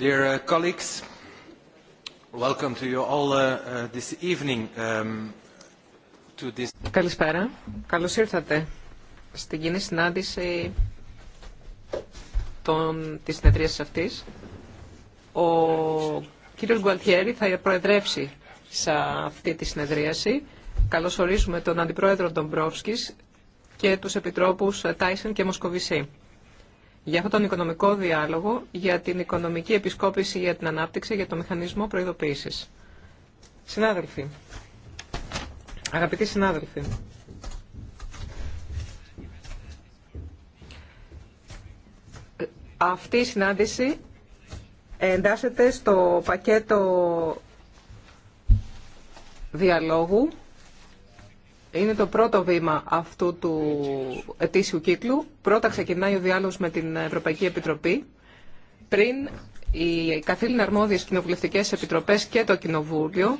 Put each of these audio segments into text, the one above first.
Dear uh, welcome to you all uh, uh, this evening um, to this. Καλησπέρα. Καλώς ήρθατε στην κοινή συνάντηση των, της συνεδρίας αυτής. Ο κύριος Γκουαλτιέρη θα προεδρεύσει σε αυτή τη συνεδρίαση. Καλώς ορίζουμε τον Αντιπρόεδρο Ντομπρόφσκης και τους Επιτρόπους Τάισεν και Μοσκοβισή για αυτόν τον οικονομικό διάλογο, για την οικονομική επισκόπηση για την ανάπτυξη, για το μηχανισμό προειδοποίησης. Συνάδελφοι, αγαπητοί συνάδελφοι, αυτή η συνάντηση εντάσσεται στο πακέτο διαλόγου είναι το πρώτο βήμα αυτού του ετήσιου κύκλου. Πρώτα ξεκινάει ο διάλογος με την Ευρωπαϊκή Επιτροπή. Πριν οι καθήλυνα αρμόδιες κοινοβουλευτικές επιτροπές και το Κοινοβούλιο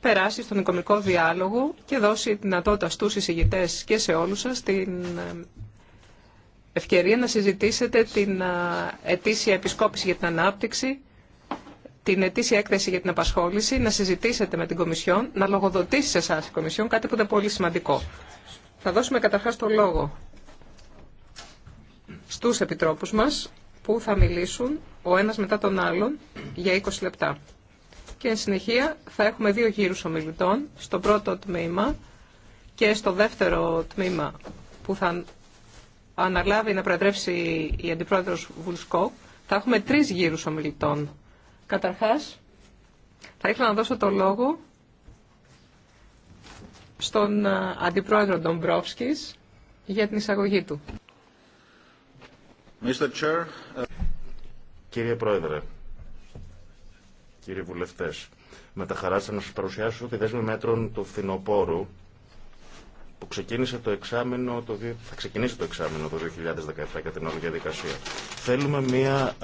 περάσει στον οικονομικό διάλογο και δώσει δυνατότητα στους εισηγητές και σε όλους σας την ε, ευκαιρία να συζητήσετε την ε, ετήσια επισκόπηση για την ανάπτυξη την ετήσια έκθεση για την απασχόληση, να συζητήσετε με την Κομισιόν, να λογοδοτήσει σε εσά η Κομισιόν, κάτι που είναι πολύ σημαντικό. Θα δώσουμε καταρχάς το λόγο στους επιτρόπους μας που θα μιλήσουν ο ένας μετά τον άλλον για 20 λεπτά. Και εν συνεχεία θα έχουμε δύο γύρους ομιλητών, στο πρώτο τμήμα και στο δεύτερο τμήμα που θα αναλάβει να προεδρεύσει η Αντιπρόεδρος Βουλσκό, θα έχουμε τρεις γύρους ομιλητών Καταρχάς, θα ήθελα να δώσω το λόγο στον ε, Αντιπρόεδρο Ντομπρόφσκης για την εισαγωγή του. Mr. Chair, ε, Κύριε Πρόεδρε, κύριοι βουλευτές, με τα χαρά σας να σας παρουσιάσω τη δέσμη μέτρων του φθινοπόρου που ξεκίνησε το εξάμεινο, το, θα ξεκινήσει το εξάμεινο το 2017 για την όλη διαδικασία. Θέλουμε μια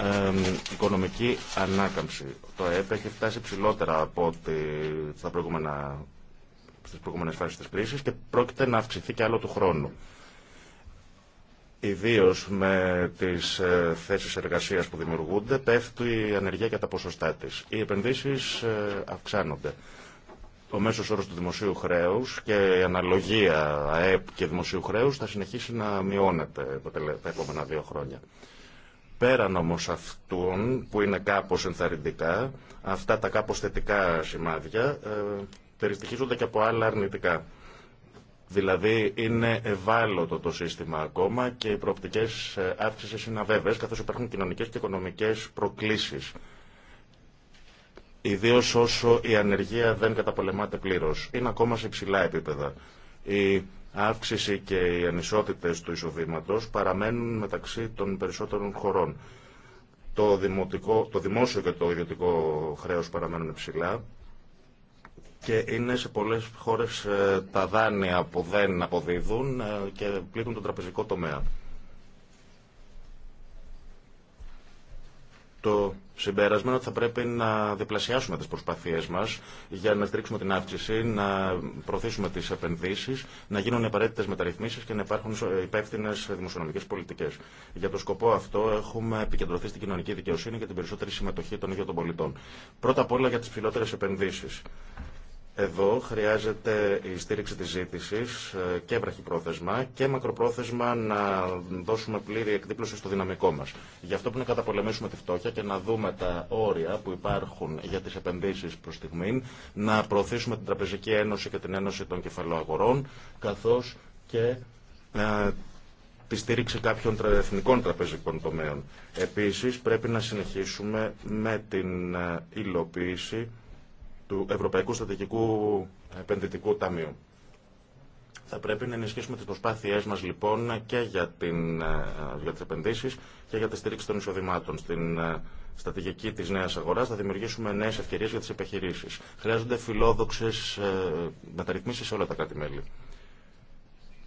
οικονομική ανάκαμψη. Το ΑΕΠ έχει φτάσει ψηλότερα από ό,τι στα προηγούμενα στις προηγούμενες φάσεις της κρίσης και πρόκειται να αυξηθεί και άλλο του χρόνου. Ιδίω με τι ε, θέσει εργασία που δημιουργούνται, πέφτει η ανεργία τα ποσοστά τη. Οι επενδύσει ε, αυξάνονται ο μέσος όρος του δημοσίου χρέους και η αναλογία ΑΕΠ και δημοσίου χρέους θα συνεχίσει να μειώνεται τα επόμενα δύο χρόνια. Πέραν όμως αυτών που είναι κάπως ενθαρρυντικά, αυτά τα κάπως θετικά σημάδια ε, περιστοιχίζονται και από άλλα αρνητικά. Δηλαδή είναι ευάλωτο το σύστημα ακόμα και οι προοπτικές ε, αύξησης είναι αβέβαιες καθώς υπάρχουν κοινωνικές και οικονομικές προκλήσεις Ιδίω όσο η ανεργία δεν καταπολεμάται πλήρω. Είναι ακόμα σε ψηλά επίπεδα. Η αύξηση και οι ανισότητε του εισοδήματο παραμένουν μεταξύ των περισσότερων χωρών. Το, δημοτικό, το δημόσιο και το ιδιωτικό χρέο παραμένουν υψηλά και είναι σε πολλές χώρες ε, τα δάνεια που δεν αποδίδουν ε, και πλήττουν τον τραπεζικό τομέα. το συμπέρασμα ότι θα πρέπει να διπλασιάσουμε τις προσπαθίες μας για να στρίξουμε την αύξηση, να προωθήσουμε τις επενδύσεις, να γίνουν απαραίτητες μεταρρυθμίσεις και να υπάρχουν υπεύθυνε δημοσιονομικές πολιτικές. Για το σκοπό αυτό έχουμε επικεντρωθεί στην κοινωνική δικαιοσύνη και την περισσότερη συμμετοχή των ίδιων των πολιτών. Πρώτα απ' όλα για τις ψηλότερες επενδύσεις. Εδώ χρειάζεται η στήριξη της ζήτησης ε, και βραχυπρόθεσμα και μακροπρόθεσμα να δώσουμε πλήρη εκδίπλωση στο δυναμικό μας. Γι' αυτό που να καταπολεμήσουμε τη φτώχεια και να δούμε τα όρια που υπάρχουν για τις επενδύσεις προς στιγμή, να προωθήσουμε την Τραπεζική Ένωση και την Ένωση των Κεφαλαιοαγορών, καθώς και ε, τη στήριξη κάποιων εθνικών τραπεζικών τομέων. Επίσης πρέπει να συνεχίσουμε με την ε, υλοποίηση του Ευρωπαϊκού Στατικικού Επενδυτικού Ταμείου. Θα πρέπει να ενισχύσουμε τις προσπάθειές μας λοιπόν και για, την, ε, για τις επενδύσεις και για τη στήριξη των εισοδημάτων. Στην ε, στρατηγική της νέας αγοράς θα δημιουργήσουμε νέες ευκαιρίες για τις επιχειρήσεις. Χρειάζονται φιλόδοξες ε, μεταρρυθμίσεις σε όλα τα κράτη-μέλη.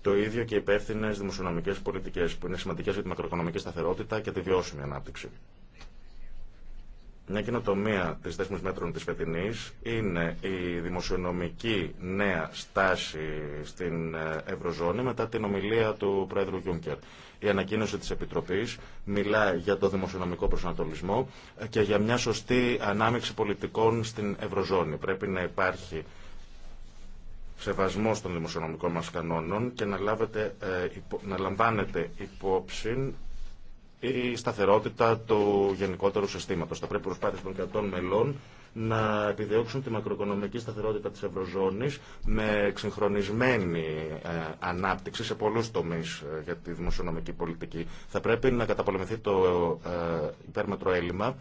Το ίδιο και υπεύθυνε δημοσιονομικές πολιτικές, που είναι σημαντικέ για τη μακροοικονομική σταθερότητα και τη βιώσιμη ανάπτυξη. Μια καινοτομία τη δέσμη μέτρων τη φετινή είναι η δημοσιονομική νέα στάση στην ε, Ευρωζώνη μετά την ομιλία του Πρόεδρου Γιούνκερ. Η ανακοίνωση τη Επιτροπή μιλάει για το δημοσιονομικό προσανατολισμό και για μια σωστή ανάμειξη πολιτικών στην Ευρωζώνη. Πρέπει να υπάρχει σεβασμό των δημοσιονομικών μα κανόνων και να, λάβετε, ε, να λαμβάνετε υπόψη η σταθερότητα του γενικότερου συστήματος. Θα πρέπει προσπάθειες των κρατών μελών να επιδιώξουν τη μακροοικονομική σταθερότητα της Ευρωζώνης με ξυγχρονισμένη ε, ανάπτυξη σε πολλούς τομείς ε, για τη δημοσιονομική πολιτική. Θα πρέπει να καταπολεμηθεί το ε, υπέρμετρο έλλειμμα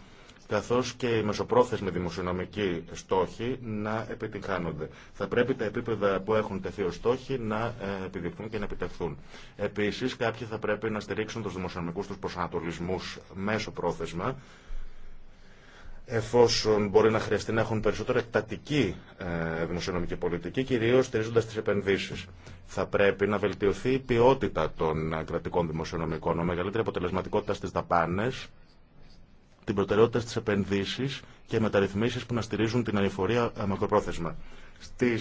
καθώς και οι μεσοπρόθεσμοι δημοσιονομικοί στόχοι να επιτυγχάνονται. Θα πρέπει τα επίπεδα που έχουν τεθεί ως στόχοι να ε, επιδειχθούν και να επιτευχθούν. Επίσης, κάποιοι θα πρέπει να στηρίξουν τους δημοσιονομικούς τους προσανατολισμούς μέσω πρόθεσμα, εφόσον μπορεί να χρειαστεί να έχουν περισσότερο εκτατική ε, δημοσιονομική πολιτική, κυρίω στηρίζοντας τι επενδύσει. Θα πρέπει να βελτιωθεί η ποιότητα των ε, κρατικών δημοσιονομικών, με μεγαλύτερη αποτελεσματικότητα στι δαπάνε, την προτεραιότητα στις επενδύσεις και μεταρρυθμίσεις που να στηρίζουν την αηφορία ε, μακροπρόθεσμα. Στι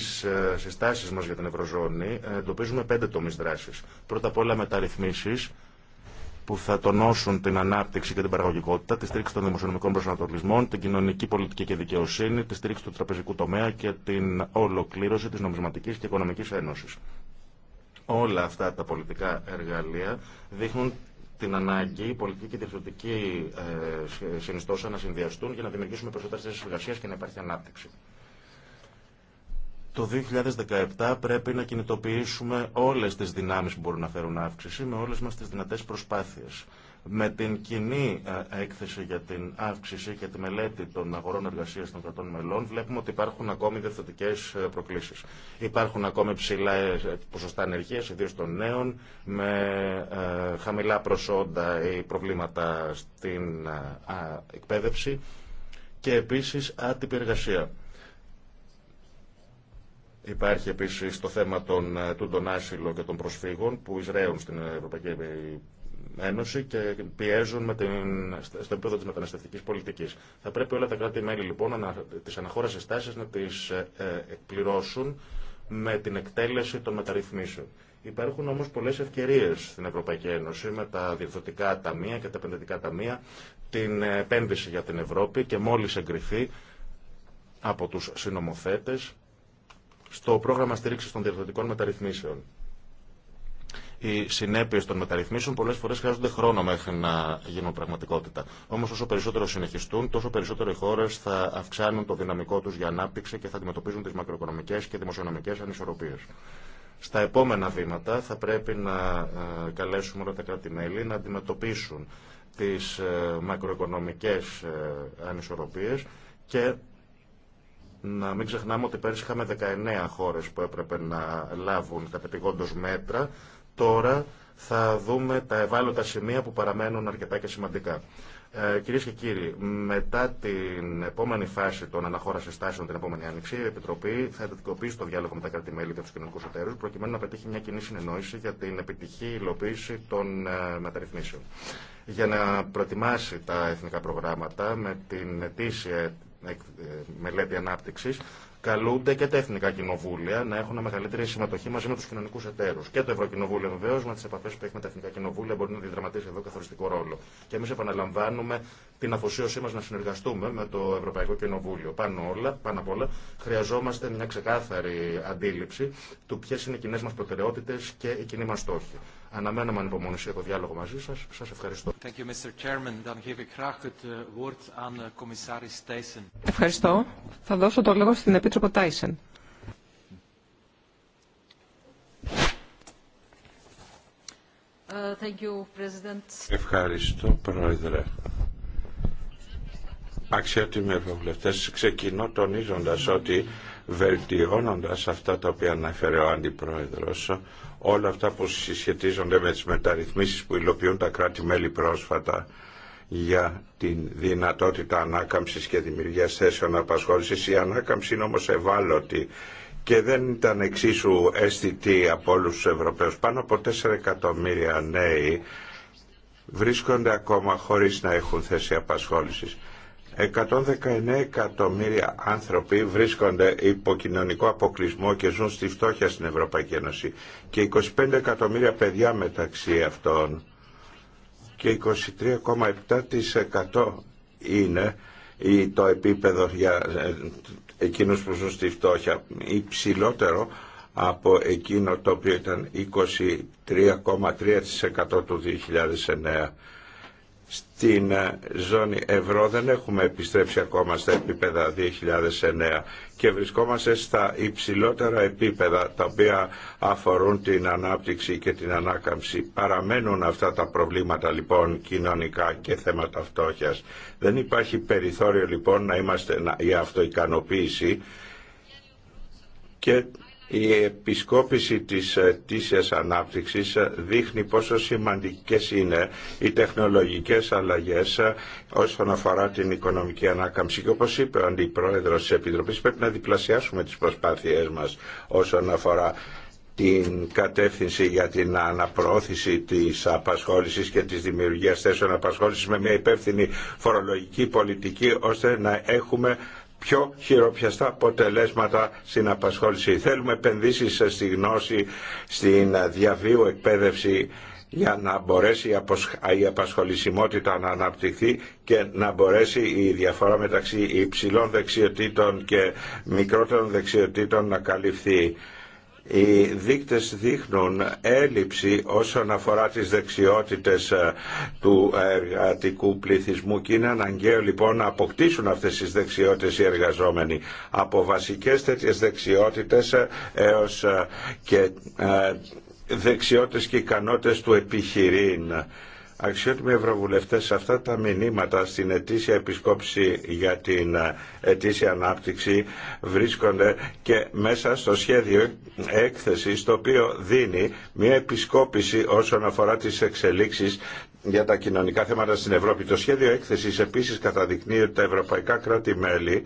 ε, συστάσει μα για την Ευρωζώνη ε, εντοπίζουμε πέντε τομεί δράση. Πρώτα απ' όλα μεταρρυθμίσει που θα τονώσουν την ανάπτυξη και την παραγωγικότητα, τη στήριξη των δημοσιονομικών προσανατολισμών, την κοινωνική πολιτική και δικαιοσύνη, τη στήριξη του τραπεζικού τομέα και την ολοκλήρωση τη νομισματική και οικονομική ένωση. Όλα αυτά τα πολιτικά εργαλεία δείχνουν την ανάγκη η πολιτική και η διευθυντική ε, συνιστόσα να συνδυαστούν για να δημιουργήσουμε περισσότερες θέσεις και να υπάρχει ανάπτυξη. Το 2017 πρέπει να κινητοποιήσουμε όλες τις δυνάμεις που μπορούν να φέρουν αύξηση με όλες μας τις δυνατές προσπάθειες. Με την κοινή ε, έκθεση για την αύξηση και τη μελέτη των αγορών εργασία των κρατών μελών, βλέπουμε ότι υπάρχουν ακόμη διευθυντικές ε, προκλήσει. Υπάρχουν ακόμη ψηλά ε, ποσοστά ανεργία, ιδίω των νέων, με χαμηλά προσόντα ή προβλήματα στην εκπαίδευση και επίση άτυπη εργασία. Υπάρχει επίση το θέμα των των άσυλων και των προσφύγων που εισραίουν στην Ευρωπαϊκή Ένωση και πιέζουν με την, στο επίπεδο τη μεταναστευτική πολιτική. Θα πρέπει όλα τα κράτη-μέλη λοιπόν τις αναχώρασε τάσει να τι ε, ε, εκπληρώσουν με την εκτέλεση των μεταρρυθμίσεων. Υπάρχουν όμω πολλέ ευκαιρίε στην Ευρωπαϊκή Ένωση με τα διευθυντικά ταμεία και τα επενδυτικά ταμεία, την επένδυση για την Ευρώπη και μόλι εγκριθεί από του συνομοθέτε στο πρόγραμμα στήριξη των διευθυντικών μεταρρυθμίσεων. Οι συνέπειε των μεταρρυθμίσεων πολλέ φορέ χρειάζονται χρόνο μέχρι να γίνουν πραγματικότητα. Όμω όσο περισσότερο συνεχιστούν, τόσο περισσότερο οι χώρε θα αυξάνουν το δυναμικό του για ανάπτυξη και θα αντιμετωπίζουν τι μακροοικονομικέ και δημοσιονομικέ ανισορροπίε. Στα επόμενα βήματα θα πρέπει να ε, καλέσουμε όλα τα κράτη-μέλη να αντιμετωπίσουν τις ε, μακροοικονομικές ε, ανισορροπίες και να μην ξεχνάμε ότι πέρσι είχαμε 19 χώρες που έπρεπε να λάβουν κατεπηγόντως μέτρα Τώρα θα δούμε τα ευάλωτα σημεία που παραμένουν αρκετά και σημαντικά. Ε, Κυρίε και κύριοι, μετά την επόμενη φάση των αναχώραση τάσεων την επόμενη άνοιξη, η Επιτροπή θα ειδικοποιήσει το διάλογο με τα κράτη-μέλη και του κοινωνικού εταίρου, προκειμένου να πετύχει μια κοινή συνεννόηση για την επιτυχή υλοποίηση των ε, μεταρρυθμίσεων. Για να προετοιμάσει τα εθνικά προγράμματα με την ετήσια ε, μελέτη ανάπτυξης καλούνται και τα εθνικά κοινοβούλια να έχουν μεγαλύτερη συμμετοχή μαζί με του κοινωνικού εταίρου. Και το Ευρωκοινοβούλιο βεβαίω με τι επαφέ που έχει με τα εθνικά κοινοβούλια μπορεί να διδραματίσει εδώ καθοριστικό ρόλο. Και εμεί επαναλαμβάνουμε την αφοσίωσή μα να συνεργαστούμε με το Ευρωπαϊκό Κοινοβούλιο. Πάνω, όλα, πάνω απ' όλα χρειαζόμαστε μια ξεκάθαρη αντίληψη του ποιε είναι οι κοινέ μα προτεραιότητε και οι κοινοί μα στόχοι. Αναμένουμε ανυπομονησία το διάλογο μαζί σας. Σας ευχαριστώ. Thank you, Mr. Dan het eh, woord aan eh, commissaris Ευχαριστώ. Θα δώσω το λόγο στην Επίτροπο Τάισεν. Thank you, President. Ευχαριστώ, Πρόεδρε. Αξιότιμοι ευρωβουλευτές, ξεκινώ τονίζοντας ότι βελτιώνοντας αυτά τα οποία αναφέρε ο Αντιπρόεδρος, όλα αυτά που συσχετίζονται με τις μεταρρυθμίσεις που υλοποιούν τα κράτη-μέλη πρόσφατα για την δυνατότητα ανάκαμψης και δημιουργίας θέσεων απασχόλησης. Η ανάκαμψη είναι όμως ευάλωτη και δεν ήταν εξίσου αισθητή από όλους τους Ευρωπαίους. Πάνω από 4 εκατομμύρια νέοι βρίσκονται ακόμα χωρίς να έχουν θέση απασχόλησης. 119 εκατομμύρια άνθρωποι βρίσκονται υπό κοινωνικό αποκλεισμό και ζουν στη φτώχεια στην Ευρωπαϊκή Ένωση και 25 εκατομμύρια παιδιά μεταξύ αυτών και 23,7% είναι το επίπεδο για ε, εκείνους που ζουν στη φτώχεια υψηλότερο από εκείνο το οποίο ήταν 23,3% του 2009 στην ε, ζώνη ευρώ δεν έχουμε επιστρέψει ακόμα στα επίπεδα 2009 και βρισκόμαστε στα υψηλότερα επίπεδα τα οποία αφορούν την ανάπτυξη και την ανάκαμψη. Παραμένουν αυτά τα προβλήματα λοιπόν κοινωνικά και θέματα φτώχειας. Δεν υπάρχει περιθώριο λοιπόν να είμαστε για αυτοικανοποίηση και η επισκόπηση της ε, τήσιας ανάπτυξης ε, δείχνει πόσο σημαντικές είναι οι τεχνολογικές αλλαγές ε, όσον αφορά την οικονομική ανάκαμψη. Και όπως είπε ο Αντιπρόεδρος της Επιτροπής πρέπει να διπλασιάσουμε τις προσπάθειές μας όσον αφορά την κατεύθυνση για την αναπρόθεση της απασχόλησης και της δημιουργίας θέσεων απασχόλησης με μια υπεύθυνη φορολογική πολιτική ώστε να έχουμε πιο χειροπιαστά αποτελέσματα στην απασχόληση. Θέλουμε επενδύσεις στη γνώση, στην διαβίου εκπαίδευση για να μπορέσει η απασχολησιμότητα να αναπτυχθεί και να μπορέσει η διαφορά μεταξύ υψηλών δεξιοτήτων και μικρότερων δεξιοτήτων να καλυφθεί. Οι δείκτες δείχνουν έλλειψη όσον αφορά τις δεξιότητες ε, του ε, εργατικού πληθυσμού και είναι αναγκαίο λοιπόν να αποκτήσουν αυτές τις δεξιότητες οι εργαζόμενοι από βασικές τέτοιες δεξιότητες ε, έως και δεξιότητες και ικανότητες του επιχειρήν Αξιότιμοι Ευρωβουλευτές, αυτά τα μηνύματα στην ετήσια επισκόπηση για την ε, ετήσια ανάπτυξη βρίσκονται και μέσα στο σχέδιο έκθεσης το οποίο δίνει μια επισκόπηση όσον αφορά τις εξελίξεις για τα κοινωνικά θέματα στην Ευρώπη. Το σχέδιο έκθεσης επίσης καταδεικνύει ότι τα ευρωπαϊκά κράτη-μέλη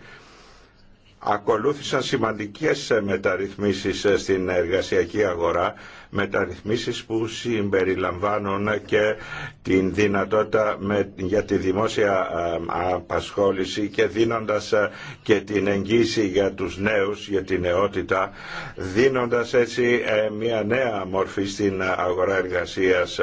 ακολούθησαν σημαντικές μεταρρυθμίσεις στην εργασιακή αγορά μεταρρυθμίσεις που συμπεριλαμβάνουν και την δυνατότητα με, για τη δημόσια ε, απασχόληση και δίνοντας ε, και την εγγύηση για τους νέους, για την νεότητα, δίνοντας έτσι ε, μια νέα μορφή στην αγορά εργασίας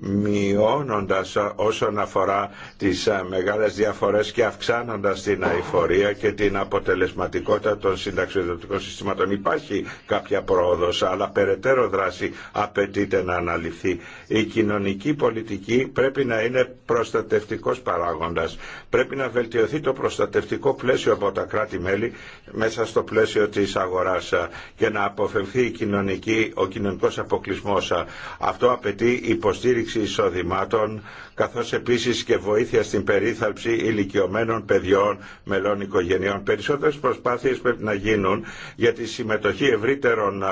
μειώνοντας όσον αφορά τις ε, μεγάλες διαφορές και αυξάνοντας την αηφορία και την αποτελεσματικότητα των συνταξιδοτικών συστημάτων. Υπάρχει κάποια πρόοδος, αλλά περαιτέρω δράση απαιτείται να αναλυθεί. Η κοινωνική πολιτική πρέπει να είναι προστατευτικός παράγοντας. Πρέπει να βελτιωθεί το προστατευτικό πλαίσιο από τα κράτη-μέλη μέσα στο πλαίσιο της αγοράς και να αποφευθεί η κοινωνική, ο κοινωνικός αποκλεισμός. Αυτό απαιτεί υποστήριξη στήριξη εισοδημάτων, καθώς επίσης και βοήθεια στην περίθαλψη ηλικιωμένων παιδιών μελών οικογενειών. Περισσότερες προσπάθειες πρέπει να γίνουν για τη συμμετοχή ευρύτερων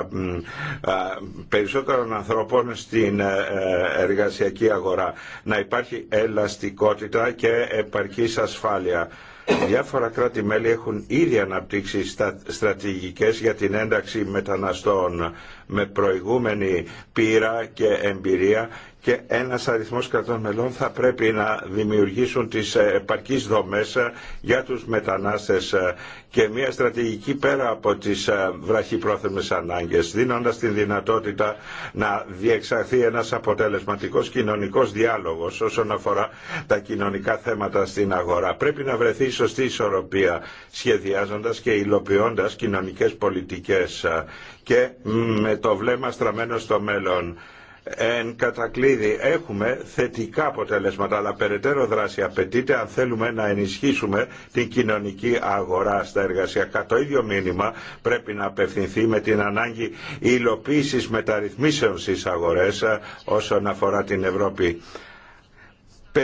περισσότερων ανθρώπων στην ε, ε, εργασιακή αγορά. Να υπάρχει ελαστικότητα και επαρκής ασφάλεια. Διάφορα κράτη-μέλη έχουν ήδη αναπτύξει στρατηγικές για την ένταξη μεταναστών με προηγούμενη πείρα και εμπειρία και ένας αριθμός κρατών μελών θα πρέπει να δημιουργήσουν τις επαρκείς δομές ε, για τους μετανάστες ε, και μια στρατηγική πέρα από τις ε, βραχυπρόθεσμες ανάγκες, δίνοντας τη δυνατότητα να διεξαχθεί ένας αποτελεσματικός κοινωνικός διάλογος όσον αφορά τα κοινωνικά θέματα στην αγορά. Πρέπει να βρεθεί σωστή ισορροπία, σχεδιάζοντας και υλοποιώντας κοινωνικές πολιτικές και με το βλέμμα στραμμένο στο μέλλον Εν κατακλείδη έχουμε θετικά αποτελέσματα, αλλά περαιτέρω δράση απαιτείται αν θέλουμε να ενισχύσουμε την κοινωνική αγορά στα εργασιακά. Το ίδιο μήνυμα πρέπει να απευθυνθεί με την ανάγκη υλοποίησης μεταρρυθμίσεων στις αγορές ε, όσον αφορά την Ευρώπη.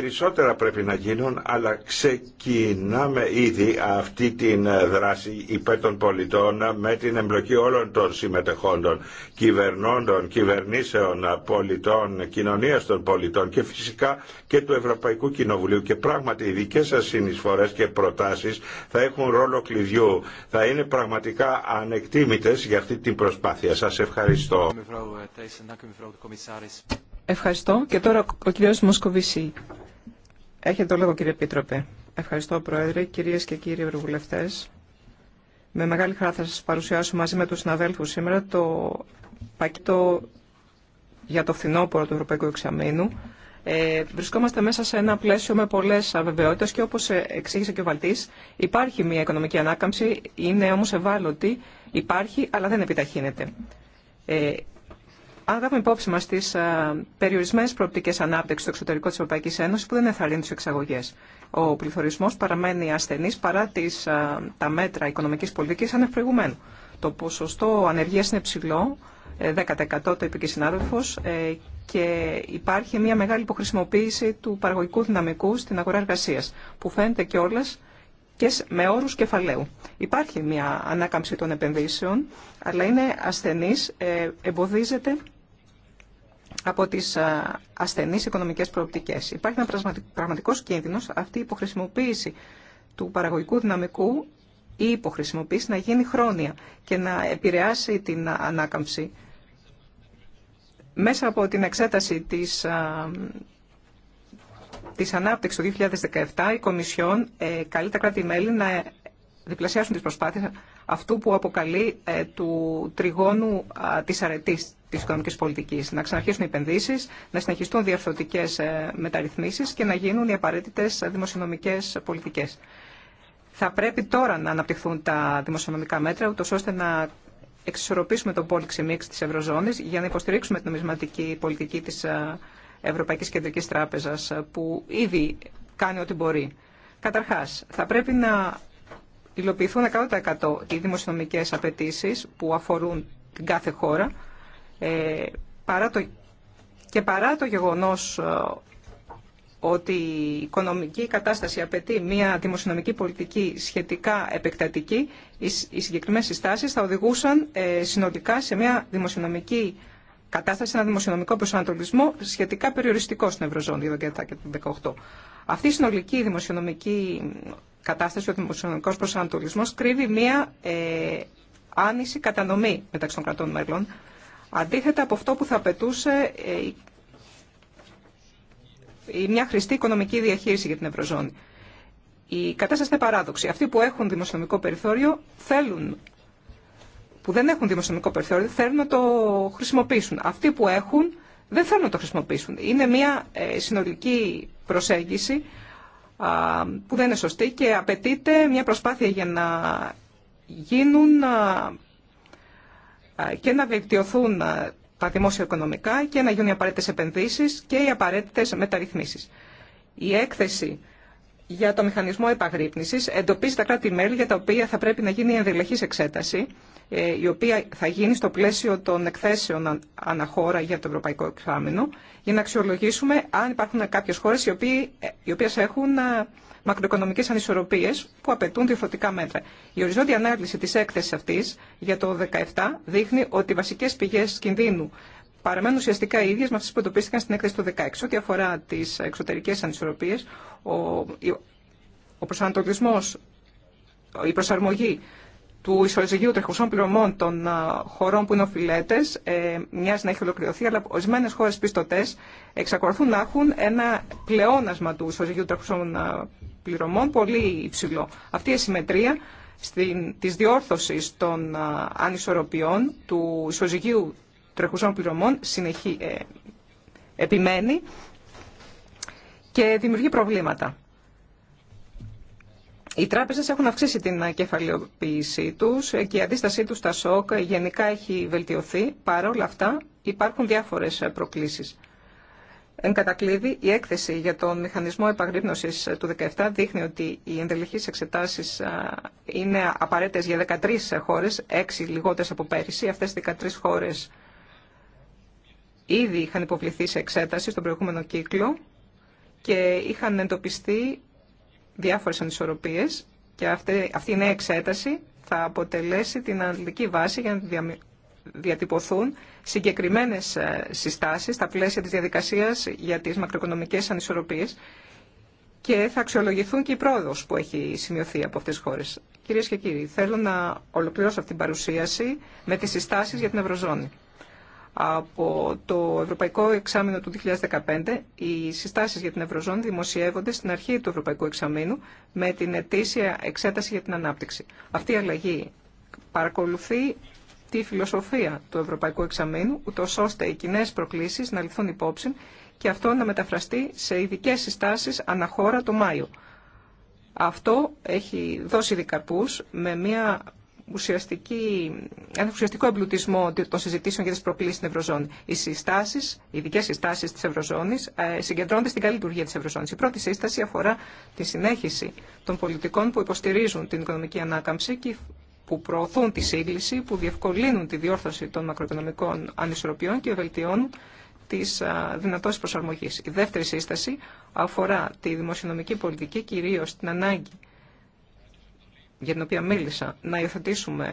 Περισσότερα πρέπει να γίνουν, αλλά ξεκινάμε ήδη αυτή την ε, δράση υπέρ των πολιτών ε, με την εμπλοκή όλων των συμμετεχόντων, κυβερνώντων, κυβερνήσεων, ε, πολιτών, κοινωνίας των πολιτών και φυσικά και του Ευρωπαϊκού Κοινοβουλίου. Και πράγματι οι δικές σας συνεισφορές και προτάσεις θα έχουν ρόλο κλειδιού. Θα είναι πραγματικά ανεκτήμητες για αυτή την προσπάθεια. Σας ευχαριστώ. Ευχαριστώ. Και τώρα ο κ. Μοσκοβισή. Έχετε το λόγο κύριε πίτροπε. Ευχαριστώ Πρόεδρε, κυρίες και κύριοι ευρωβουλευτές. Με μεγάλη χαρά θα σας παρουσιάσω μαζί με τους συναδέλφους σήμερα το πακέτο για το φθινόπωρο του Ευρωπαϊκού Εξαμήνου. Ε, βρισκόμαστε μέσα σε ένα πλαίσιο με πολλέ αβεβαιότητες και όπω ε, εξήγησε και ο Βαλτή, υπάρχει μια οικονομική ανάκαμψη, είναι όμω ευάλωτη, υπάρχει αλλά δεν επιταχύνεται. Ε, αν λάβουμε υπόψη μα τι περιορισμένε προοπτικέ ανάπτυξη στο εξωτερικό τη Ευρωπαϊκή Ένωση, που δεν εθαρρύνει τι εξαγωγέ. Ο πληθωρισμό παραμένει ασθενή παρά τις, τα μέτρα οικονομική πολιτική ανεπροηγουμένου. Το ποσοστό ανεργία είναι ψηλό, 10% ε, το είπε και συνάδελφο, ε, και υπάρχει μια μεγάλη υποχρησιμοποίηση του παραγωγικού δυναμικού στην αγορά εργασία, που φαίνεται κιόλα και με όρου κεφαλαίου. Υπάρχει μια ανάκαμψη των επενδύσεων, αλλά είναι ασθενή, ε, εμποδίζεται από τις ασθενεί οικονομικέ προοπτικές. Υπάρχει ένα πραγματικό κίνδυνο, αυτή η υποχρησιμοποίηση του παραγωγικού δυναμικού ή υποχρησιμοποίηση να γίνει χρόνια και να επηρεάσει την ανάκαμψη. Μέσα από την εξέταση της, της ανάπτυξης του 2017, η Κομισιόν ε, καλεί τα κράτη-μέλη να διπλασιάσουν τις προσπάθειες αυτού που αποκαλεί ε, του τριγώνου της αρετής τη οικονομική πολιτική. Να ξαναρχίσουν οι επενδύσει, να συνεχιστούν διαρθρωτικέ ε, μεταρρυθμίσει και να γίνουν οι απαραίτητε δημοσιονομικέ πολιτικέ. Θα πρέπει τώρα να αναπτυχθούν τα δημοσιονομικά μέτρα, ούτω ώστε να εξισορροπήσουμε τον πόληξη μίξη τη Ευρωζώνη για να υποστηρίξουμε την νομισματική πολιτική τη ε, Ευρωπαϊκή Κεντρική Τράπεζα, ε, που ήδη κάνει ό,τι μπορεί. Καταρχά, θα πρέπει να υλοποιηθούν 100% οι δημοσιονομικέ απαιτήσει που αφορούν την κάθε χώρα ε, και παρά το γεγονός ε, ότι η οικονομική κατάσταση απαιτεί μια δημοσιονομική πολιτική σχετικά επεκτατική, οι συγκεκριμένες συστάσεις θα οδηγούσαν ε, συνολικά σε μια δημοσιονομική κατάσταση, ένα δημοσιονομικό προσανατολισμό σχετικά περιοριστικό στην Ευρωζώνη, και το 2018. Αυτή η συνολική δημοσιονομική κατάσταση, ο δημοσιονομικό προσανατολισμό, κρύβει μια άνηση κατανομή μεταξύ των κρατών μέλων Αντίθετα από αυτό που θα απαιτούσε ε, μια χρηστή οικονομική διαχείριση για την Ευρωζώνη. Η κατάσταση είναι παράδοξη. Αυτοί που έχουν δημοσιονομικό περιθώριο θέλουν, που δεν έχουν δημοσιονομικό περιθώριο, θέλουν να το χρησιμοποιήσουν. Αυτοί που έχουν δεν θέλουν να το χρησιμοποιήσουν. Είναι μια ε, συνολική προσέγγιση που δεν είναι σωστή και απαιτείται μια προσπάθεια για να γίνουν και να βελτιωθούν τα δημόσια οικονομικά και να γίνουν οι απαραίτητες επενδύσεις και οι απαραίτητες μεταρρυθμίσεις. Η έκθεση για το μηχανισμό επαγρύπνησης εντοπίζει τα κράτη-μέλη για τα οποία θα πρέπει να γίνει η ενδελεχής εξέταση, ε, η οποία θα γίνει στο πλαίσιο των εκθέσεων αναχώρα για το Ευρωπαϊκό Εξάμεινο, για να αξιολογήσουμε αν υπάρχουν κάποιες χώρες οι ε, οποίες έχουν μακροοικονομικέ ανισορροπίε που απαιτούν διορθωτικά μέτρα. Η οριζόντια ανάλυση τη έκθεση αυτή για το 2017 δείχνει ότι οι βασικέ πηγέ κινδύνου παραμένουν ουσιαστικά οι ίδιε με αυτέ που εντοπίστηκαν στην έκθεση του 2016. Ό,τι αφορά τι εξωτερικέ ανισορροπίε, ο, ο προσανατολισμό, η προσαρμογή του ισοζυγίου τρεχουσών πληρωμών των χωρών που είναι οφειλέτε ε, μοιάζει να έχει ολοκληρωθεί, αλλά ορισμένε χώρε πιστωτέ εξακολουθούν να έχουν ένα πλεόνασμα του ισοζυγίου τρεχουσών πληρωμών πολύ υψηλό. Αυτή η συμμετρία τη διόρθωση των ανισορροπιών του ισοζυγίου τρεχουσών πληρωμών ε, επιμένει και δημιουργεί προβλήματα οι Τράπεζε έχουν αυξήσει την κεφαλαιοποίησή του και η αντίστασή του στα σοκ γενικά έχει βελτιωθεί. Παρ' όλα αυτά υπάρχουν διάφορε προκλήσει. Εν κατακλείδη, η έκθεση για τον μηχανισμό επαγρύπνωσης του 2017 δείχνει ότι οι εντελεχείς εξετάσει είναι απαραίτητε για 13 χώρε, 6 λιγότερε από πέρυσι. Αυτέ οι 13 χώρε ήδη είχαν υποβληθεί σε εξέταση στον προηγούμενο κύκλο και είχαν εντοπιστεί διάφορες ανισορροπίες και αυτή, αυτή η νέα εξέταση θα αποτελέσει την αναλυτική βάση για να διατυπωθούν συγκεκριμένες ε, συστάσεις στα πλαίσια της διαδικασίας για τις μακροοικονομικές ανισορροπίες και θα αξιολογηθούν και οι πρόοδο που έχει σημειωθεί από αυτέ τι χώρε. Κυρίες και κύριοι, θέλω να ολοκληρώσω αυτή την παρουσίαση με τι συστάσει για την Ευρωζώνη. Από το Ευρωπαϊκό Εξάμεινο του 2015, οι συστάσεις για την Ευρωζώνη δημοσιεύονται στην αρχή του Ευρωπαϊκού Εξαμήνου με την ετήσια εξέταση για την ανάπτυξη. Αυτή η αλλαγή παρακολουθεί τη φιλοσοφία του Ευρωπαϊκού Εξαμήνου, ούτω ώστε οι κοινέ προκλήσεις να λυθούν υπόψη και αυτό να μεταφραστεί σε ειδικέ συστάσεις αναχώρα το Μάιο. Αυτό έχει δώσει δικαπούς με μια ουσιαστική, ένα ουσιαστικό εμπλουτισμό των συζητήσεων για τι προκλήσει στην Ευρωζώνη. Οι συστάσει, οι ειδικέ συστάσει τη Ευρωζώνη, ε, συγκεντρώνονται στην καλή λειτουργία τη Ευρωζώνη. Η πρώτη σύσταση αφορά τη συνέχιση των πολιτικών που υποστηρίζουν την οικονομική ανάκαμψη και που προωθούν τη σύγκληση, που διευκολύνουν τη διόρθωση των μακροοικονομικών ανισορροπιών και βελτιώνουν τι ε, δυνατότητε προσαρμογή. Η δεύτερη σύσταση αφορά τη δημοσιονομική πολιτική, κυρίω την ανάγκη για την οποία μίλησα, να υιοθετήσουμε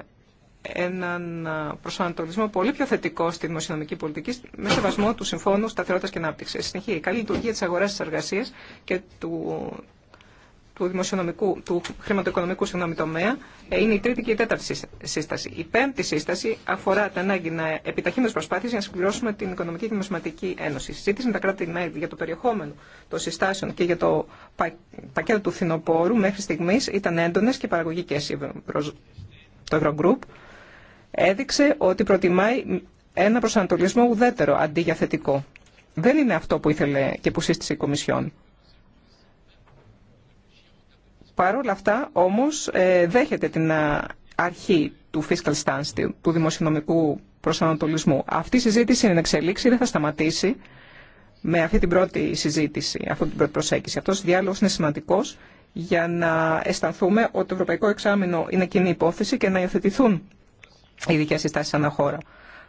έναν προσανατολισμό πολύ πιο θετικό στη δημοσιονομική πολιτική με σεβασμό του Συμφώνου Σταθερότητα και Ανάπτυξη. Συνεχεία, η καλή λειτουργία τη αγορά τη εργασία και του, του δημοσιονομικού, του χρηματοοικονομικού συγγνώμη, τομέα ε, είναι η τρίτη και η τέταρτη σύσταση. Η πέμπτη σύσταση αφορά την ανάγκη να επιταχύνουμε τι προσπάθειε για να συμπληρώσουμε την Οικονομική και Δημοσιονομική Ένωση. Συζήτηση με τα κράτη-μέλη για το περιεχόμενο των συστάσεων και για το πακέτο του φθινοπόρου μέχρι στιγμή ήταν έντονε και παραγωγικέ. Το Eurogroup έδειξε ότι προτιμάει ένα προσανατολισμό ουδέτερο αντί για θετικό. Δεν είναι αυτό που ήθελε και που σύστησε η Κομισιόν. Παρ' όλα αυτά, όμως, ε, δέχεται την ε, αρχή του fiscal stance, του δημοσιονομικού προσανατολισμού. Αυτή η συζήτηση είναι εξελίξη, δεν θα σταματήσει με αυτή την πρώτη συζήτηση, αυτή την πρώτη προσέγγιση. Αυτός ο διάλογος είναι σημαντικός για να αισθανθούμε ότι το Ευρωπαϊκό Εξάμεινο είναι κοινή υπόθεση και να υιοθετηθούν οι δικέ συστάσει ανά χώρα.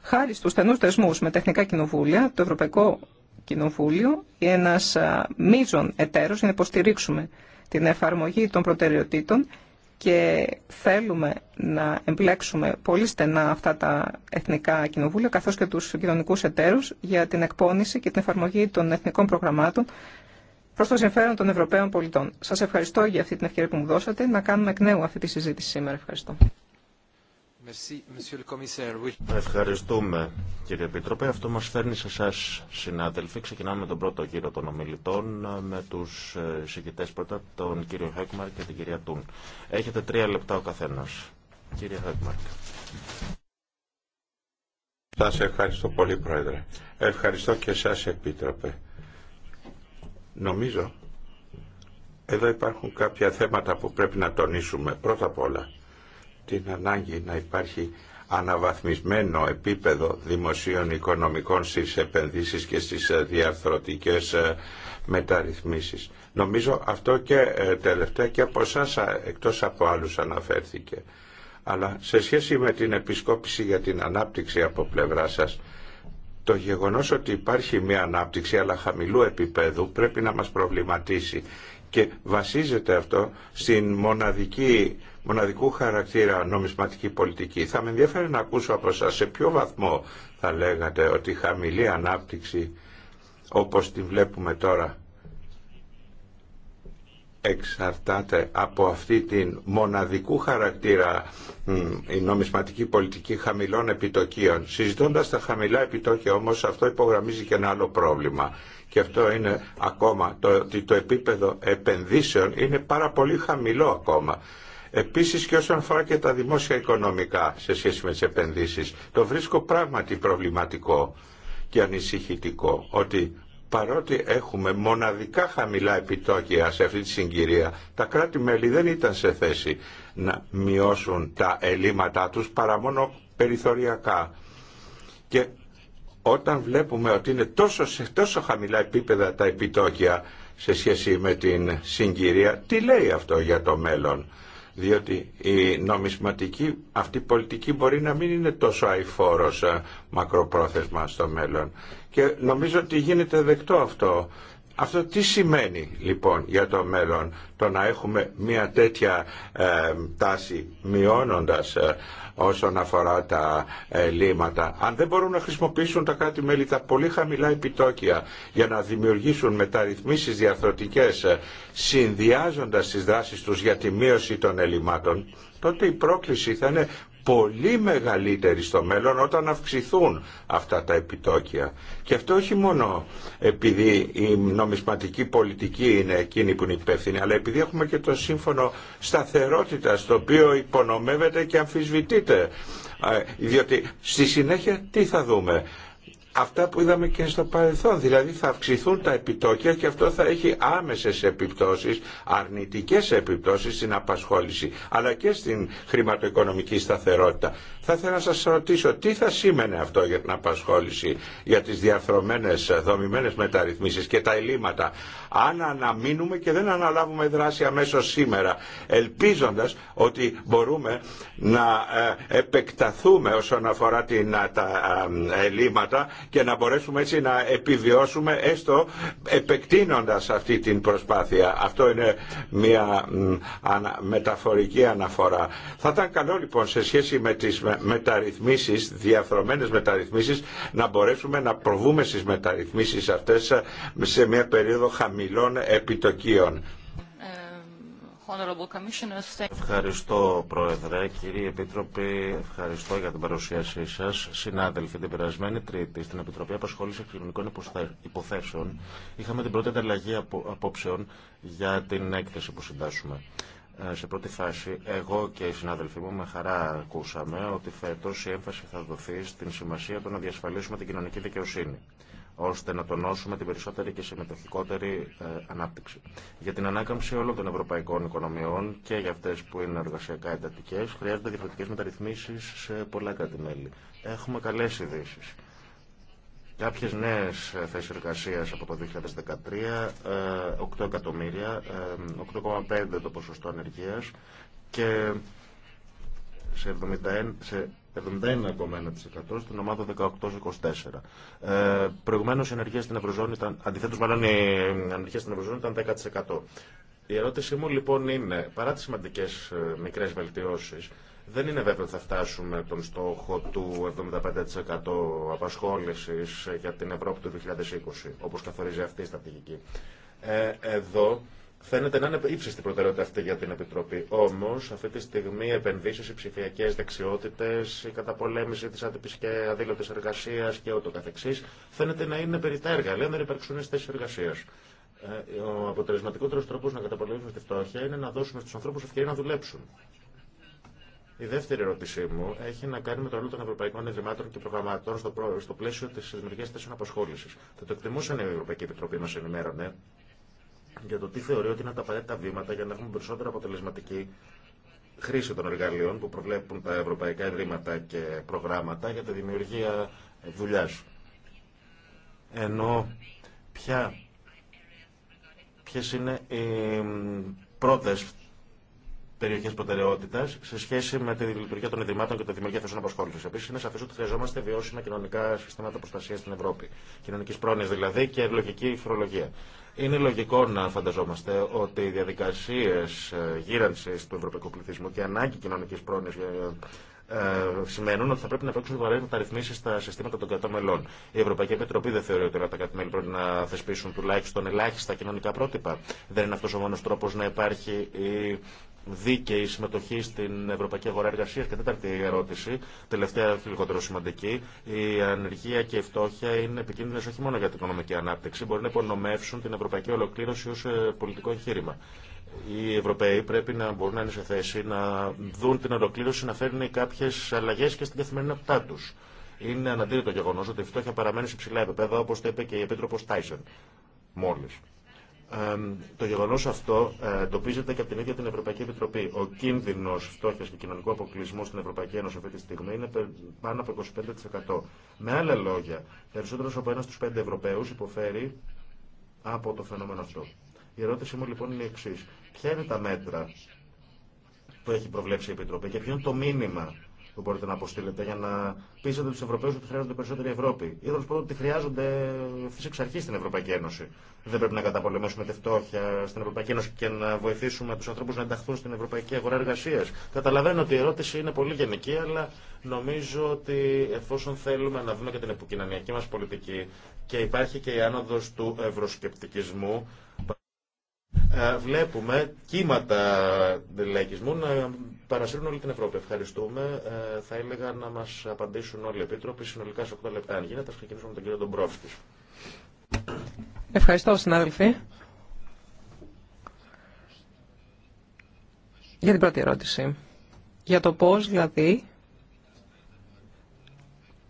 Χάρη στου στενού δεσμού με τεχνικά κοινοβούλια, το Ευρωπαϊκό Κοινοβούλιο ένα ε, μείζον εταίρο για να υποστηρίξουμε την εφαρμογή των προτεραιοτήτων και θέλουμε να εμπλέξουμε πολύ στενά αυτά τα εθνικά κοινοβούλια καθώς και τους κοινωνικούς εταίρους για την εκπόνηση και την εφαρμογή των εθνικών προγραμμάτων προς το συμφέρον των Ευρωπαίων πολιτών. Σας ευχαριστώ για αυτή την ευκαιρία που μου δώσατε να κάνουμε εκ νέου αυτή τη συζήτηση σήμερα. Ευχαριστώ. Ευχαριστούμε κύριε Επίτροπε. Αυτό μας φέρνει σε εσά συνάδελφοι. Ξεκινάμε με τον πρώτο γύρο των ομιλητών, με τους ε, συγκητές πρώτα, τον κύριο Χέκμαρ και την κυρία Τούν. Έχετε τρία λεπτά ο καθένας. Κύριε Χέκμαρ. Σας ευχαριστώ πολύ Πρόεδρε. Ευχαριστώ και εσά Επίτροπε. Νομίζω εδώ υπάρχουν κάποια θέματα που πρέπει να τονίσουμε. Πρώτα απ' όλα την ανάγκη να υπάρχει αναβαθμισμένο επίπεδο δημοσίων οικονομικών στις επενδύσεις και στις ε, διαρθρωτικές ε, μεταρρυθμίσεις. Νομίζω αυτό και ε, τελευταία και από εσά εκτός από άλλους αναφέρθηκε. Αλλά σε σχέση με την επισκόπηση για την ανάπτυξη από πλευρά σας, το γεγονός ότι υπάρχει μια ανάπτυξη αλλά χαμηλού επίπεδου πρέπει να μας προβληματίσει και βασίζεται αυτό στην μοναδική μοναδικού χαρακτήρα νομισματική πολιτική. Θα με ενδιαφέρει να ακούσω από σας σε ποιο βαθμό θα λέγατε ότι η χαμηλή ανάπτυξη όπως την βλέπουμε τώρα εξαρτάται από αυτή την μοναδικού χαρακτήρα η νομισματική πολιτική χαμηλών επιτοκίων. Συζητώντας τα χαμηλά επιτόκια όμως αυτό υπογραμμίζει και ένα άλλο πρόβλημα. Και αυτό είναι ακόμα το ότι το επίπεδο επενδύσεων είναι πάρα πολύ χαμηλό ακόμα. Επίσης και όσον αφορά και τα δημόσια οικονομικά σε σχέση με τις επενδύσεις, το βρίσκω πράγματι προβληματικό και ανησυχητικό ότι παρότι έχουμε μοναδικά χαμηλά επιτόκια σε αυτή τη συγκυρία, τα κράτη-μέλη δεν ήταν σε θέση να μειώσουν τα ελλείμματά τους παρά μόνο περιθωριακά. Και όταν βλέπουμε ότι είναι τόσο, σε τόσο χαμηλά επίπεδα τα επιτόκια σε σχέση με την συγκυρία, τι λέει αυτό για το μέλλον διότι η νομισματική αυτή πολιτική μπορεί να μην είναι τόσο αηφόρος ε, μακροπρόθεσμα στο μέλλον. Και νομίζω ότι γίνεται δεκτό αυτό αυτό τι σημαίνει λοιπόν για το μέλλον το να έχουμε μια τέτοια ε, τάση μειώνοντας ε, όσον αφορά τα ελλείμματα. Αν δεν μπορούν να χρησιμοποιήσουν τα κράτη-μέλη τα πολύ χαμηλά επιτόκια για να δημιουργήσουν μεταρρυθμίσεις διαρθρωτικές ε, συνδυάζοντας τις δράσεις τους για τη μείωση των ελλημάτων, τότε η πρόκληση θα είναι πολύ μεγαλύτερη στο μέλλον όταν αυξηθούν αυτά τα επιτόκια. Και αυτό όχι μόνο επειδή η νομισματική πολιτική είναι εκείνη που είναι υπεύθυνη, αλλά επειδή έχουμε και το σύμφωνο σταθερότητα το οποίο υπονομεύεται και αμφισβητείται. Ε, διότι στη συνέχεια τι θα δούμε αυτά που είδαμε και στο παρελθόν. Δηλαδή θα αυξηθούν τα επιτόκια και αυτό θα έχει άμεσες επιπτώσεις, αρνητικές επιπτώσεις στην απασχόληση, αλλά και στην χρηματοοικονομική σταθερότητα. Θα ήθελα να σας ρωτήσω τι θα σήμαινε αυτό για την απασχόληση, για τις διαρθρωμένες δομημένες μεταρρυθμίσεις και τα ελλείμματα, αν αναμείνουμε και δεν αναλάβουμε δράση αμέσω σήμερα, ελπίζοντας ότι μπορούμε να ε, επεκταθούμε όσον αφορά την, ε, τα ε, ελλείμματα και να μπορέσουμε έτσι να επιβιώσουμε έστω επεκτείνοντας αυτή την προσπάθεια. Αυτό είναι μια μεταφορική αναφορά. Θα ήταν καλό λοιπόν σε σχέση με τις μεταρρυθμίσεις, διαφρομένες μεταρρυθμίσεις, να μπορέσουμε να προβούμε στις μεταρρυθμίσεις αυτές σε μια περίοδο χαμηλών επιτοκίων. Ευχαριστώ, Πρόεδρε. Κύριε Επίτροποι, ευχαριστώ για την παρουσίασή σα. Συνάδελφοι, την περασμένη Τρίτη στην Επιτροπή Απασχόληση Κοινωνικών Υποθέσεων είχαμε την πρώτη ανταλλαγή απόψεων για την έκθεση που συντάσσουμε. Ε, σε πρώτη φάση, εγώ και οι συνάδελφοί μου με χαρά ακούσαμε ότι φέτο η έμφαση θα δοθεί στην σημασία του να διασφαλίσουμε την κοινωνική δικαιοσύνη ώστε να τονώσουμε την περισσότερη και συμμετοχικότερη ε, ανάπτυξη. Για την ανάκαμψη όλων των ευρωπαϊκών οικονομιών και για αυτέ που είναι εργασιακά εντατικέ, χρειάζονται διαφορετικέ μεταρρυθμίσει σε πολλά κράτη-μέλη. Έχουμε καλέ ειδήσει. Κάποιε νέε θέσει εργασία από το 2013, 8 ε, εκατομμύρια, 8,5 ε, το ποσοστό ανεργία και σε 71,1% στην ομάδα 18-24. Ε, Προηγουμένω η ανεργία στην Ευρωζώνη ήταν, μάλλον η στην Ευρωζώνη ήταν 10%. Η ερώτησή μου λοιπόν είναι, παρά τις σημαντικές ε, μικρέ βελτιώσει, δεν είναι βέβαιο ότι θα φτάσουμε τον στόχο του 75% απασχόληση για την Ευρώπη του 2020, όπω καθορίζει αυτή η στρατηγική. Ε, εδώ Φαίνεται να είναι ύψιστη προτεραιότητα αυτή για την Επιτροπή. Όμω, αυτή τη στιγμή επενδύσει, οι ψηφιακέ δεξιότητε, η καταπολέμηση τη άτυπη και αδήλωτη εργασία και ούτω καθεξή, φαίνεται να είναι περί τα έργα, αν δεν υπάρξουν θέσει εργασία. Ε, ο αποτελεσματικότερο τρόπο να καταπολεμήσουμε τη φτώχεια είναι να δώσουμε στου ανθρώπου ευκαιρία να δουλέψουν. Η δεύτερη ερώτησή μου έχει να κάνει με το ρόλο των Ευρωπαϊκών Ιδρυμάτων και Προγραμματών στο, στο πλαίσιο τη δημιουργία θέσεων απασχόληση. Θα το εκτιμούσαν η Ευρωπαϊκή Επιτροπή μα ενημέρωνε για το τι θεωρεί ότι είναι τα απαραίτητα βήματα για να έχουμε περισσότερο αποτελεσματική χρήση των εργαλείων που προβλέπουν τα ευρωπαϊκά ιδρύματα και προγράμματα για τη δημιουργία δουλειά. Ενώ ποια, ποιες είναι οι πρώτες περιοχέ προτεραιότητα σε σχέση με τη λειτουργία των ιδρυμάτων και τη δημιουργία θέσεων απασχόληση. Επίση, είναι σαφέ ότι χρειαζόμαστε βιώσιμα κοινωνικά συστήματα προστασία στην Ευρώπη. Κοινωνική πρόνοια δηλαδή και λογική φορολογία. Είναι λογικό να φανταζόμαστε ότι οι διαδικασίε ε, γύρανση του ευρωπαϊκού πληθυσμού και ανάγκη κοινωνική πρόνοια ε, σημαίνουν ότι θα πρέπει να υπάρξουν σοβαρέ μεταρρυθμίσει στα συστήματα των κρατών μελών. Η Ευρωπαϊκή Επιτροπή δεν θεωρεί ότι όλα τα κρατη πρέπει να θεσπίσουν τουλάχιστον ελάχιστα κοινωνικά πρότυπα. Δεν είναι αυτό ο μόνο τρόπο να υπάρχει η δίκαιη συμμετοχή στην Ευρωπαϊκή Αγορά Εργασία. Και τέταρτη ερώτηση, τελευταία και λιγότερο σημαντική. Η ανεργία και η φτώχεια είναι επικίνδυνε όχι μόνο για την οικονομική ανάπτυξη, μπορεί να υπονομεύσουν την ευρωπαϊκή ολοκλήρωση ω ε, πολιτικό εγχείρημα οι Ευρωπαίοι πρέπει να μπορούν να είναι σε θέση να δουν την ολοκλήρωση να φέρουν κάποιε αλλαγέ και στην καθημερινότητά του. Είναι αναντήρητο γεγονό ότι η φτώχεια παραμένει σε ψηλά επίπεδα, όπω το είπε και η Επίτροπο Τάισεν μόλι. το γεγονό αυτό ε, εντοπίζεται και από την ίδια την Ευρωπαϊκή Επιτροπή. Ο κίνδυνο φτώχεια και κοινωνικού αποκλεισμού στην Ευρωπαϊκή Ένωση αυτή τη στιγμή είναι πάνω από 25%. Με άλλα λόγια, περισσότερο από ένα στου πέντε Ευρωπαίου υποφέρει από το φαινόμενο αυτό. Η ερώτησή μου λοιπόν είναι η εξή. Ποια είναι τα μέτρα που έχει προβλέψει η Επιτροπή και ποιο είναι το μήνυμα που μπορείτε να αποστείλετε για να πείσετε του Ευρωπαίου ότι χρειάζονται περισσότερη Ευρώπη. Ή τέλο πάντων ότι χρειάζονται ευθύ εξ αρχή στην Ευρωπαϊκή Ένωση. Δεν πρέπει να καταπολεμήσουμε τη φτώχεια στην Ευρωπαϊκή Ένωση και να βοηθήσουμε του ανθρώπου να ενταχθούν στην Ευρωπαϊκή Αγορά Εργασία. Καταλαβαίνω ότι η ερώτηση είναι πολύ γενική, αλλά νομίζω ότι εφόσον θέλουμε να δούμε και την επικοινωνιακή μα πολιτική και υπάρχει και η άνοδο του ευρωσκεπτικισμού, ε, βλέπουμε κύματα λαϊκισμού να παρασύρουν όλη την Ευρώπη. Ευχαριστούμε. Ε, θα έλεγα να μα απαντήσουν όλοι οι επίτροποι συνολικά σε 8 λεπτά. Αν γίνεται, θα ξεκινήσουμε με τον κύριο Ντομπρόφσκι. Ευχαριστώ, συνάδελφοι. Για την πρώτη ερώτηση. Για το πώς, δηλαδή,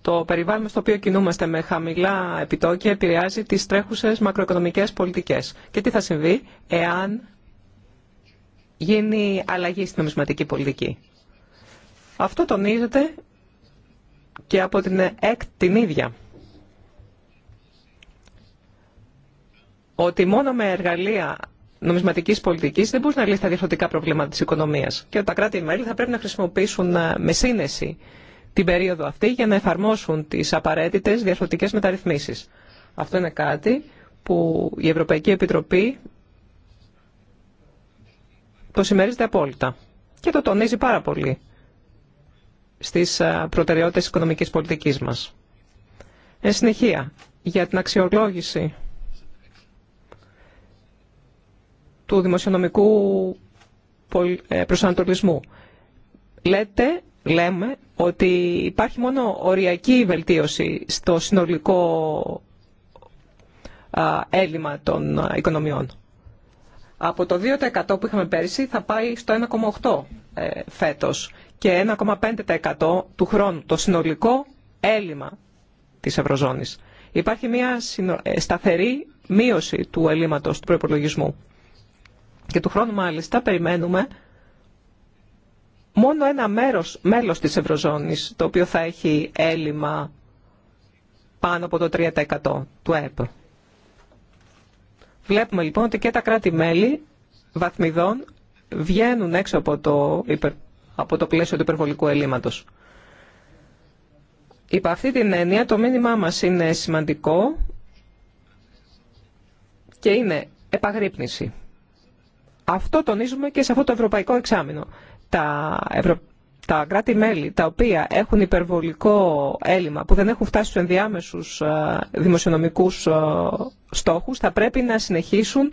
το περιβάλλον στο οποίο κινούμαστε με χαμηλά επιτόκια επηρεάζει τις τρέχουσες μακροοικονομικές πολιτικές. Και τι θα συμβεί εάν γίνει αλλαγή στην νομισματική πολιτική. Αυτό τονίζεται και από την ΕΚ την ίδια. Ότι μόνο με εργαλεία νομισματικής πολιτικής δεν μπορεί να λύσει τα διαφορετικά προβλήματα της οικονομίας. Και τα κράτη-μέλη θα πρέπει να χρησιμοποιήσουν ε, με σύνεση την περίοδο αυτή για να εφαρμόσουν τις απαραίτητες διαρθρωτικές μεταρρυθμίσεις. Αυτό είναι κάτι που η Ευρωπαϊκή Επιτροπή το συμμερίζεται απόλυτα και το τονίζει πάρα πολύ στις προτεραιότητες οικονομικής πολιτικής μας. Εν συνεχεία, για την αξιολόγηση του δημοσιονομικού ε, προσανατολισμού. Λέτε λέμε ότι υπάρχει μόνο οριακή βελτίωση στο συνολικό έλλειμμα των οικονομιών. Από το 2% που είχαμε πέρυσι θα πάει στο 1,8% ε, φέτος και 1,5% του χρόνου το συνολικό έλλειμμα της Ευρωζώνης. Υπάρχει μια ε, σταθερή μείωση του έλλειμματος του προϋπολογισμού. Και του χρόνου μάλιστα περιμένουμε μόνο ένα μέρος, μέλος της Ευρωζώνης το οποίο θα έχει έλλειμμα πάνω από το 3% του ΕΠ. Βλέπουμε λοιπόν ότι και τα κράτη-μέλη βαθμιδών βγαίνουν έξω από το, από το πλαίσιο του υπερβολικού ελλείμματος. Υπ' αυτή την έννοια το μήνυμά μας είναι σημαντικό και είναι επαγρύπνηση. Αυτό τονίζουμε και σε αυτό το ευρωπαϊκό εξάμεινο τα, κράτη-μέλη τα οποία έχουν υπερβολικό έλλειμμα, που δεν έχουν φτάσει στους ενδιάμεσους ε, δημοσιονομικούς ε, στόχους, θα πρέπει να συνεχίσουν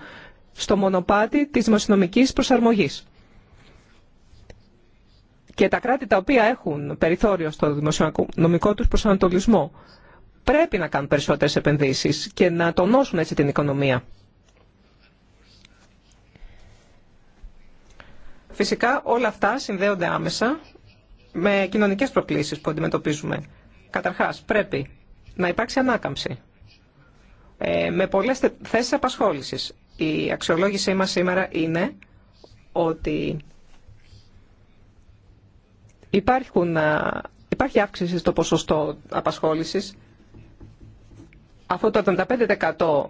στο μονοπάτι της δημοσιονομικής προσαρμογής. Και τα κράτη τα οποία έχουν περιθώριο στο δημοσιονομικό τους προσανατολισμό πρέπει να κάνουν περισσότερες επενδύσεις και να τονώσουν έτσι την οικονομία. Φυσικά όλα αυτά συνδέονται άμεσα με κοινωνικές προκλήσεις που αντιμετωπίζουμε. Καταρχάς, πρέπει να υπάρξει ανάκαμψη ε, με πολλές θέσεις απασχόλησης. Η αξιολόγησή μας σήμερα είναι ότι υπάρχει αύξηση στο ποσοστό απασχόλησης. Αυτό το 75%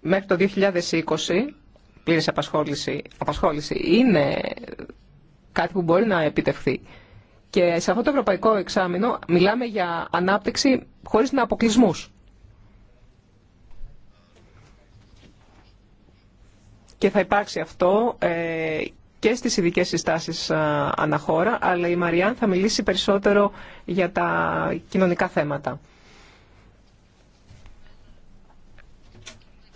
μέχρι το 2020 πλήρης απασχόληση, απασχόληση είναι κάτι που μπορεί να επιτευχθεί. Και σε αυτό το ευρωπαϊκό εξάμεινο μιλάμε για ανάπτυξη χωρίς να αποκλεισμού. Και θα υπάρξει αυτό ε, και στις ειδικέ συστάσεις ε, αναχώρα, αλλά η Μαριάν θα μιλήσει περισσότερο για τα κοινωνικά θέματα.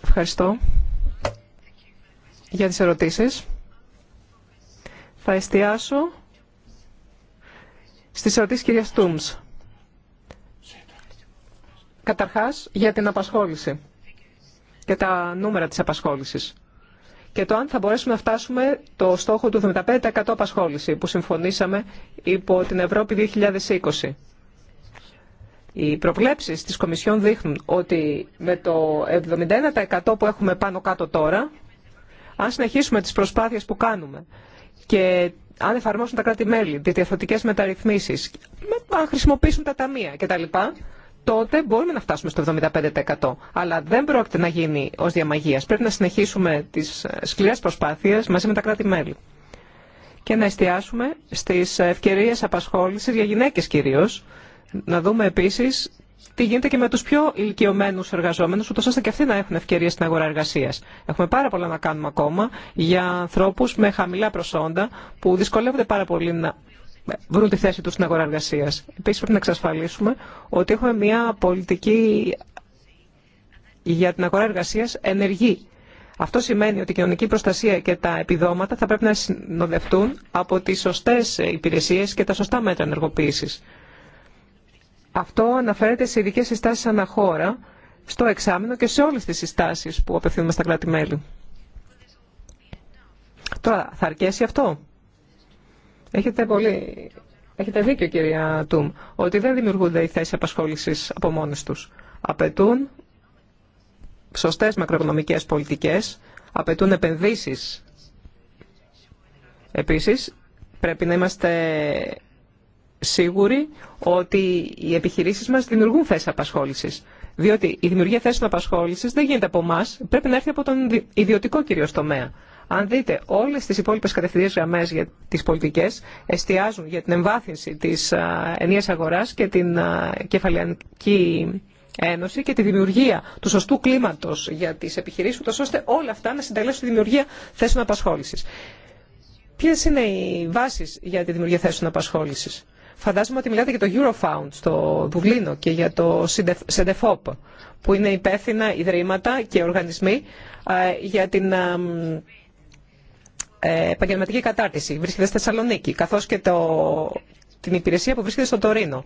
Ευχαριστώ για τις ερωτήσεις. Θα εστιάσω στις ερωτήσεις κυρίας Τούμς. Καταρχάς, για την απασχόληση και τα νούμερα της απασχόλησης. Και το αν θα μπορέσουμε να φτάσουμε το στόχο του 75% απασχόληση που συμφωνήσαμε υπό την Ευρώπη 2020. Οι προβλέψεις της Κομισιόν δείχνουν ότι με το 71% που έχουμε πάνω κάτω τώρα αν συνεχίσουμε τις προσπάθειες που κάνουμε και αν εφαρμόσουν τα κράτη-μέλη διαθωτικές μεταρρυθμίσεις, αν χρησιμοποιήσουν τα ταμεία κτλ., τότε μπορούμε να φτάσουμε στο 75%. Αλλά δεν πρόκειται να γίνει ως διαμαγείας. Πρέπει να συνεχίσουμε τις ε, σκληρές προσπάθειες μαζί με τα κράτη-μέλη και να εστιάσουμε στις ευκαιρίες απασχόλησης για γυναίκες κυρίως. Να δούμε επίσης τι γίνεται και με του πιο ηλικιωμένου εργαζόμενου, ούτω ώστε και αυτοί να έχουν ευκαιρίε στην αγορά εργασία. Έχουμε πάρα πολλά να κάνουμε ακόμα για ανθρώπου με χαμηλά προσόντα που δυσκολεύονται πάρα πολύ να βρουν τη θέση του στην αγορά εργασία. Επίση, πρέπει να εξασφαλίσουμε ότι έχουμε μια πολιτική για την αγορά εργασία ενεργή. Αυτό σημαίνει ότι η κοινωνική προστασία και τα επιδόματα θα πρέπει να συνοδευτούν από τι σωστέ υπηρεσίε και τα σωστά μέτρα ενεργοποίηση. Αυτό αναφέρεται σε ειδικέ συστάσεις αναχώρα, στο εξάμεινο και σε όλες τις συστάσεις που απευθύνουμε στα κράτη-μέλη. Τώρα, θα αρκέσει αυτό. Έχετε, πολύ... Έχετε δίκιο, κυρία Τούμ, ότι δεν δημιουργούνται οι θέσει απασχόλησης από μόνε τους. Απαιτούν σωστέ μακροοικονομικές πολιτικές, απαιτούν επενδύσει. Επίση, πρέπει να είμαστε σίγουροι ότι οι επιχειρήσεις μας δημιουργούν θέσεις απασχόλησης. Διότι η δημιουργία θέσεων απασχόλησης δεν γίνεται από εμά, πρέπει να έρθει από τον ιδιωτικό κυρίω τομέα. Αν δείτε, όλε τι υπόλοιπε κατευθυντήριε γραμμέ για τι πολιτικέ εστιάζουν για την εμβάθυνση τη ενία αγορά και την κεφαλαιακή Ένωση και τη δημιουργία του σωστού κλίματο για τι επιχειρήσει, ούτω ώστε όλα αυτά να συντελέσουν τη δημιουργία θέσεων απασχόληση. Ποιε είναι οι βάσει για τη δημιουργία θέσεων απασχόληση, Φαντάζομαι ότι μιλάτε για το Eurofound στο Δουβλίνο και για το ΣΕΝΤΕΦΟΠ, που είναι υπεύθυνα ιδρύματα και οργανισμοί για την ε, επαγγελματική κατάρτιση. Βρίσκεται στη Θεσσαλονίκη, καθώς και το, την υπηρεσία που βρίσκεται στο Τωρίνο.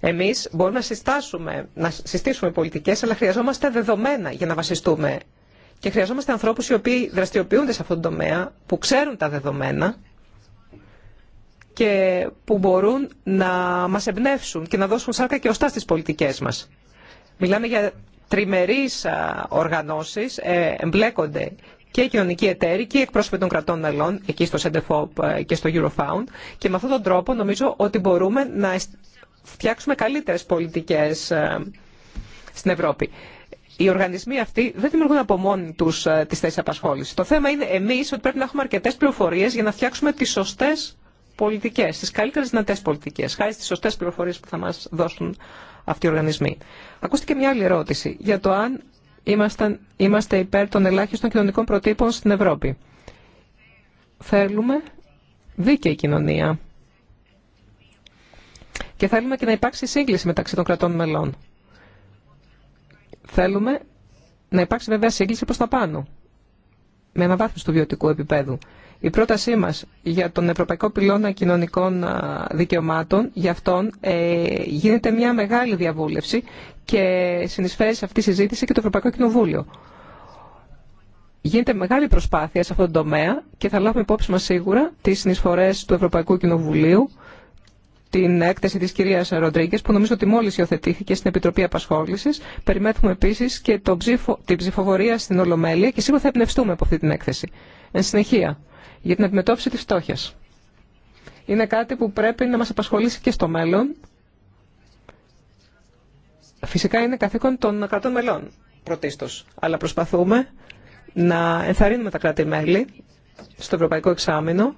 Εμείς μπορούμε να, συστάσουμε, να συστήσουμε πολιτικές, αλλά χρειαζόμαστε δεδομένα για να βασιστούμε. Και χρειαζόμαστε ανθρώπους οι οποίοι δραστηριοποιούνται σε αυτόν τον τομέα, που ξέρουν τα δεδομένα, και που μπορούν να μας εμπνεύσουν και να δώσουν σάρκα και οστά στις πολιτικές μας. Μιλάμε για τριμερείς οργανώσεις, ε, εμπλέκονται και οι κοινωνικοί εταίροι και οι εκπρόσωποι των κρατών μελών, εκεί στο ΣΕΝΤΕΦΟΠ και στο Eurofound και με αυτόν τον τρόπο νομίζω ότι μπορούμε να φτιάξουμε καλύτερες πολιτικές ε, στην Ευρώπη. Οι οργανισμοί αυτοί δεν δημιουργούν από μόνοι του ε, τι θέσει απασχόληση. Το θέμα είναι εμεί ότι πρέπει να έχουμε αρκετέ πληροφορίε για να φτιάξουμε τι σωστέ πολιτικές, τις καλύτερες δυνατές πολιτικές, χάρη στις σωστές πληροφορίες που θα μας δώσουν αυτοί οι οργανισμοί. Ακούστηκε μια άλλη ερώτηση για το αν είμαστε, είμαστε υπέρ των ελάχιστων κοινωνικών προτύπων στην Ευρώπη. Θέλουμε δίκαιη κοινωνία. Και θέλουμε και να υπάρξει σύγκληση μεταξύ των κρατών μελών. Θέλουμε να υπάρξει βέβαια σύγκληση προς τα πάνω, με αναβάθμιση του βιωτικού επίπεδου. Η πρότασή μας για τον Ευρωπαϊκό Πυλώνα Κοινωνικών Δικαιωμάτων, για αυτόν ε, γίνεται μια μεγάλη διαβούλευση και συνεισφέρει σε αυτή τη συζήτηση και το Ευρωπαϊκό Κοινοβούλιο. Γίνεται μεγάλη προσπάθεια σε αυτόν τον τομέα και θα λάβουμε υπόψη μας σίγουρα τις συνεισφορές του Ευρωπαϊκού Κοινοβουλίου, την έκθεση της κυρίας Ροντρίγκε, που νομίζω ότι μόλις υιοθετήθηκε στην Επιτροπή Απασχόλησης. Περιμένουμε επίσης και ψηφο, την ψηφοφορία στην Ολομέλεια και σίγουρα θα εμπνευστούμε από αυτή την έκθεση. Εν συνεχεία, για την αντιμετώπιση της φτώχειας. Είναι κάτι που πρέπει να μας απασχολήσει και στο μέλλον. Φυσικά είναι καθήκον των κρατών μελών πρωτίστως, αλλά προσπαθούμε να ενθαρρύνουμε τα κράτη-μέλη στο Ευρωπαϊκό Εξάμεινο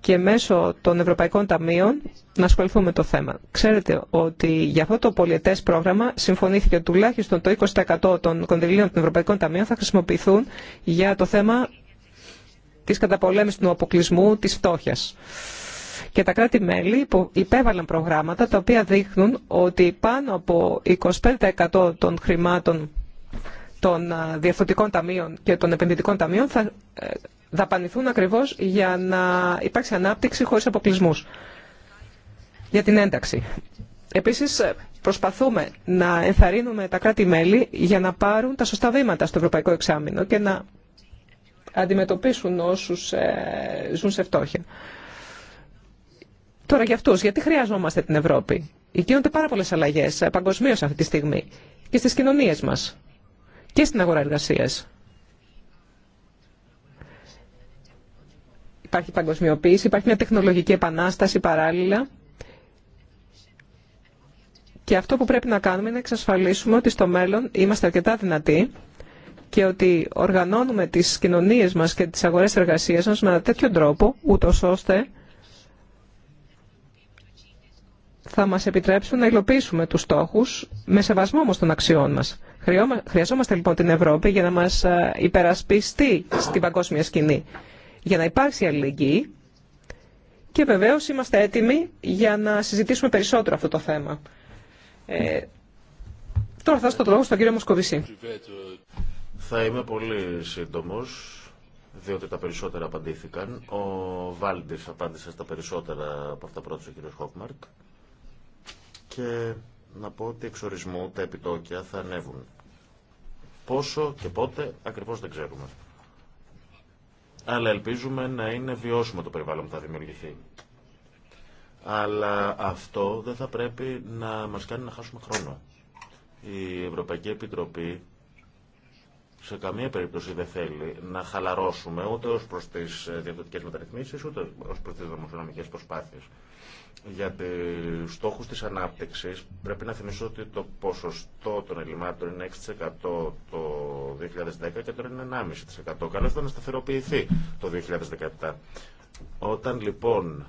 και μέσω των Ευρωπαϊκών Ταμείων να ασχοληθούμε με το θέμα. Ξέρετε ότι για αυτό το πολιετέ πρόγραμμα συμφωνήθηκε τουλάχιστον το 20% των κονδυλίων των Ευρωπαϊκών Ταμείων θα χρησιμοποιηθούν για το θέμα της καταπολέμησης του αποκλεισμού, της φτώχειας. Και τα κράτη-μέλη υπέβαλαν προγράμματα τα οποία δείχνουν ότι πάνω από 25% των χρημάτων των διευθυντικών ταμείων και των επενδυτικών ταμείων θα ε, δαπανηθούν ακριβώς για να υπάρξει ανάπτυξη χωρίς αποκλεισμούς για την ένταξη. Επίσης ε, προσπαθούμε να ενθαρρύνουμε τα κράτη-μέλη για να πάρουν τα σωστά βήματα στο ευρωπαϊκό εξάμεινο και να αντιμετωπίσουν όσους ε, ζουν σε φτώχεια. Τώρα για αυτού, γιατί χρειαζόμαστε την Ευρώπη. Γίνονται πάρα πολλέ αλλαγέ. Ε, παγκοσμίω αυτή τη στιγμή και στις κοινωνίε μας και στην αγορά εργασία. Υπάρχει παγκοσμιοποίηση, υπάρχει μια τεχνολογική επανάσταση παράλληλα. Και αυτό που πρέπει να κάνουμε είναι να εξασφαλίσουμε ότι στο μέλλον είμαστε αρκετά δυνατοί και ότι οργανώνουμε τις κοινωνίες μας και τις αγορές εργασίας μας με ένα τέτοιο τρόπο, ούτω ώστε θα μας επιτρέψουν να υλοποιήσουμε τους στόχους με σεβασμό όμως των αξιών μας. Χρειαζόμαστε λοιπόν την Ευρώπη για να μας υπερασπιστεί στην παγκόσμια σκηνή, για να υπάρξει αλληλεγγύη και βεβαίως είμαστε έτοιμοι για να συζητήσουμε περισσότερο αυτό το θέμα. Ε, τώρα θα δώσω το λόγο στον κύριο Μοσκοβισή. Θα είμαι πολύ σύντομος, διότι τα περισσότερα απαντήθηκαν. Ο Βάλντις απάντησε στα περισσότερα από αυτά πρώτα ο κ. Χόκμαρκ. Και να πω ότι εξ ορισμού τα επιτόκια θα ανέβουν. Πόσο και πότε ακριβώς δεν ξέρουμε. Αλλά ελπίζουμε να είναι βιώσιμο το περιβάλλον που θα δημιουργηθεί. Αλλά αυτό δεν θα πρέπει να μας κάνει να χάσουμε χρόνο. Η Ευρωπαϊκή Επιτροπή σε καμία περίπτωση δεν θέλει να χαλαρώσουμε ούτε ως προς τις ε, διαδοτικές μεταρρυθμίσεις, ούτε ως προς τις δημοσιονομικές προσπάθειες. Για τους στόχους της ανάπτυξης πρέπει να θυμίσω ότι το ποσοστό των ελλημάτων είναι 6% το 2010 και τώρα είναι 1,5%. Καλό θα να σταθεροποιηθεί το 2017. Όταν λοιπόν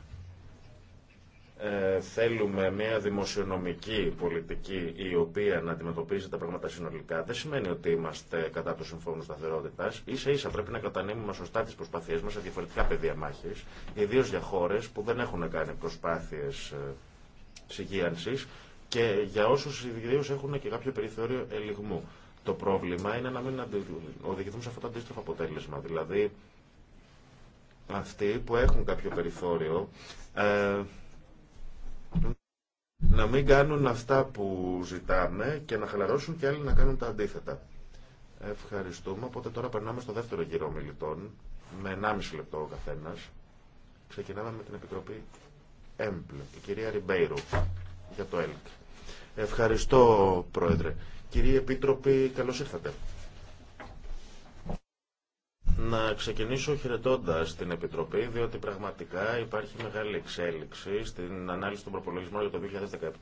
ε, θέλουμε μια δημοσιονομική πολιτική η οποία να αντιμετωπίζει τα πράγματα συνολικά, δεν σημαίνει ότι είμαστε κατά του συμφώνου σταθερότητα. σα ίσα πρέπει να κατανείμουμε σωστά τι προσπάθειέ μα σε διαφορετικά πεδία μάχη, ιδίω για χώρε που δεν έχουν κάνει προσπάθειε συγγύανση ε, και για όσου ιδίω έχουν και κάποιο περιθώριο ελιγμού. Το πρόβλημα είναι να μην οδηγηθούμε σε αυτό το αντίστροφο αποτέλεσμα. Δηλαδή, αυτοί που έχουν κάποιο περιθώριο ε, να μην κάνουν αυτά που ζητάμε και να χαλαρώσουν και άλλοι να κάνουν τα αντίθετα. Ευχαριστούμε. Οπότε τώρα περνάμε στο δεύτερο γύρο μιλητών, με 1,5 λεπτό ο καθένα. Ξεκινάμε με την Επιτροπή ΕΜΠΛ, η κυρία Ριμπέιρου, για το ΕΛΚ. Ευχαριστώ, Πρόεδρε. Κυρία Επίτροπη, καλώς ήρθατε. Να ξεκινήσω χαιρετώντα την Επιτροπή, διότι πραγματικά υπάρχει μεγάλη εξέλιξη στην ανάλυση των προπολογισμών για το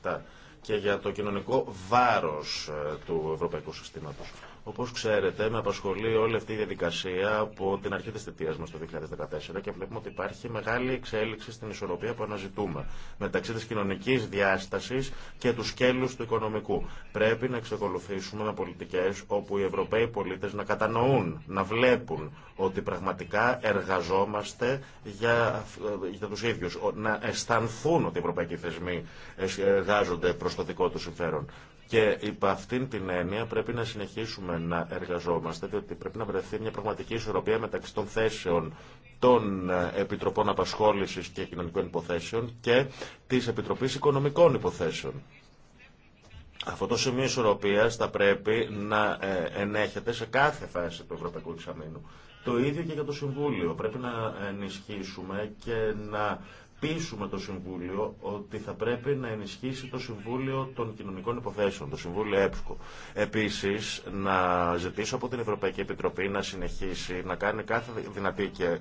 2017 και για το κοινωνικό βάρος ε, του ευρωπαϊκού συστήματος. Όπω ξέρετε, με απασχολεί όλη αυτή η διαδικασία από την αρχή τη θητεία μα το 2014 και βλέπουμε ότι υπάρχει μεγάλη εξέλιξη στην ισορροπία που αναζητούμε μεταξύ τη κοινωνική διάσταση και του σκέλου του οικονομικού. Πρέπει να εξακολουθήσουμε με πολιτικέ όπου οι Ευρωπαίοι πολίτε να κατανοούν, να βλέπουν ότι πραγματικά εργαζόμαστε για, ε, για του ίδιου. Να αισθανθούν ότι οι ευρωπαϊκοί θεσμοί εργάζονται προ το δικό του συμφέρον. Και υπ' αυτήν την έννοια πρέπει να συνεχίσουμε να εργαζόμαστε, διότι πρέπει να βρεθεί μια πραγματική ισορροπία μεταξύ των θέσεων των ε, Επιτροπών Απασχόλησης και Κοινωνικών Υποθέσεων και της Επιτροπής Οικονομικών Υποθέσεων. Αυτό το σημείο ισορροπίας θα πρέπει να ε, ενέχεται σε κάθε φάση του Ευρωπαϊκού Εξαμήνου. Το ίδιο και για το Συμβούλιο. Πρέπει να ενισχύσουμε και να πείσουμε το Συμβούλιο ότι θα πρέπει να ενισχύσει το Συμβούλιο των Κοινωνικών Υποθέσεων, το Συμβούλιο ΕΠΣΚΟ. Επίση, να ζητήσω από την Ευρωπαϊκή Επιτροπή να συνεχίσει να κάνει κάθε δυνατή και ε,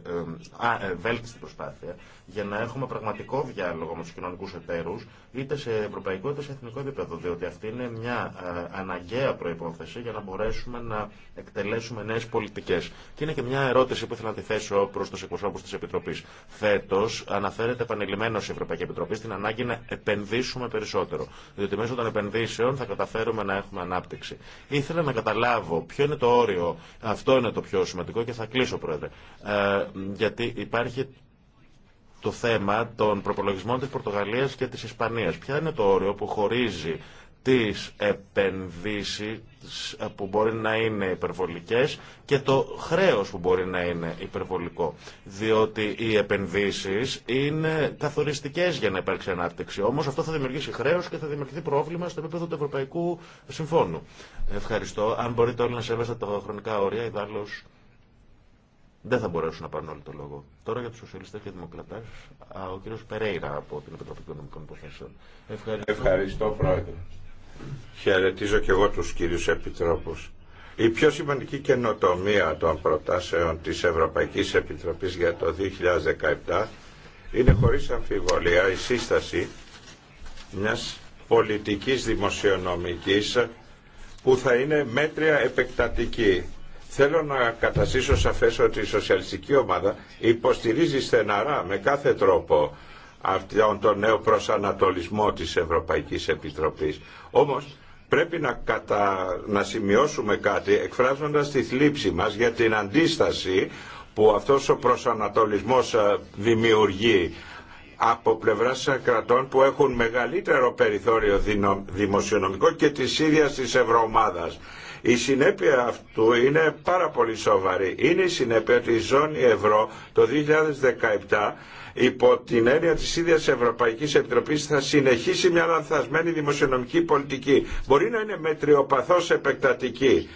ε, βέλτιστη προσπάθεια για να έχουμε πραγματικό διάλογο με του κοινωνικού εταίρου είτε σε ευρωπαϊκό είτε σε εθνικό επίπεδο, διότι αυτή είναι μια ε, αναγκαία προπόθεση για να μπορέσουμε να εκτελέσουμε νέε πολιτικέ. Και είναι και μια ερώτηση που ήθελα να τη θέσω προ του εκπροσώπου τη Επιτροπή. Φέτο αναφέρεται επανειλημμένο η Ευρωπαϊκή Επιτροπή στην ανάγκη να επενδύσουμε περισσότερο, διότι μέσω των επενδύσεων θα καταφέρουμε να έχουμε ανάπτυξη. Ήθελα να καταλάβω ποιο είναι το όριο, αυτό είναι το πιο σημαντικό και θα κλείσω, Πρόεδρε. Ε, γιατί υπάρχει το θέμα των προπολογισμών της Πορτογαλίας και της Ισπανίας. Ποια είναι το όριο που χωρίζει τις επενδύσεις που μπορεί να είναι υπερβολικές και το χρέος που μπορεί να είναι υπερβολικό. Διότι οι επενδύσεις είναι καθοριστικές για να υπάρξει ανάπτυξη. Όμως αυτό θα δημιουργήσει χρέος και θα δημιουργηθεί πρόβλημα στο επίπεδο του Ευρωπαϊκού Συμφώνου. Ευχαριστώ. Αν μπορείτε όλοι να σέβεστε τα χρονικά όρια, ιδάλλως δεν θα μπορέσουν να πάρουν όλοι το λόγο. Τώρα για του σοσιαλιστέ και δημοκρατέ, ο κύριο Περέιρα από την Επιτροπή Οικονομικών Υποθέσεων. Ευχαριστώ. Ευχαριστώ, Πρόεδρε. Χαιρετίζω και εγώ του κύριου επιτρόπου. Η πιο σημαντική καινοτομία των προτάσεων τη Ευρωπαϊκή Επιτροπή για το 2017 είναι χωρί αμφιβολία η σύσταση μια πολιτική δημοσιονομική που θα είναι μέτρια επεκτατική Θέλω να καταστήσω σαφές ότι η σοσιαλιστική ομάδα υποστηρίζει στεναρά με κάθε τρόπο αυτόν τον νέο προσανατολισμό της Ευρωπαϊκής Επιτροπής. Όμως πρέπει να, κατα... να σημειώσουμε κάτι εκφράζοντας τη θλίψη μας για την αντίσταση που αυτός ο προσανατολισμός ε, δημιουργεί από πλευρά κρατών που έχουν μεγαλύτερο περιθώριο δημοσιονομικό και τη ίδιας της Ευρωομάδας. Η συνέπεια αυτού είναι πάρα πολύ σοβαρή. Είναι η συνέπεια ότι η ζώνη ευρώ το 2017 υπό την έννοια της ίδιας Ευρωπαϊκής Επιτροπής θα συνεχίσει μια λανθασμένη δημοσιονομική πολιτική. Μπορεί να είναι μετριοπαθώς επεκτατική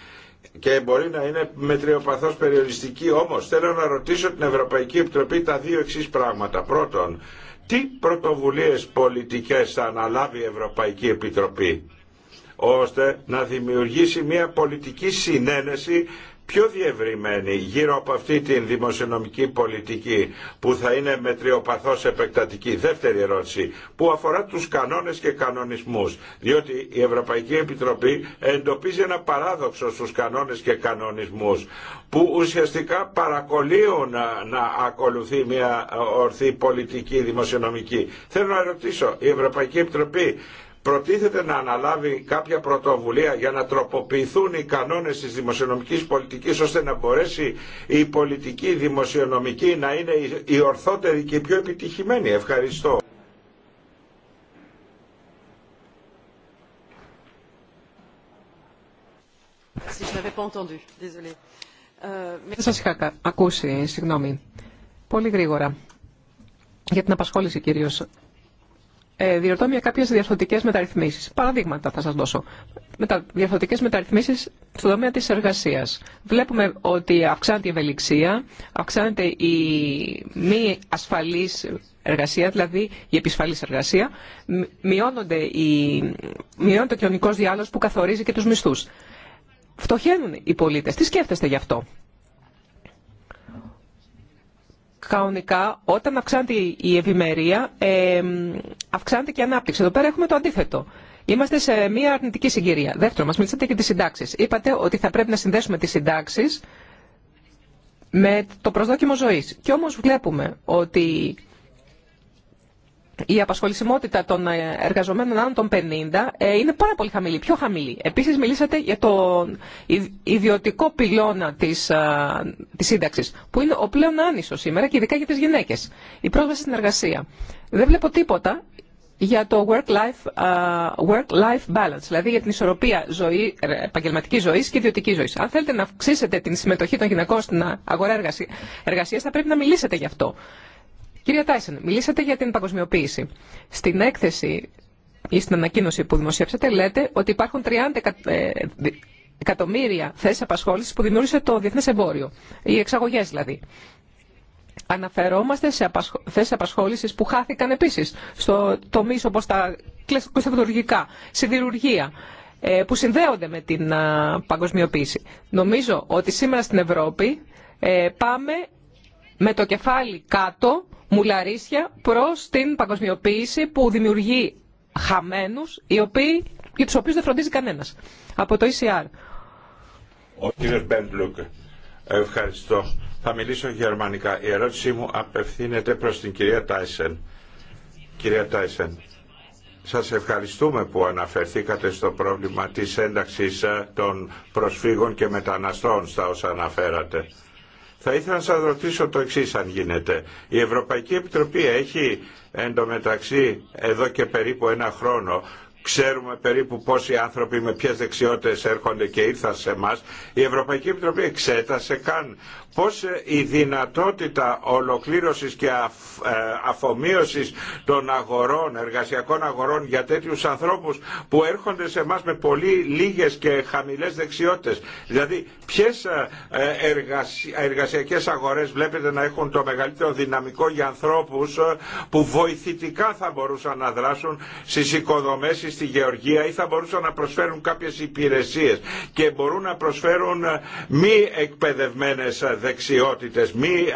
και μπορεί να είναι μετριοπαθώς περιοριστική όμως θέλω να ρωτήσω την Ευρωπαϊκή Επιτροπή τα δύο εξή πράγματα. Πρώτον, τι πρωτοβουλίες πολιτικές θα αναλάβει η Ευρωπαϊκή Επιτροπή ώστε να δημιουργήσει μια πολιτική συνένεση πιο διευρυμένη γύρω από αυτή την δημοσιονομική πολιτική που θα είναι μετριοπαθώς επεκτατική. Δεύτερη ερώτηση που αφορά τους κανόνες και κανονισμούς διότι η Ευρωπαϊκή Επιτροπή εντοπίζει ένα παράδοξο στους κανόνες και κανονισμούς που ουσιαστικά παρακολύουν να, να ακολουθεί μια ορθή πολιτική δημοσιονομική. Θέλω να ρωτήσω, η Ευρωπαϊκή Επιτροπή προτίθεται να αναλάβει κάποια πρωτοβουλία για να τροποποιηθούν οι κανόνες της δημοσιονομικής πολιτικής ώστε να μπορέσει η πολιτική δημοσιονομική να είναι η ορθότερη και η πιο επιτυχημένη. Ευχαριστώ. Euh, σας είχα ακούσει, συγγνώμη. Πολύ γρήγορα. Για την απασχόληση κυρίως διορτώ για κάποιε μεταρρυθμίσεις. μεταρρυθμίσει. Παραδείγματα θα σα δώσω. Με τα μεταρρυθμίσει στον τομέα τη εργασία. Βλέπουμε ότι αυξάνεται η ευελιξία, αυξάνεται η μη ασφαλή εργασία, δηλαδή η επισφαλής εργασία, οι, μειώνεται ο κοινωνικό διάλογο που καθορίζει και του μισθού. Φτωχαίνουν οι πολίτε. Τι σκέφτεστε γι' αυτό κανονικά όταν αυξάνεται η ευημερία ε, αυξάνεται και η ανάπτυξη. Εδώ πέρα έχουμε το αντίθετο. Είμαστε σε μια αρνητική συγκυρία. Δεύτερο, μας μιλήσατε και τις συντάξεις. Είπατε ότι θα πρέπει να συνδέσουμε τις συντάξεις με το προσδόκιμο ζωής. Και όμως βλέπουμε ότι η απασχολησιμότητα των ε, εργαζομένων άνω των 50 ε, είναι πάρα πολύ χαμηλή, πιο χαμηλή. Επίσης μιλήσατε για το ιδιωτικό πυλώνα της, ε, της σύνταξης, που είναι ο πλέον άνισος σήμερα και ειδικά για τις γυναίκες. Η πρόσβαση στην εργασία. Δεν βλέπω τίποτα για το work-life work balance, δηλαδή για την ισορροπία ζωή, επαγγελματική ζωή και ιδιωτική ζωή. Αν θέλετε να αυξήσετε την συμμετοχή των γυναικών στην αγορά εργασία, θα πρέπει να μιλήσετε γι' αυτό. Κυρία Τάισεν, μιλήσατε για την παγκοσμιοποίηση. Στην έκθεση ή στην ανακοίνωση που δημοσιεύσατε λέτε ότι υπάρχουν 30 ε, εκατομμύρια θέσει απασχόληση που δημιούργησε το διεθνέ εμπόριο, οι εξαγωγέ δηλαδή. Αναφερόμαστε σε απασχ... θέσει απασχόληση που χάθηκαν επίση στο τομεί όπω τα στη σιδηρουργία, ε, που συνδέονται με την παγκοσμιοποίηση. Νομίζω ότι σήμερα στην Ευρώπη ε, πάμε με το κεφάλι κάτω, μουλαρίσια, προς την παγκοσμιοποίηση που δημιουργεί χαμένους, οι οποίοι, για τους οποίους δεν φροντίζει κανένας. Από το ECR. Ο κύριος Μπέντλουκ, ευχαριστώ. Θα μιλήσω γερμανικά. Η ερώτησή μου απευθύνεται προς την κυρία Τάισεν. Κυρία Τάισεν, σας ευχαριστούμε που αναφερθήκατε στο πρόβλημα της ένταξης ε, των προσφύγων και μεταναστών στα όσα αναφέρατε. Θα ήθελα να σας ρωτήσω το εξής αν γίνεται. Η Ευρωπαϊκή Επιτροπή έχει εντωμεταξύ εδώ και περίπου ένα χρόνο ξέρουμε περίπου πόσοι άνθρωποι με ποιες δεξιότητες έρχονται και ήρθαν σε εμά. η Ευρωπαϊκή Επιτροπή εξέτασε καν πώς ε, η δυνατότητα ολοκλήρωσης και ε, αφομοίωσης των αγορών, εργασιακών αγορών για τέτοιους ανθρώπους που έρχονται σε εμά με πολύ λίγες και χαμηλές δεξιότητες. Δηλαδή ποιες ε, εργασιακές αγορές βλέπετε να έχουν το μεγαλύτερο δυναμικό για ανθρώπους που βοηθητικά θα μπορούσαν να δράσουν στις οικοδομές, στη γεωργία ή θα μπορούσαν να προσφέρουν κάποιες υπηρεσίες και μπορούν να προσφέρουν ε, μη εκπαιδευμένες ε, δεξιότητες, μη ε,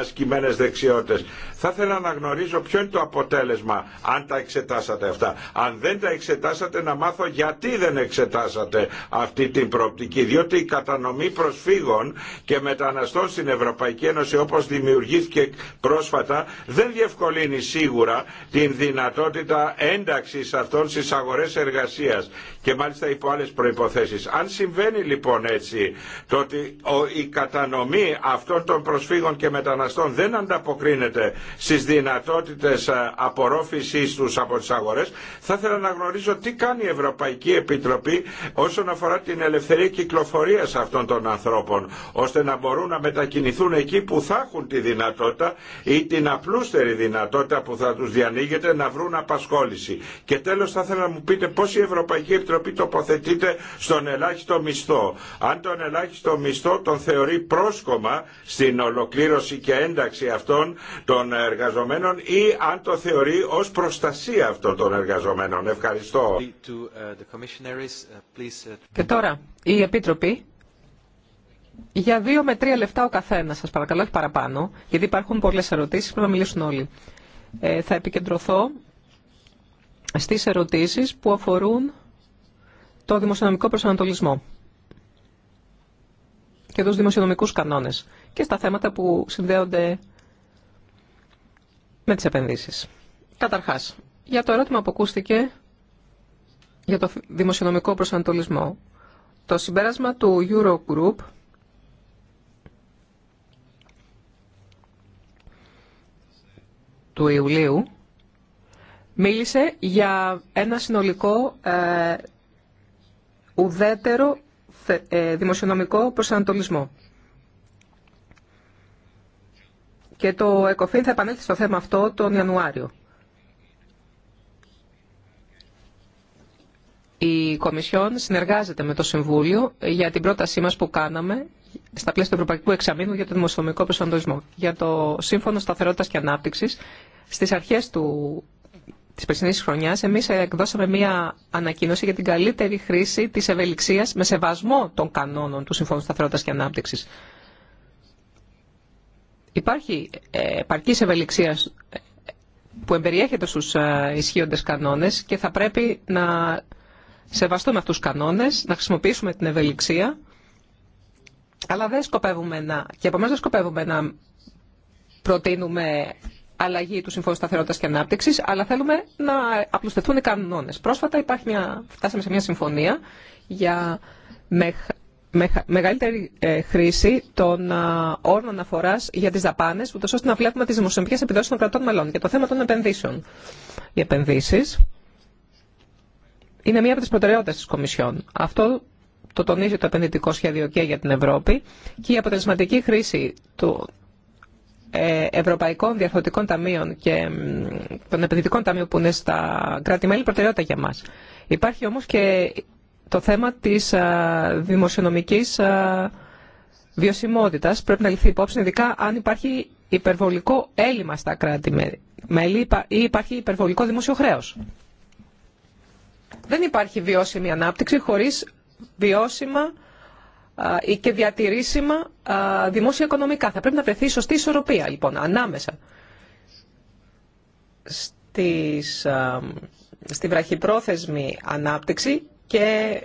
ασκημένες δεξιότητες. Θα ήθελα να γνωρίζω ποιο είναι το αποτέλεσμα αν τα εξετάσατε αυτά. Αν δεν τα εξετάσατε να μάθω γιατί δεν εξετάσατε αυτή την προοπτική. Διότι η κατανομή προσφύγων και μεταναστών στην Ευρωπαϊκή Ένωση όπως δημιουργήθηκε πρόσφατα δεν διευκολύνει σίγουρα την δυνατότητα ένταξης αυτών στις αγορές εργασία και μάλιστα υπό άλλε προϋποθέσεις. Αν συμβαίνει λοιπόν έτσι το ότι η κατανομή αυτών των προσφύγων και μεταναστών δεν ανταποκρίνεται στι δυνατότητε ε, απορρόφησής του από τι αγορέ, θα ήθελα να γνωρίζω τι κάνει η Ευρωπαϊκή Επιτροπή όσον αφορά την ελευθερία κυκλοφορία αυτών των ανθρώπων, ώστε να μπορούν να μετακινηθούν εκεί που θα έχουν τη δυνατότητα ή την απλούστερη δυνατότητα που θα του διανοίγεται να βρουν απασχόληση. Και τέλο θα ήθελα μου πείτε πώς η Ευρωπαϊκή Επιτροπή τοποθετείται στον ελάχιστο μισθό. Αν τον ελάχιστο μισθό τον θεωρεί πρόσκομα στην ολοκλήρωση και ένταξη αυτών των εργαζομένων ή αν το θεωρεί ως προστασία αυτών των εργαζομένων. Ευχαριστώ. Και τώρα, η Επίτροπη για δύο με τρία λεφτά ο καθένας, σας παρακαλώ, όχι παραπάνω, γιατί υπάρχουν πολλές ερωτήσεις, που να μιλήσουν όλοι. Ε, θα επικεντρωθώ στις ερωτήσεις που αφορούν το δημοσιονομικό προσανατολισμό και τους δημοσιονομικούς κανόνες και στα θέματα που συνδέονται με τις επενδύσεις. Καταρχάς, για το ερώτημα που ακούστηκε για το δημοσιονομικό προσανατολισμό, το συμπέρασμα του Eurogroup του Ιουλίου Μίλησε για ένα συνολικό ε, ουδέτερο ε, δημοσιονομικό προσανατολισμό. Και το ΕΚΟΦΗΝ θα επανέλθει στο θέμα αυτό τον Ιανουάριο. Η Κομισιόν συνεργάζεται με το Συμβούλιο για την πρότασή μας που κάναμε στα πλαίσια του Ευρωπαϊκού Εξαμήνου για το Δημοσιονομικό Προσανατολισμό. Για το Σύμφωνο Σταθερότητας και Ανάπτυξης, στις αρχές του τη περσινή χρονιάς εμείς εκδώσαμε μία ανακοίνωση για την καλύτερη χρήση της ευελιξίας με σεβασμό των κανόνων του Συμφώνου Σταθερότητας και ανάπτυξη. Υπάρχει ε, επαρκή ευελιξία ε, που εμπεριέχεται στου ε, ισχύοντες κανόνε και θα πρέπει να σεβαστούμε αυτούς τους κανόνες, να χρησιμοποιήσουμε την ευελιξία, αλλά δεν σκοπεύουμε να, και επομένως δεν σκοπεύουμε να προτείνουμε αλλαγή του Συμφώνου Σταθερότητα και Ανάπτυξη, αλλά θέλουμε να απλουστευτούν οι κανόνε. Πρόσφατα υπάρχει μια, φτάσαμε σε μια συμφωνία για μεγαλύτερη ε, χρήση των όρων αναφορά για τι δαπάνε, ούτω ώστε να βλέπουμε τι δημοσιονομικέ επιδόσει των κρατών μελών. Για το θέμα των επενδύσεων. Οι επενδύσει είναι μία από τι προτεραιότητε τη Κομισιόν. Αυτό το τονίζει το επενδυτικό σχέδιο και για την Ευρώπη και η αποτελεσματική χρήση του, ε, ευρωπαϊκών διαρθρωτικών ταμείων και των επενδυτικών ταμείων που είναι στα κράτη-μέλη προτεραιότητα για μας. Υπάρχει όμως και το θέμα της δημοσιονομικής βιωσιμότητας. Πρέπει να ληφθεί υπόψη, ειδικά αν υπάρχει υπερβολικό έλλειμμα στα κράτη-μέλη ή υπάρχει υπερβολικό δημόσιο Δεν υπάρχει βιώσιμη ανάπτυξη χωρίς βιώσιμα και διατηρήσιμα δημόσια οικονομικά. Θα πρέπει να βρεθεί η σωστή ισορροπία λοιπόν ανάμεσα στις, στη βραχυπρόθεσμη ανάπτυξη και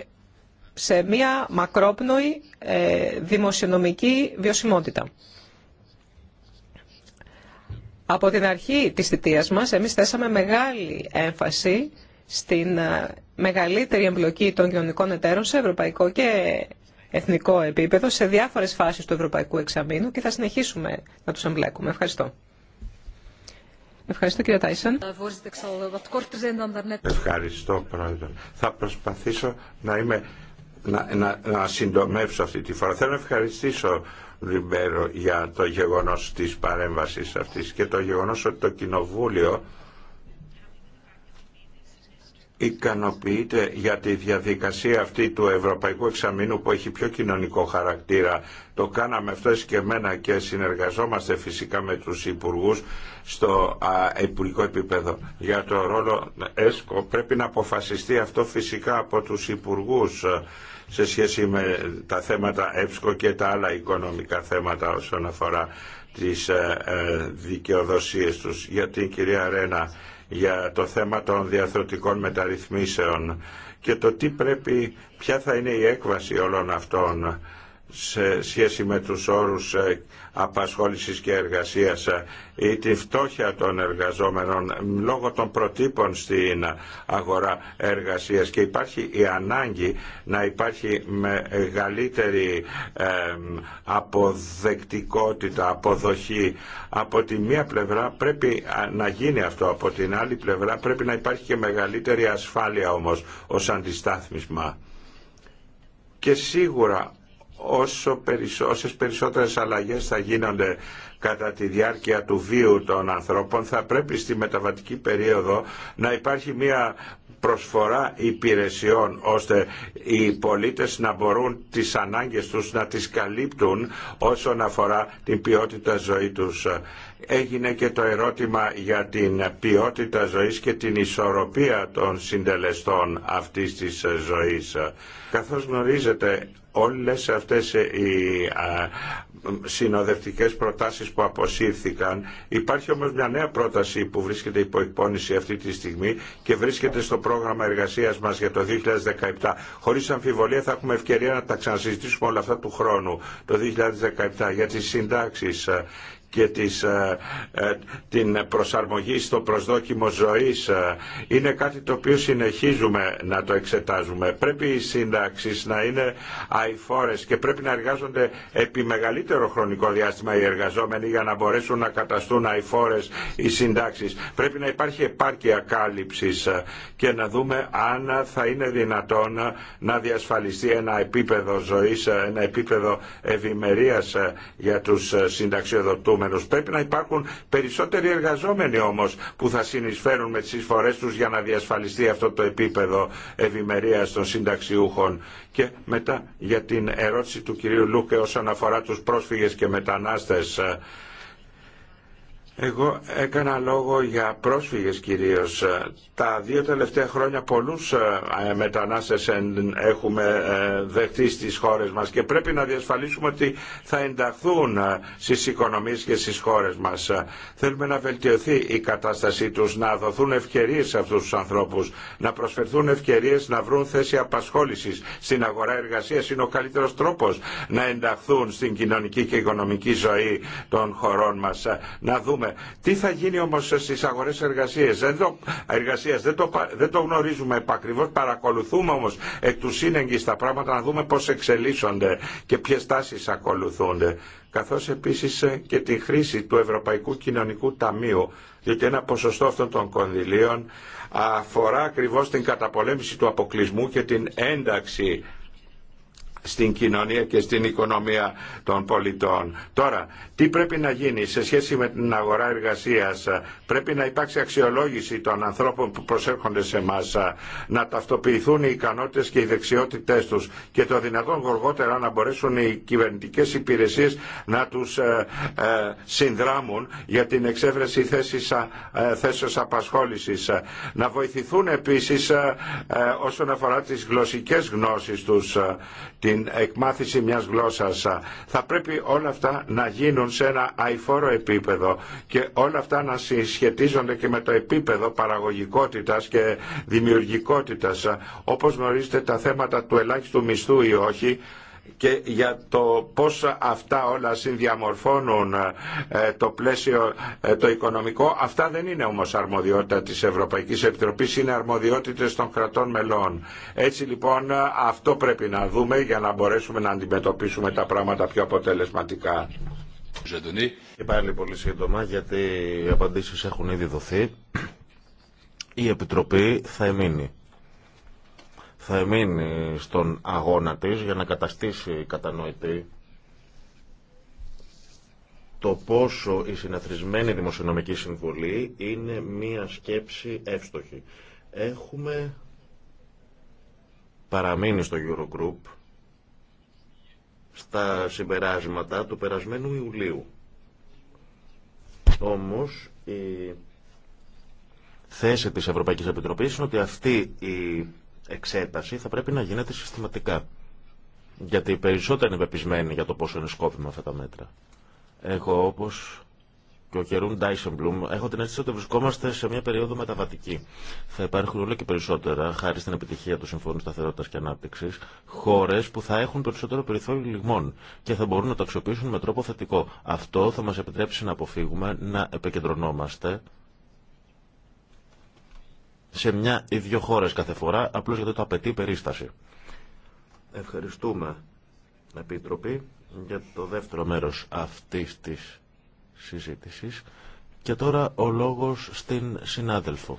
σε μία μακρόπνοη ε, δημοσιονομική βιωσιμότητα. Από την αρχή της θητείας μας εμείς θέσαμε μεγάλη έμφαση στην μεγαλύτερη εμπλοκή των κοινωνικών εταίρων σε ευρωπαϊκό και εθνικό επίπεδο σε διάφορες φάσεις του ευρωπαϊκού εξαμήνου και θα συνεχίσουμε να τους εμπλέκουμε. Ευχαριστώ. Ευχαριστώ κύριε Τάισον. Ευχαριστώ πρόεδρε. Θα προσπαθήσω να, είμαι, να, να, να συντομεύσω αυτή τη φορά. Θέλω να ευχαριστήσω Ριμπέρο για το γεγονός της παρέμβασης αυτής και το γεγονός ότι το Κοινοβούλιο ικανοποιείται για τη διαδικασία αυτή του Ευρωπαϊκού Εξαμήνου που έχει πιο κοινωνικό χαρακτήρα. Το κάναμε αυτό και εμένα και συνεργαζόμαστε φυσικά με τους υπουργούς στο υπουργικό επίπεδο. Για το ρόλο ΕΣΚΟ πρέπει να αποφασιστεί αυτό φυσικά από τους υπουργούς ε, σε σχέση με τα θέματα ΕΣΚΟ και τα άλλα οικονομικά θέματα όσον αφορά τις ε, ε, δικαιοδοσίες τους. Γιατί την κυρία Ρένα για το θέμα των διαθροτικών μεταρρυθμίσεων και το τι πρέπει, ποια θα είναι η έκβαση όλων αυτών σε σχέση με τους όρους ε, απασχόλησης και εργασίας ε, ή τη φτώχεια των εργαζόμενων λόγω των προτύπων στην αγορά εργασίας και υπάρχει η ανάγκη να υπάρχει μεγαλύτερη αποδεκτικότητα, αποδοχή. Από τη μία πλευρά πρέπει να γίνει αυτό, από την άλλη πλευρά πρέπει να υπάρχει και μεγαλύτερη ασφάλεια όμως ως αντιστάθμισμα. Και σίγουρα όσο περισσ, όσες περισσότερες αλλαγές θα γίνονται κατά τη διάρκεια του βίου των ανθρώπων θα πρέπει στη μεταβατική περίοδο να υπάρχει μια προσφορά υπηρεσιών ώστε οι πολίτες να μπορούν τις ανάγκες τους να τις καλύπτουν όσον αφορά την ποιότητα ζωής τους. Έγινε και το ερώτημα για την ποιότητα ζωής και την ισορροπία των συντελεστών αυτής της ζωής. Καθώς γνωρίζετε όλες αυτές οι συνοδευτικές προτάσεις που αποσύρθηκαν. Υπάρχει όμως μια νέα πρόταση που βρίσκεται υπό εκπόνηση αυτή τη στιγμή και βρίσκεται στο πρόγραμμα εργασίας μας για το 2017. Χωρίς αμφιβολία θα έχουμε ευκαιρία να τα ξανασυζητήσουμε όλα αυτά του χρόνου, το 2017, για τις συντάξεις και ε, ε, την προσαρμογή στο προσδόκιμο ζωής ε, είναι κάτι το οποίο συνεχίζουμε να το εξετάζουμε. Πρέπει οι σύνταξεις να είναι αηφόρες και πρέπει να εργάζονται επί μεγαλύτερο χρονικό διάστημα οι εργαζόμενοι για να μπορέσουν να καταστούν αηφόρες οι συντάξεις. Πρέπει να υπάρχει επάρκεια κάλυψης και να δούμε αν θα είναι δυνατόν να διασφαλιστεί ένα επίπεδο ζωής, ένα επίπεδο ευημερίας για τους συνταξιοδοτούμενους Πρέπει να υπάρχουν περισσότεροι εργαζόμενοι όμως που θα συνεισφέρουν με τις εισφορές τους για να διασφαλιστεί αυτό το επίπεδο ευημερίας των συνταξιούχων. Και μετά για την ερώτηση του κυρίου Λούκε όσον αφορά τους πρόσφυγες και μετανάστες εγώ έκανα λόγο για πρόσφυγες κυρίως. Ε, τα δύο τελευταία χρόνια πολλούς ε, ε, μετανάστες έχουμε δεχτεί στις χώρες μας και πρέπει να διασφαλίσουμε ότι θα ενταχθούν στις οικονομίες και στις χώρες μας. Θέλουμε να βελτιωθεί η κατάστασή τους, να δοθούν ευκαιρίες σε αυτούς τους ανθρώπους, να προσφερθούν ευκαιρίες να βρουν θέση απασχόλησης στην αγορά εργασίας. Είναι ο καλύτερος τρόπος να ενταχθούν στην κοινωνική και οικονομική ζωή των χωρών μας. Να δούμε τι θα γίνει όμως στις αγορές εργασίες, Δεν το, δεν το, δεν το γνωρίζουμε επακριβώ. Παρακολουθούμε όμως εκ του σύνεγγυ τα πράγματα να δούμε πώς εξελίσσονται και ποιες τάσεις ακολουθούνται. Καθώς επίσης ε, και τη χρήση του Ευρωπαϊκού Κοινωνικού Ταμείου διότι ένα ποσοστό αυτών των κονδυλίων αφορά ακριβώς την καταπολέμηση του αποκλεισμού και την ένταξη στην κοινωνία και στην οικονομία των πολιτών. Τώρα, τι πρέπει να γίνει σε σχέση με την αγορά εργασίας. Πρέπει να υπάρξει αξιολόγηση των ανθρώπων που προσέρχονται σε εμά, να ταυτοποιηθούν οι ικανότητες και οι δεξιότητές τους και το δυνατόν γοργότερα να μπορέσουν οι κυβερνητικές υπηρεσίες να τους ε, ε, συνδράμουν για την εξέβρεση θέσης, ε, θέσεως απασχόλησης. Να βοηθηθούν επίσης όσον αφορά τις γλωσσικές γνώσεις τους, την εκμάθηση μιας γλώσσας. Θα πρέπει όλα αυτά να γίνουν σε ένα αηφόρο επίπεδο και όλα αυτά να συσχετίζονται και με το επίπεδο παραγωγικότητας και δημιουργικότητας. Όπως γνωρίζετε τα θέματα του ελάχιστου μισθού ή όχι και για το πώς αυτά όλα συνδιαμορφώνουν ε, το πλαίσιο ε, το οικονομικό. Αυτά δεν είναι όμως αρμοδιότητα της Ευρωπαϊκής Επιτροπής, είναι αρμοδιότητες των κρατών μελών. Έτσι λοιπόν ε, αυτό πρέπει να δούμε για να μπορέσουμε να αντιμετωπίσουμε τα πράγματα πιο αποτελεσματικά. Και πάλι πολύ σύντομα γιατί οι απαντήσεις έχουν ήδη δοθεί. Η Επιτροπή θα εμείνει θα μείνει στον αγώνα της για να καταστήσει κατανοητή το πόσο η συναθρισμένη δημοσιονομική συμβολή είναι μία σκέψη εύστοχη. Έχουμε παραμείνει στο Eurogroup στα συμπεράσματα του περασμένου Ιουλίου. Όμως η θέση της Ευρωπαϊκής Επιτροπής είναι ότι αυτή η εξέταση θα πρέπει να γίνεται συστηματικά. Γιατί οι περισσότεροι είναι πεπισμένοι για το πόσο είναι σκόπιμα αυτά τα μέτρα. Εγώ, όπω και ο Κερούν Ντάισεμπλουμ, έχω την αίσθηση ότι βρισκόμαστε σε μια περίοδο μεταβατική. Θα υπάρχουν όλο και περισσότερα, χάρη στην επιτυχία του Συμφώνου Σταθερότητα και Ανάπτυξη, χώρε που θα έχουν περισσότερο περιθώριο λιγμών και θα μπορούν να το αξιοποιήσουν με τρόπο θετικό. Αυτό θα μα επιτρέψει να αποφύγουμε να επικεντρωνόμαστε σε μια ή δύο χώρες κάθε φορά, απλώς γιατί το απαιτεί περίσταση. Ευχαριστούμε, Επίτροπη, για το δεύτερο μέρος αυτής της συζήτησης. Και τώρα ο λόγος στην συνάδελφο.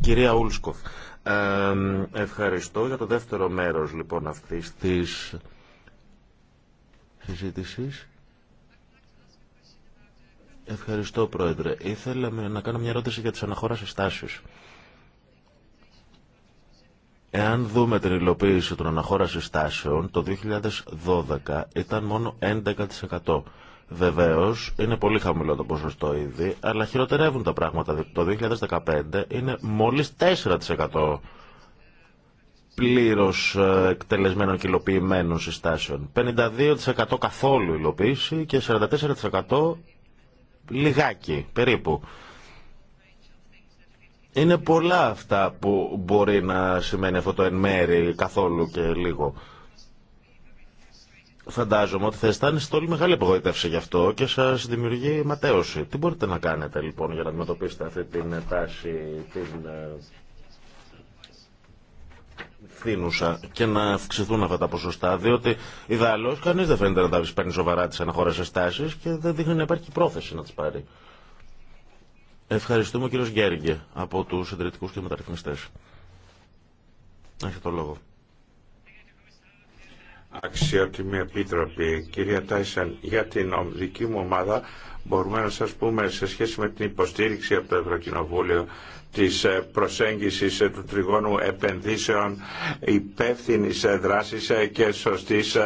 Κυρία Ούλσκοφ, ευχαριστώ για το δεύτερο μέρος λοιπόν αυτής της συζήτησης. Ευχαριστώ, Πρόεδρε. Ήθελα να κάνω μια ερώτηση για τις αναχώρασεις τάσεις. Εάν δούμε την υλοποίηση των αναχώρασης τάσεων, το 2012 ήταν μόνο 11%. Βεβαίως, είναι πολύ χαμηλό το ποσοστό ήδη, αλλά χειροτερεύουν τα πράγματα. Το 2015 είναι μόλις 4% πλήρως ε, εκτελεσμένων και υλοποιημένων συστάσεων. 52% καθόλου υλοποίηση και 44% λιγάκι περίπου. Είναι πολλά αυτά που μπορεί να σημαίνει αυτό το εν μέρη, καθόλου και λίγο. Φαντάζομαι ότι θα αισθάνεστε όλοι μεγάλη απογοήτευση γι' αυτό και σα δημιουργεί ματέωση. Τι μπορείτε να κάνετε λοιπόν για να αντιμετωπίσετε αυτή την τάση, την ε, φθήνουσα και να αυξηθούν αυτά τα ποσοστά, διότι ιδάλω κανεί δεν φαίνεται να τα παίρνει σοβαρά τι αναχώρε τάσει και δεν δείχνει να υπάρχει πρόθεση να τι πάρει. Ευχαριστούμε κύριο Γκέργε από του συντηρητικού και μεταρρυθμιστέ. Έχετε το λόγο αξιότιμη επίτροπη, κυρία Τάισαν, για την δική μου ομάδα μπορούμε να σας πούμε σε σχέση με την υποστήριξη από το Ευρωκοινοβούλιο της ε, προσέγγισης ε, του τριγώνου επενδύσεων υπεύθυνη ε, δράσης και σωστής,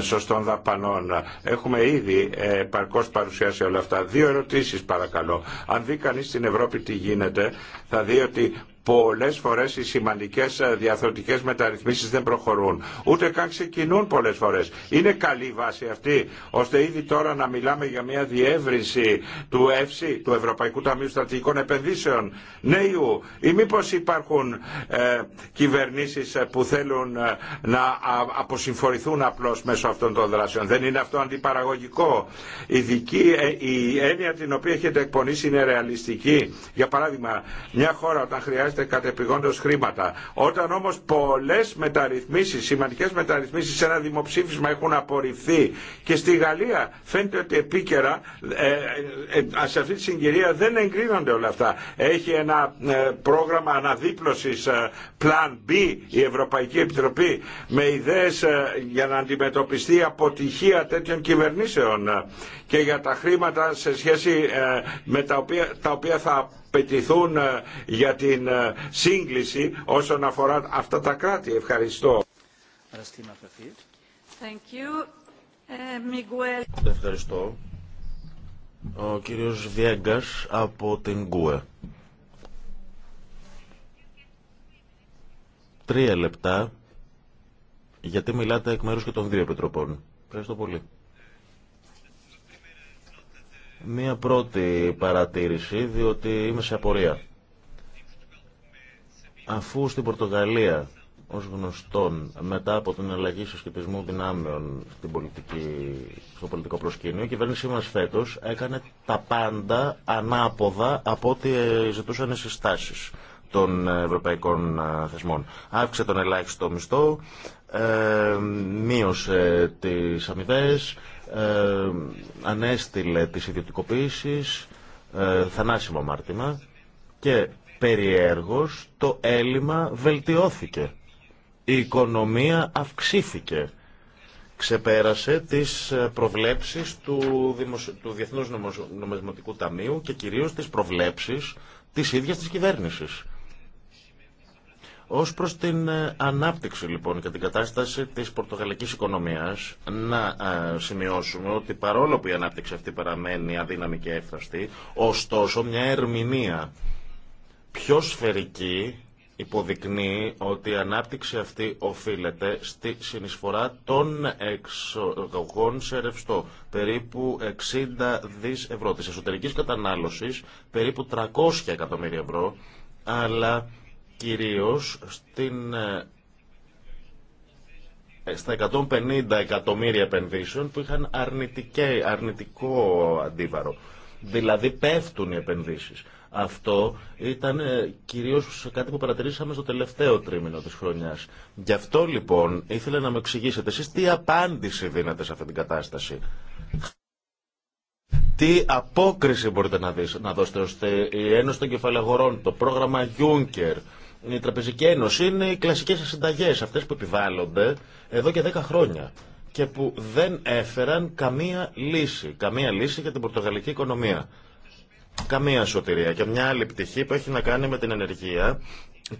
σωστών δαπανών. Έχουμε ήδη παρκώς παρουσιάσει όλα αυτά. Δύο ερωτήσεις παρακαλώ. Αν δει κανείς στην Ευρώπη τι γίνεται, θα δει ότι Πολλές φορές οι σημαντικές ε, διαθροτικές μεταρρυθμίσεις δεν προχωρούν. Ούτε καν ξεκινούν πολλές φορές. Είναι καλή η βάση αυτή, ώστε ήδη τώρα να μιλάμε για μια διεύρυνση του ΕΦΣΥ, του Ευρωπαϊκού Ταμείου Στρατηγικών Επενδύσεων, νέου. Ή μήπω υπάρχουν ε, κυβερνήσεις ε, που θέλουν ε, να αποσυμφορηθούν απλώς μέσω αυτών των δράσεων. Δεν είναι αυτό αντιπαραγωγικό. Η, δική, η η εννοια την οποία έχετε εκπονήσει είναι ρεαλιστική. Για παράδειγμα, μια χώρα όταν χρειάζεται χρειάζεται χρήματα. Όταν όμως πολλές μεταρρυθμίσεις, σημαντικές μεταρρυθμίσεις σε ένα δημοψήφισμα έχουν απορριφθεί και στη Γαλλία φαίνεται ότι επίκαιρα ε, ε, σε αυτή τη συγκυρία δεν εγκρίνονται όλα αυτά. Έχει ένα ε, πρόγραμμα αναδίπλωσης Plan B η Ευρωπαϊκή Επιτροπή με ιδέες για να αντιμετωπιστεί η αποτυχία τέτοιων κυβερνήσεων και για τα χρήματα σε σχέση με τα οποία, τα οποία θα πετηθούν ε, για την ε, σύγκληση όσον αφορά αυτά τα κράτη. Ευχαριστώ. Ε, Ευχαριστώ. Ο κύριος Βιέγκας από την ΚΟΕ. Τρία λεπτά, γιατί μιλάτε εκ μέρους και των δύο επιτροπών. Ευχαριστώ πολύ. Μία πρώτη παρατήρηση, διότι είμαι σε απορία. Αφού στην Πορτογαλία, ως γνωστόν, μετά από την αλλαγή συσκεπισμού δυνάμεων στην πολιτική, στο πολιτικό προσκήνιο, η κυβέρνησή μας φέτος έκανε τα πάντα ανάποδα από ό,τι ζητούσαν οι συστάσεις των ευρωπαϊκών θεσμών. Άφηξε τον ελάχιστο μισθό, ε, μείωσε τις αμοιβές, ε, ανέστηλε τις ιδιωτικοποίησεις, ε, θανάσιμο μάρτυμα και περιέργως το έλλειμμα βελτιώθηκε. Η οικονομία αυξήθηκε. Ξεπέρασε τις ε, προβλέψεις του, του Διεθνούς Νομισματικού Ταμείου και κυρίως τις προβλέψεις της ίδιας της κυβέρνησης. Ω προ την ε, ανάπτυξη λοιπόν και την κατάσταση τη πορτογαλική οικονομία, να ε, σημειώσουμε ότι παρόλο που η ανάπτυξη αυτή παραμένει αδύναμη και έφταστη, ωστόσο μια ερμηνεία πιο σφαιρική υποδεικνύει ότι η ανάπτυξη αυτή οφείλεται στη συνεισφορά των εξογωγών σε ρευστό, περίπου 60 δις ευρώ, της εσωτερικής κατανάλωσης περίπου 300 εκατομμύρια ευρώ, αλλά κυρίως στην ε, στα 150 εκατομμύρια επενδύσεων που είχαν αρνητικέ, αρνητικό αντίβαρο. Δηλαδή πέφτουν οι επενδύσεις. Αυτό ήταν ε, κυρίως κάτι που παρατηρήσαμε στο τελευταίο τρίμηνο της χρονιάς. Γι' αυτό λοιπόν ήθελα να με εξηγήσετε εσείς τι απάντηση δίνετε σε αυτή την κατάσταση. Τι απόκριση μπορείτε να, δώσετε ώστε η Ένωση των Κεφαλαγορών, το πρόγραμμα Juncker, η Τραπεζική Ένωση είναι οι κλασικέ συνταγέ, αυτέ που επιβάλλονται εδώ και 10 χρόνια και που δεν έφεραν καμία λύση. Καμία λύση για την πορτογαλική οικονομία. Καμία σωτηρία. Και μια άλλη πτυχή που έχει να κάνει με την ενεργεία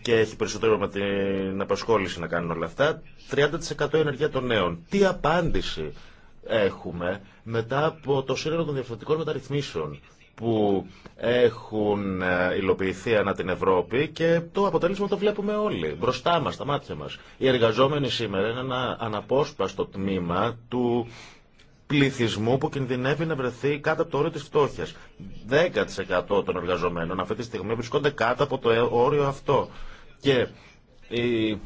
και έχει περισσότερο με την απασχόληση να κάνουν όλα αυτά. 30% ενεργεία των νέων. Τι απάντηση έχουμε μετά από το σύνολο των διαφορετικών μεταρρυθμίσεων που έχουν ε, υλοποιηθεί ανά την Ευρώπη και το αποτέλεσμα το βλέπουμε όλοι, μπροστά μας, στα μάτια μας. Οι εργαζόμενοι σήμερα είναι ένα αναπόσπαστο τμήμα του πληθυσμού που κινδυνεύει να βρεθεί κάτω από το όριο της φτώχειας. 10% των εργαζομένων αυτή τη στιγμή βρισκόνται κάτω από το ε, όριο αυτό. Και οι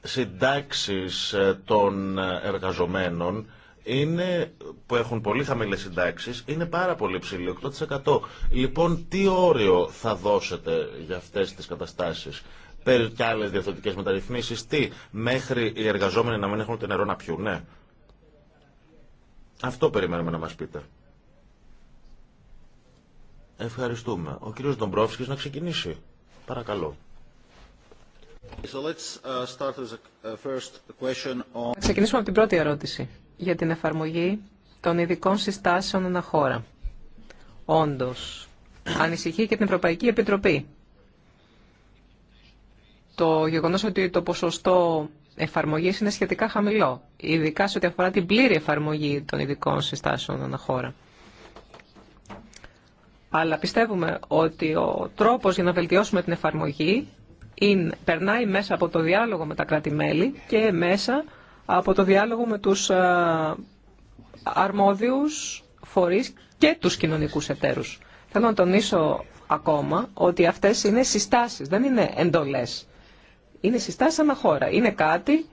συντάξεις ε, των εργαζομένων είναι, που έχουν πολύ χαμηλές συντάξεις είναι πάρα πολύ ψηλή, 8%. Λοιπόν, τι όριο θα δώσετε για αυτές τις καταστάσεις και άλλες διαθετικές μεταρρυθμίσεις, τι, μέχρι οι εργαζόμενοι να μην έχουν το νερό να πιούν, ναι. Αυτό περιμένουμε να μας πείτε. Ευχαριστούμε. Ο κύριος Ντομπρόφσκης να ξεκινήσει. Παρακαλώ. So uh, uh, ξεκινήσουμε από την πρώτη ερώτηση για την εφαρμογή των ειδικών συστάσεων αναχώρα. Όντως, ανησυχεί και την Ευρωπαϊκή Επιτροπή. Το γεγονός ότι το ποσοστό εφαρμογής είναι σχετικά χαμηλό, ειδικά σε ό,τι αφορά την πλήρη εφαρμογή των ειδικών συστάσεων αναχώρα. Αλλά πιστεύουμε ότι ο τρόπος για να βελτιώσουμε την εφαρμογή είναι, περνάει μέσα από το διάλογο με τα κράτη-μέλη και μέσα από το διάλογο με τους ε, αρμόδιους φορείς και τους κοινωνικούς εταίρους. Θέλω να τονίσω ακόμα ότι αυτές είναι συστάσεις, δεν είναι εντολές. Είναι συστάσεις σαν χώρα. Είναι κάτι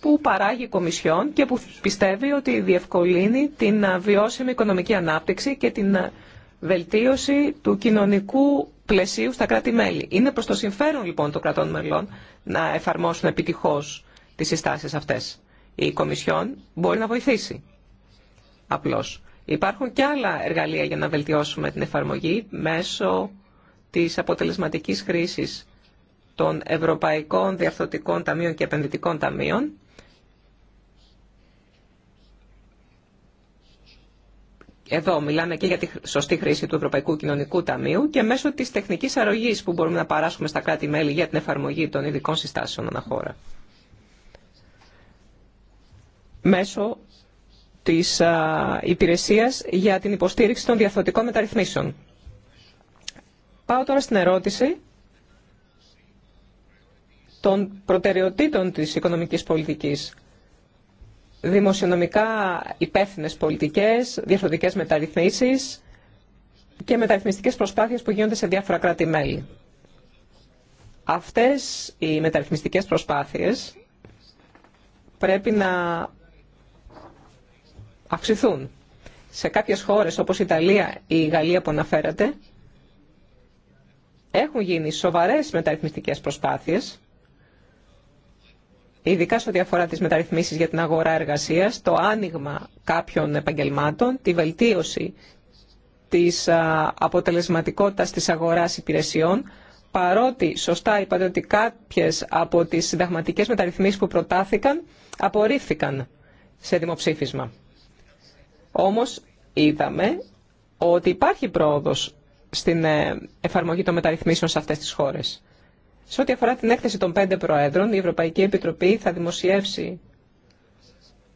που παράγει η Κομισιόν και που πιστεύει ότι διευκολύνει την ε, βιώσιμη οικονομική ανάπτυξη και την ε, βελτίωση του κοινωνικού πλαισίου στα κράτη-μέλη. Είναι προς το συμφέρον λοιπόν των κρατών μελών να εφαρμόσουν επιτυχώς τις συστάσεις αυτές η Κομισιόν μπορεί να βοηθήσει. Απλώς. Υπάρχουν και άλλα εργαλεία για να βελτιώσουμε την εφαρμογή μέσω της αποτελεσματικής χρήσης των Ευρωπαϊκών Διαρθωτικών Ταμείων και Επενδυτικών Ταμείων Εδώ μιλάμε και για τη σωστή χρήση του Ευρωπαϊκού Κοινωνικού Ταμείου και μέσω της τεχνικής αρρωγής που μπορούμε να παράσχουμε στα κράτη-μέλη για την εφαρμογή των ειδικών συστάσεων αναχώρα μέσω της υπηρεσίας για την υποστήριξη των διαθωτικών μεταρρυθμίσεων. Πάω τώρα στην ερώτηση των προτεραιοτήτων της οικονομικής πολιτικής. Δημοσιονομικά υπεύθυνες πολιτικές, διαθωτικές μεταρρυθμίσεις και μεταρρυθμιστικές προσπάθειες που γίνονται σε διάφορα κράτη-μέλη. Αυτές οι μεταρρυθμιστικές προσπάθειες πρέπει να αυξηθούν. Σε κάποιες χώρες όπως η Ιταλία ή η Γαλλία που αναφέρατε, έχουν γίνει σοβαρές μεταρρυθμιστικές προσπάθειες, ειδικά σε ό,τι αφορά τις μεταρρυθμίσεις για την αγορά εργασίας, το άνοιγμα κάποιων επαγγελμάτων, τη βελτίωση της αποτελεσματικότητας της αγοράς υπηρεσιών, παρότι σωστά είπατε ότι κάποιες από τις συνταγματικές μεταρρυθμίσεις που προτάθηκαν απορρίφθηκαν σε δημοψήφισμα. Όμως είδαμε ότι υπάρχει πρόοδος στην ε, εφαρμογή των μεταρρυθμίσεων σε αυτές τις χώρες. Σε ό,τι αφορά την έκθεση των πέντε προέδρων, η Ευρωπαϊκή Επιτροπή θα δημοσιεύσει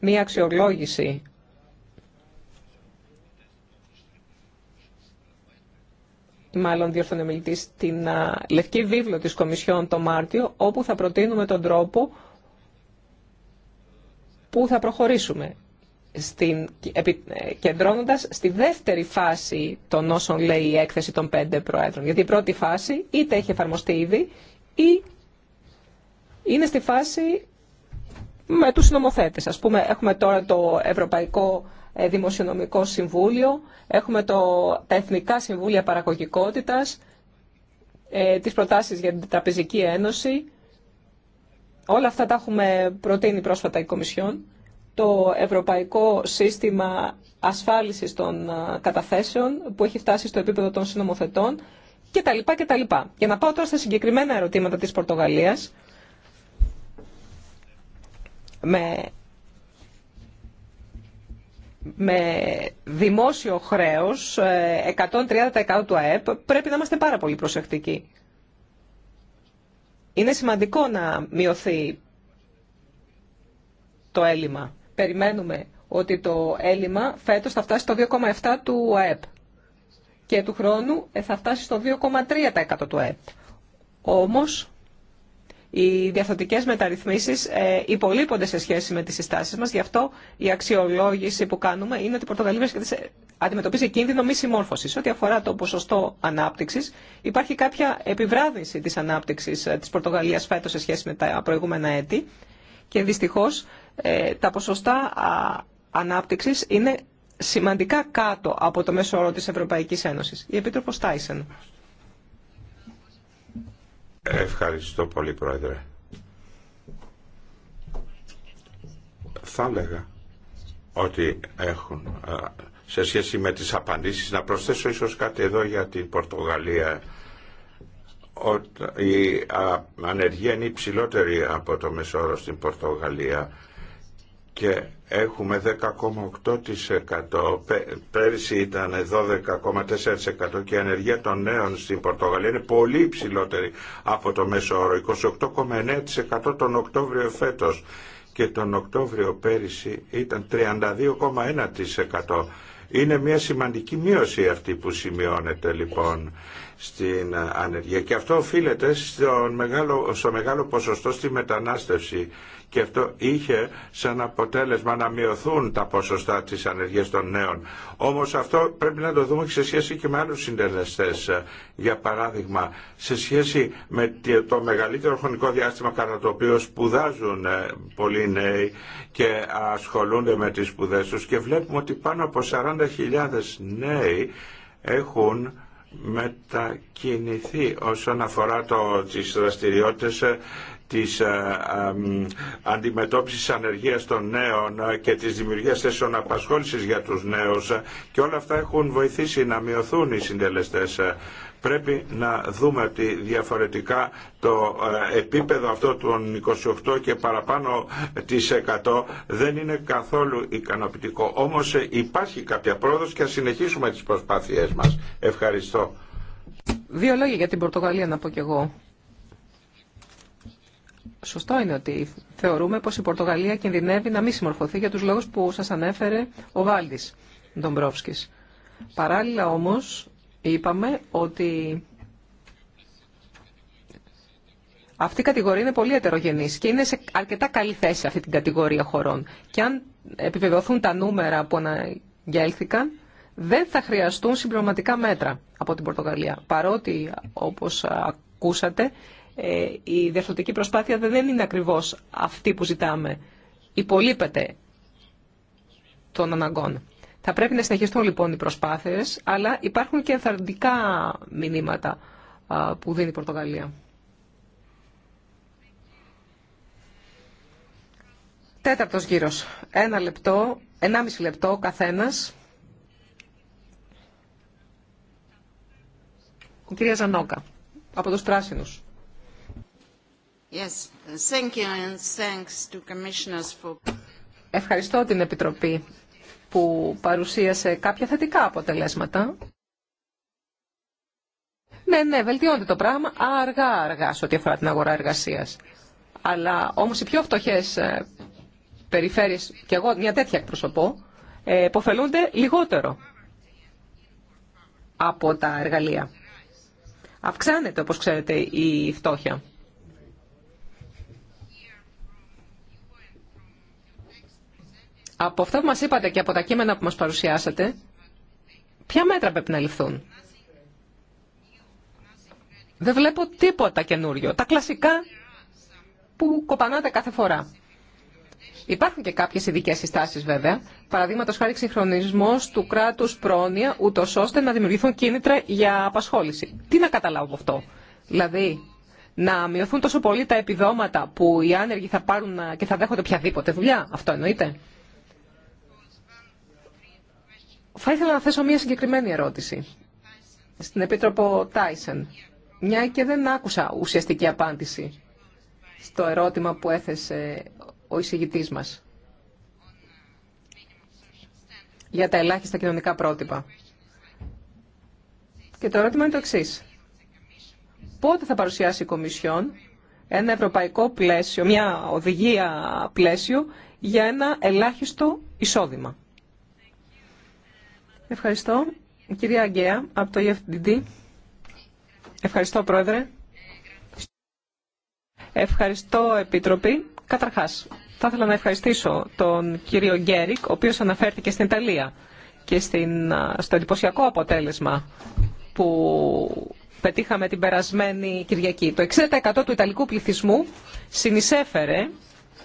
μία αξιολόγηση μάλλον διορθωνεμιλητή την Λευκή Βίβλο της Κομισιόν το Μάρτιο, όπου θα προτείνουμε τον τρόπο που θα προχωρήσουμε στην, ε, κεντρώνοντας στη δεύτερη φάση των όσων λέει η έκθεση των πέντε προέδρων. Γιατί η πρώτη φάση είτε έχει εφαρμοστεί ήδη ή είναι στη φάση με τους νομοθέτες. Ας πούμε έχουμε τώρα το Ευρωπαϊκό ε, Δημοσιονομικό Συμβούλιο, έχουμε το, τα Εθνικά Συμβούλια Παραγωγικότητας, ε, τις προτάσεις για την Τραπεζική Ένωση. Όλα αυτά τα έχουμε προτείνει πρόσφατα η Κομισιόν το ευρωπαϊκό σύστημα ασφάλισης των καταθέσεων που έχει φτάσει στο επίπεδο των συνομοθετών κτλ. λοιπά. Για να πάω τώρα στα συγκεκριμένα ερωτήματα της Πορτογαλίας, με, με δημόσιο χρέος 130% ε, του ΑΕΠ πρέπει να είμαστε πάρα πολύ προσεκτικοί. Είναι σημαντικό να μειωθεί το έλλειμμα περιμένουμε ότι το έλλειμμα φέτος θα φτάσει στο 2,7 του ΑΕΠ και του χρόνου ε, θα φτάσει στο 2,3% του ΑΕΠ. Όμως, οι διαθωτικές μεταρρυθμίσεις ε, υπολείπονται σε σχέση με τις συστάσεις μας, γι' αυτό η αξιολόγηση που κάνουμε είναι ότι η Πορτογαλία αντιμετωπίζει κίνδυνο μη συμμόρφωσης. Ό,τι αφορά το ποσοστό ανάπτυξης, υπάρχει κάποια επιβράδυνση της ανάπτυξης ε, της Πορτογαλίας φέτος σε σχέση με τα προηγούμενα έτη και δυστυχώς ε, τα ποσοστά ανάπτυξης είναι σημαντικά κάτω από το μέσο όρο της Ευρωπαϊκής Ένωσης. Η Επίτροπος Τάισεν. Ευχαριστώ πολύ, Πρόεδρε. Θα έλεγα ότι έχουν σε σχέση με τις απαντήσεις να προσθέσω ίσως κάτι εδώ για την Πορτογαλία η ανεργία είναι υψηλότερη από το μέσο όρο στην Πορτογαλία και έχουμε 10,8% πέρυσι ήταν 12,4% και η ανεργία των νέων στην Πορτογαλία είναι πολύ υψηλότερη από το μέσο όρο 28,9% τον Οκτώβριο φέτος και τον Οκτώβριο πέρυσι ήταν 32,1% είναι μια σημαντική μείωση αυτή που σημειώνεται λοιπόν στην ε, ανεργία και αυτό οφείλεται στο μεγάλο, στο μεγάλο ποσοστό στη μετανάστευση και αυτό είχε σαν αποτέλεσμα να μειωθούν τα ποσοστά της ανεργίας των νέων. Όμως αυτό πρέπει να το δούμε και σε σχέση και με άλλους συντελεστές. Για παράδειγμα, σε σχέση με το μεγαλύτερο χρονικό διάστημα κατά το οποίο σπουδάζουν ε, πολλοί νέοι και ασχολούνται με τις σπουδές τους και βλέπουμε ότι πάνω από 40.000 νέοι έχουν μετακινηθεί όσον αφορά το, τις δραστηριότητες ε, της ε, αντιμετώπισης ανεργίας των νέων και της δημιουργίας θέσεων απασχόλησης για τους νέους και όλα αυτά έχουν βοηθήσει να μειωθούν οι συντελεστές πρέπει να δούμε ότι διαφορετικά το ε, επίπεδο αυτό των 28 και παραπάνω της 100 δεν είναι καθόλου ικανοποιητικό. Όμως ε, υπάρχει κάποια πρόοδος και ας συνεχίσουμε τις προσπάθειές μας. Ευχαριστώ. Δύο λόγια για την Πορτογαλία να πω κι εγώ. Σωστό είναι ότι θεωρούμε πως η Πορτογαλία κινδυνεύει να μην συμμορφωθεί για τους λόγους που σας ανέφερε ο Βάλτης Ντομπρόφσκης. Παράλληλα όμως είπαμε ότι αυτή η κατηγορία είναι πολύ ετερογενής και είναι σε αρκετά καλή θέση αυτή την κατηγορία χωρών. Και αν επιβεβαιωθούν τα νούμερα που αναγγέλθηκαν, δεν θα χρειαστούν συμπληρωματικά μέτρα από την Πορτογαλία. Παρότι, όπως ακούσατε, ε, η διαρθρωτική προσπάθεια δεν είναι ακριβώς αυτή που ζητάμε. Υπολείπεται των αναγκών. Θα πρέπει να συνεχιστούν λοιπόν οι προσπάθειες, αλλά υπάρχουν και ενθαρρυντικά μηνύματα που δίνει η Πορτογαλία. Τέταρτος γύρος. Ένα λεπτό, ενάμιση λεπτό καθένας. Η κυρία Ζανόκα, από τους πράσινους. Ευχαριστώ την Επιτροπή που παρουσίασε κάποια θετικά αποτελέσματα. Ναι, ναι, βελτιώνεται το πράγμα αργά-αργά σε ό,τι αφορά την αγορά εργασίας. Αλλά όμως οι πιο φτωχές ε, περιφέρειες, και εγώ μια τέτοια εκπροσωπώ, ε, υποφελούνται λιγότερο από τα εργαλεία. Αυξάνεται, όπως ξέρετε, η φτώχεια. από αυτά που μας είπατε και από τα κείμενα που μας παρουσιάσατε, ποια μέτρα πρέπει να ληφθούν. Δεν βλέπω τίποτα καινούριο. Τα κλασικά που κοπανάτε κάθε φορά. Υπάρχουν και κάποιες ειδικέ συστάσεις βέβαια, παραδείγματος χάρη συγχρονισμός του κράτους πρόνοια, ούτω ώστε να δημιουργηθούν κίνητρα για απασχόληση. Τι να καταλάβω από αυτό. Δηλαδή, να μειωθούν τόσο πολύ τα επιδόματα που οι άνεργοι θα πάρουν και θα δέχονται οποιαδήποτε δουλειά. Αυτό εννοείται. Θα ήθελα να θέσω μια συγκεκριμένη ερώτηση στην Επίτροπο Τάισεν, μια και δεν άκουσα ουσιαστική απάντηση στο ερώτημα που έθεσε ο εισηγητής μας για τα ελάχιστα κοινωνικά πρότυπα. Και το ερώτημα είναι το εξή. Πότε θα παρουσιάσει η Κομισιόν ένα ευρωπαϊκό πλαίσιο, μια οδηγία πλαίσιο για ένα ελάχιστο εισόδημα. Ευχαριστώ. κυρία Αγγέα, από το EFDD. Ευχαριστώ, Πρόεδρε. Ευχαριστώ, Επίτροπη. Καταρχάς, θα ήθελα να ευχαριστήσω τον κύριο Γκέρικ, ο οποίος αναφέρθηκε στην Ιταλία και στην, στο εντυπωσιακό αποτέλεσμα που πετύχαμε την περασμένη Κυριακή. Το 60% του Ιταλικού πληθυσμού συνεισέφερε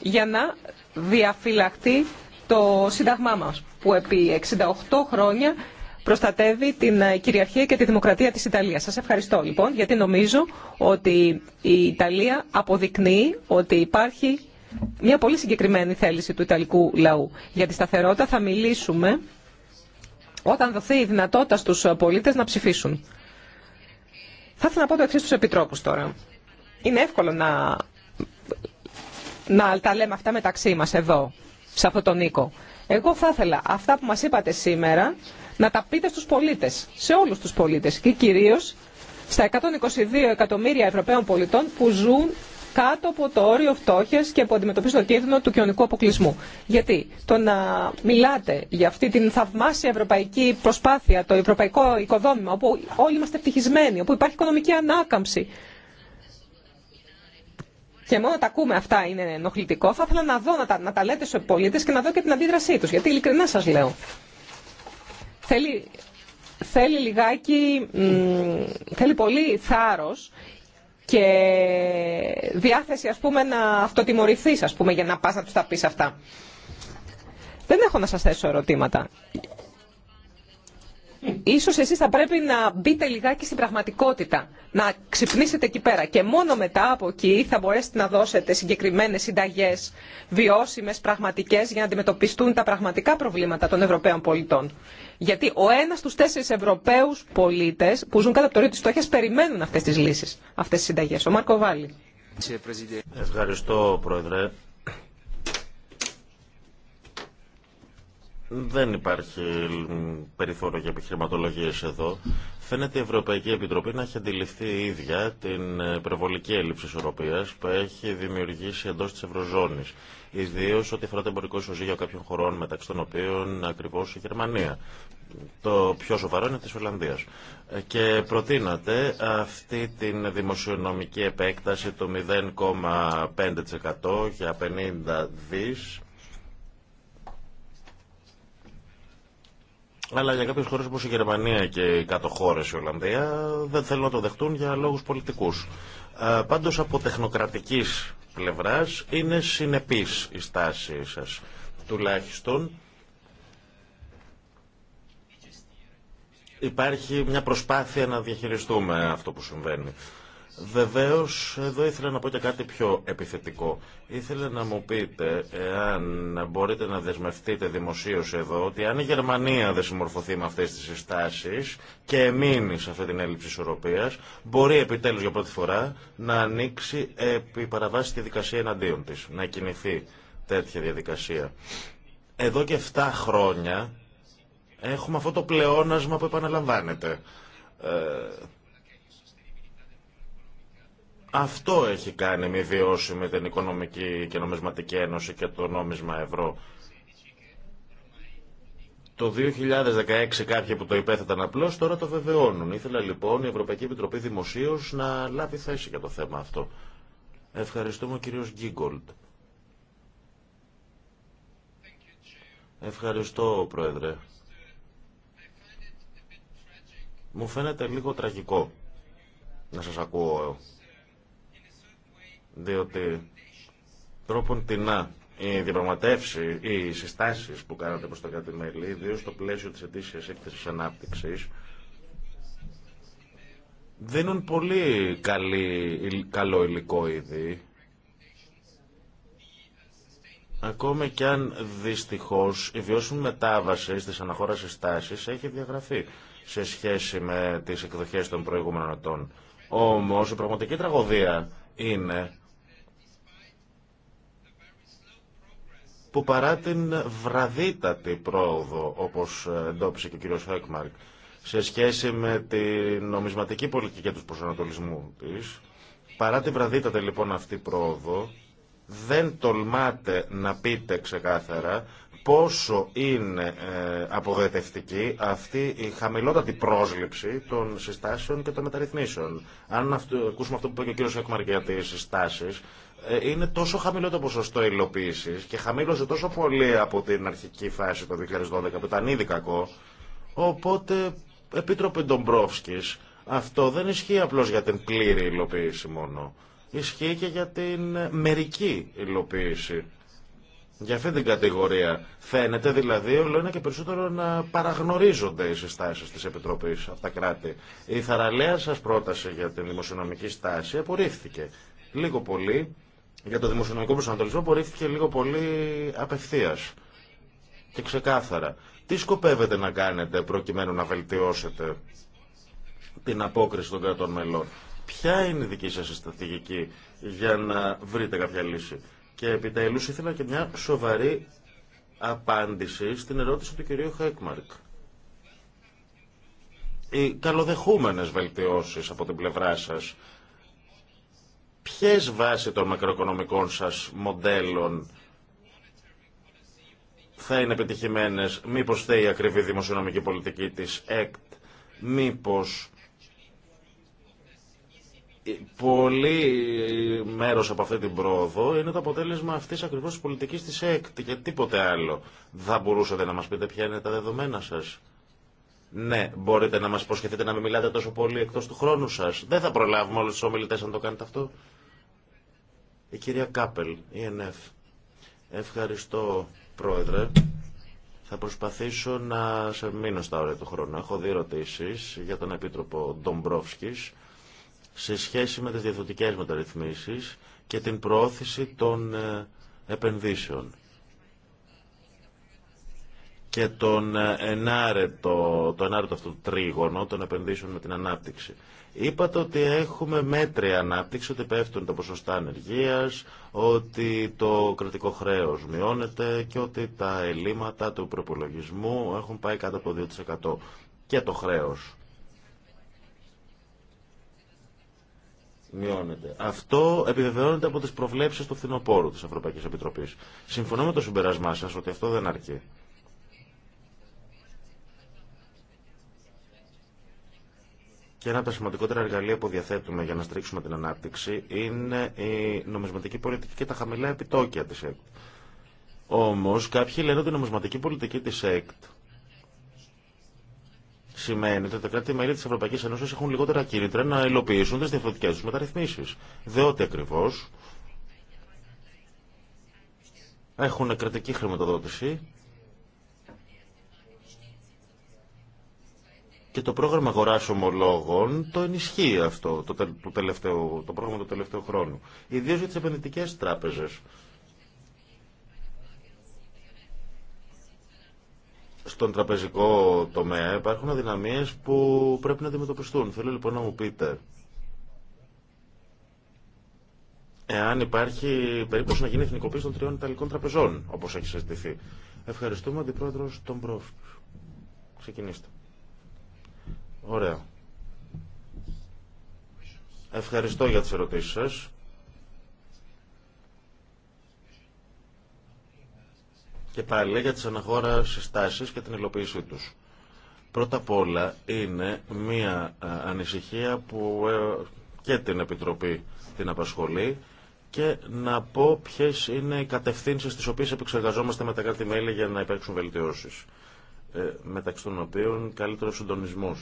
για να διαφυλαχτεί το Σύνταγμά μας, που επί 68 χρόνια προστατεύει την ε, κυριαρχία και τη δημοκρατία της Ιταλίας. Σας ευχαριστώ λοιπόν, γιατί νομίζω ότι η Ιταλία αποδεικνύει ότι υπάρχει μια πολύ συγκεκριμένη θέληση του Ιταλικού λαού. Για τη σταθερότητα θα μιλήσουμε όταν δοθεί η δυνατότητα στους πολίτες να ψηφίσουν. Θα ήθελα να πω το εξή στους επιτρόπους τώρα. Είναι εύκολο να, να τα λέμε αυτά μεταξύ μας εδώ σε αυτόν τον οίκο. Εγώ θα ήθελα αυτά που μας είπατε σήμερα να τα πείτε στους πολίτες, σε όλους τους πολίτες και κυρίως στα 122 εκατομμύρια Ευρωπαίων πολιτών που ζουν κάτω από το όριο φτώχεια και που αντιμετωπίζουν το κίνδυνο του κοινωνικού αποκλεισμού. Γιατί το να μιλάτε για αυτή την θαυμάσια ευρωπαϊκή προσπάθεια, το ευρωπαϊκό οικοδόμημα, όπου όλοι είμαστε ευτυχισμένοι, όπου υπάρχει οικονομική ανάκαμψη, και μόνο τα ακούμε αυτά είναι ενοχλητικό, θα ήθελα να δω, να τα, να τα λέτε στου πολίτε και να δω και την αντίδρασή του, Γιατί ειλικρινά σα λέω. Θέλει, θέλει λιγάκι, θέλει πολύ θάρρο και διάθεση ας πούμε να αυτοτιμωρηθεί, για να πας να του τα πει αυτά. Δεν έχω να σα θέσω ερωτήματα. Ίσως εσείς θα πρέπει να μπείτε λιγάκι στην πραγματικότητα, να ξυπνήσετε εκεί πέρα και μόνο μετά από εκεί θα μπορέσετε να δώσετε συγκεκριμένες συνταγές βιώσιμες, πραγματικές για να αντιμετωπιστούν τα πραγματικά προβλήματα των Ευρωπαίων πολιτών. Γιατί ο ένας στους τέσσερις Ευρωπαίους πολίτες που ζουν κάτω το ρίο της στόχιας περιμένουν αυτές τις λύσεις, αυτές τις συνταγές. Ο Μάρκο Ευχαριστώ Πρόεδρε. Δεν υπάρχει περιθώριο για επιχειρηματολογίε εδώ. Φαίνεται η Ευρωπαϊκή Επιτροπή να έχει αντιληφθεί η ίδια την προβολική έλλειψη ισορροπία που έχει δημιουργήσει εντό τη Ευρωζώνη. Ιδίω ό,τι αφορά το εμπορικό ισοζύγιο κάποιων χωρών, μεταξύ των οποίων ακριβώ η Γερμανία. Το πιο σοβαρό είναι τη Ολλανδία. Και προτείνατε αυτή την δημοσιονομική επέκταση του 0,5% για 50 δις Αλλά για κάποιε χώρε όπω η Γερμανία και οι κάτω χώρε, η Ολλανδία, δεν θέλουν να το δεχτούν για λόγου πολιτικού. Ε, Πάντω από τεχνοκρατική πλευρά είναι συνεπή η στάση σα. Τουλάχιστον υπάρχει μια προσπάθεια να διαχειριστούμε αυτό που συμβαίνει. Βεβαίω, εδώ ήθελα να πω και κάτι πιο επιθετικό. Ήθελα να μου πείτε, εάν μπορείτε να δεσμευτείτε δημοσίω εδώ, ότι αν η Γερμανία δεν συμμορφωθεί με αυτέ τι συστάσει και μείνει σε αυτή την έλλειψη ισορροπία, μπορεί επιτέλου για πρώτη φορά να ανοίξει επί παραβάση τη δικασία εναντίον τη. Να κινηθεί τέτοια διαδικασία. Εδώ και 7 χρόνια έχουμε αυτό το πλεόνασμα που επαναλαμβάνεται. Ε, αυτό έχει κάνει μη βιώσιμη την Οικονομική και Νομισματική Ένωση και το νόμισμα ευρώ. Το 2016 κάποιοι που το υπέθεταν απλώς τώρα το βεβαιώνουν. Ήθελα λοιπόν η Ευρωπαϊκή Επιτροπή Δημοσίω να λάβει θέση για το θέμα αυτό. Ευχαριστούμε ο κύριος Γκίγκολτ. Ευχαριστώ Πρόεδρε. Μου φαίνεται λίγο τραγικό να σας ακούω διότι τρόπον τεινά οι διαπραγματεύσει, οι συστάσει που κάνατε προ το κράτη-μέλη, ιδίω στο πλαίσιο τη ετήσια έκθεση ανάπτυξη, δίνουν πολύ καλή, καλό υλικό ήδη. Ακόμη κι αν δυστυχώ η βιώσιμη μετάβαση στις αναχώρας τάση, έχει διαγραφεί σε σχέση με τις εκδοχές των προηγούμενων ετών. Όμως η πραγματική τραγωδία είναι που παρά την βραδύτατη πρόοδο, όπως εντόπισε και ο κύριος Χέκμαρκ, σε σχέση με την νομισματική πολιτική και τους προσανατολισμού της, παρά την βραδύτατη λοιπόν αυτή πρόοδο, δεν τολμάτε να πείτε ξεκάθαρα πόσο είναι ε, απογοητευτική αυτή η χαμηλότατη πρόσληψη των συστάσεων και των μεταρρυθμίσεων. Αν αυτού, ακούσουμε αυτό που είπε και ο κ. Σέκμαρ για τι συστάσει, ε, είναι τόσο χαμηλό το ποσοστό υλοποίηση και χαμήλωσε τόσο πολύ από την αρχική φάση το 2012 που ήταν ήδη κακό. Οπότε, Επίτροπε Ντομπρόφσκη, αυτό δεν ισχύει απλώ για την πλήρη υλοποίηση μόνο. Ισχύει και για την ε, μερική υλοποίηση για αυτή την κατηγορία φαίνεται δηλαδή όλο ένα και περισσότερο να παραγνωρίζονται οι συστάσεις της Επιτροπής από τα κράτη. Η θαραλέα σας πρόταση για τη δημοσιονομική στάση απορρίφθηκε λίγο πολύ, για το δημοσιονομικό προσανατολισμό απορρίφθηκε λίγο πολύ απευθείας και ξεκάθαρα. Τι σκοπεύετε να κάνετε προκειμένου να βελτιώσετε την απόκριση των κρατών μελών. Ποια είναι η δική σας στρατηγική για να βρείτε κάποια λύση. Και επιτέλου ήθελα και μια σοβαρή απάντηση στην ερώτηση του κυρίου Χέκμαρκ. Οι καλοδεχούμενες βελτιώσεις από την πλευρά σας, ποιες βάσει των μακροοικονομικών σας μοντέλων θα είναι επιτυχημένες, μήπως θέλει η ακριβή δημοσιονομική πολιτική της ΕΚΤ, μήπως Πολύ μέρος από αυτή την πρόοδο είναι το αποτέλεσμα αυτής ακριβώς της πολιτικής της ΕΚΤ και τίποτε άλλο. Θα μπορούσατε να μας πείτε ποια είναι τα δεδομένα σας. Ναι, μπορείτε να μας προσχεθείτε να μην μιλάτε τόσο πολύ εκτός του χρόνου σας. Δεν θα προλάβουμε όλους τους ομιλητές αν το κάνετε αυτό. Η κυρία Κάπελ, ΕΝΕΦ. Ευχαριστώ, Πρόεδρε. Θα προσπαθήσω να σε μείνω στα όρια του χρόνου. Έχω δύο ερωτήσει για τον Επίτροπο Ντομπρόφσκης σε σχέση με τις διαδοτικές μεταρρυθμίσεις και την προώθηση των ε, επενδύσεων και τον ε, ενάρετο, το ενάρετο αυτό τρίγωνο των επενδύσεων με την ανάπτυξη. Είπατε ότι έχουμε μέτρια ανάπτυξη, ότι πέφτουν τα ποσοστά ανεργίας, ότι το κρατικό χρέος μειώνεται και ότι τα ελλείμματα του προπολογισμού έχουν πάει κάτω από το 2% και το χρέος μειώνεται. Αυτό επιβεβαιώνεται από τι προβλέψει του φθινοπόρου τη Ευρωπαϊκή Επιτροπή. Συμφωνώ με το συμπεράσμά σα ότι αυτό δεν αρκεί. Και ένα από τα σημαντικότερα εργαλεία που διαθέτουμε για να στρίξουμε την ανάπτυξη είναι η νομισματική πολιτική και τα χαμηλά επιτόκια τη ΕΚΤ. Όμω, κάποιοι λένε ότι η νομισματική πολιτική τη ΕΚΤ σημαίνει ότι τα κράτη-μέλη τη Ευρωπαϊκή Ένωση έχουν λιγότερα κίνητρα να υλοποιήσουν τι διαφορετικέ του μεταρρυθμίσει. Διότι ακριβώ έχουν κρατική χρηματοδότηση και το πρόγραμμα αγορά ομολόγων το ενισχύει αυτό το, τελευταίο, το πρόγραμμα του τελευταίου χρόνου. Ιδίω για τι επενδυτικέ τράπεζε στον τραπεζικό τομέα υπάρχουν αδυναμίες που πρέπει να αντιμετωπιστούν. Θέλω λοιπόν να μου πείτε εάν υπάρχει περίπτωση να γίνει εθνικοποίηση των τριών Ιταλικών τραπεζών, όπως έχει συζητηθεί. Ευχαριστούμε, Αντιπρόεδρος τον πρόφ. Ξεκινήστε. Ωραία. Ευχαριστώ για τις ερωτήσεις σας. και πάλι για τις αναχώρα τάσεις και την υλοποίησή τους. Πρώτα απ' όλα είναι μία ε, ανησυχία που ε, και την Επιτροπή την απασχολεί και να πω ποιε είναι οι κατευθύνσει τι οποίες επεξεργαζόμαστε με τα κρατη μέλη για να υπάρξουν βελτιώσεις. Ε, μεταξύ των οποίων καλύτερο συντονισμό.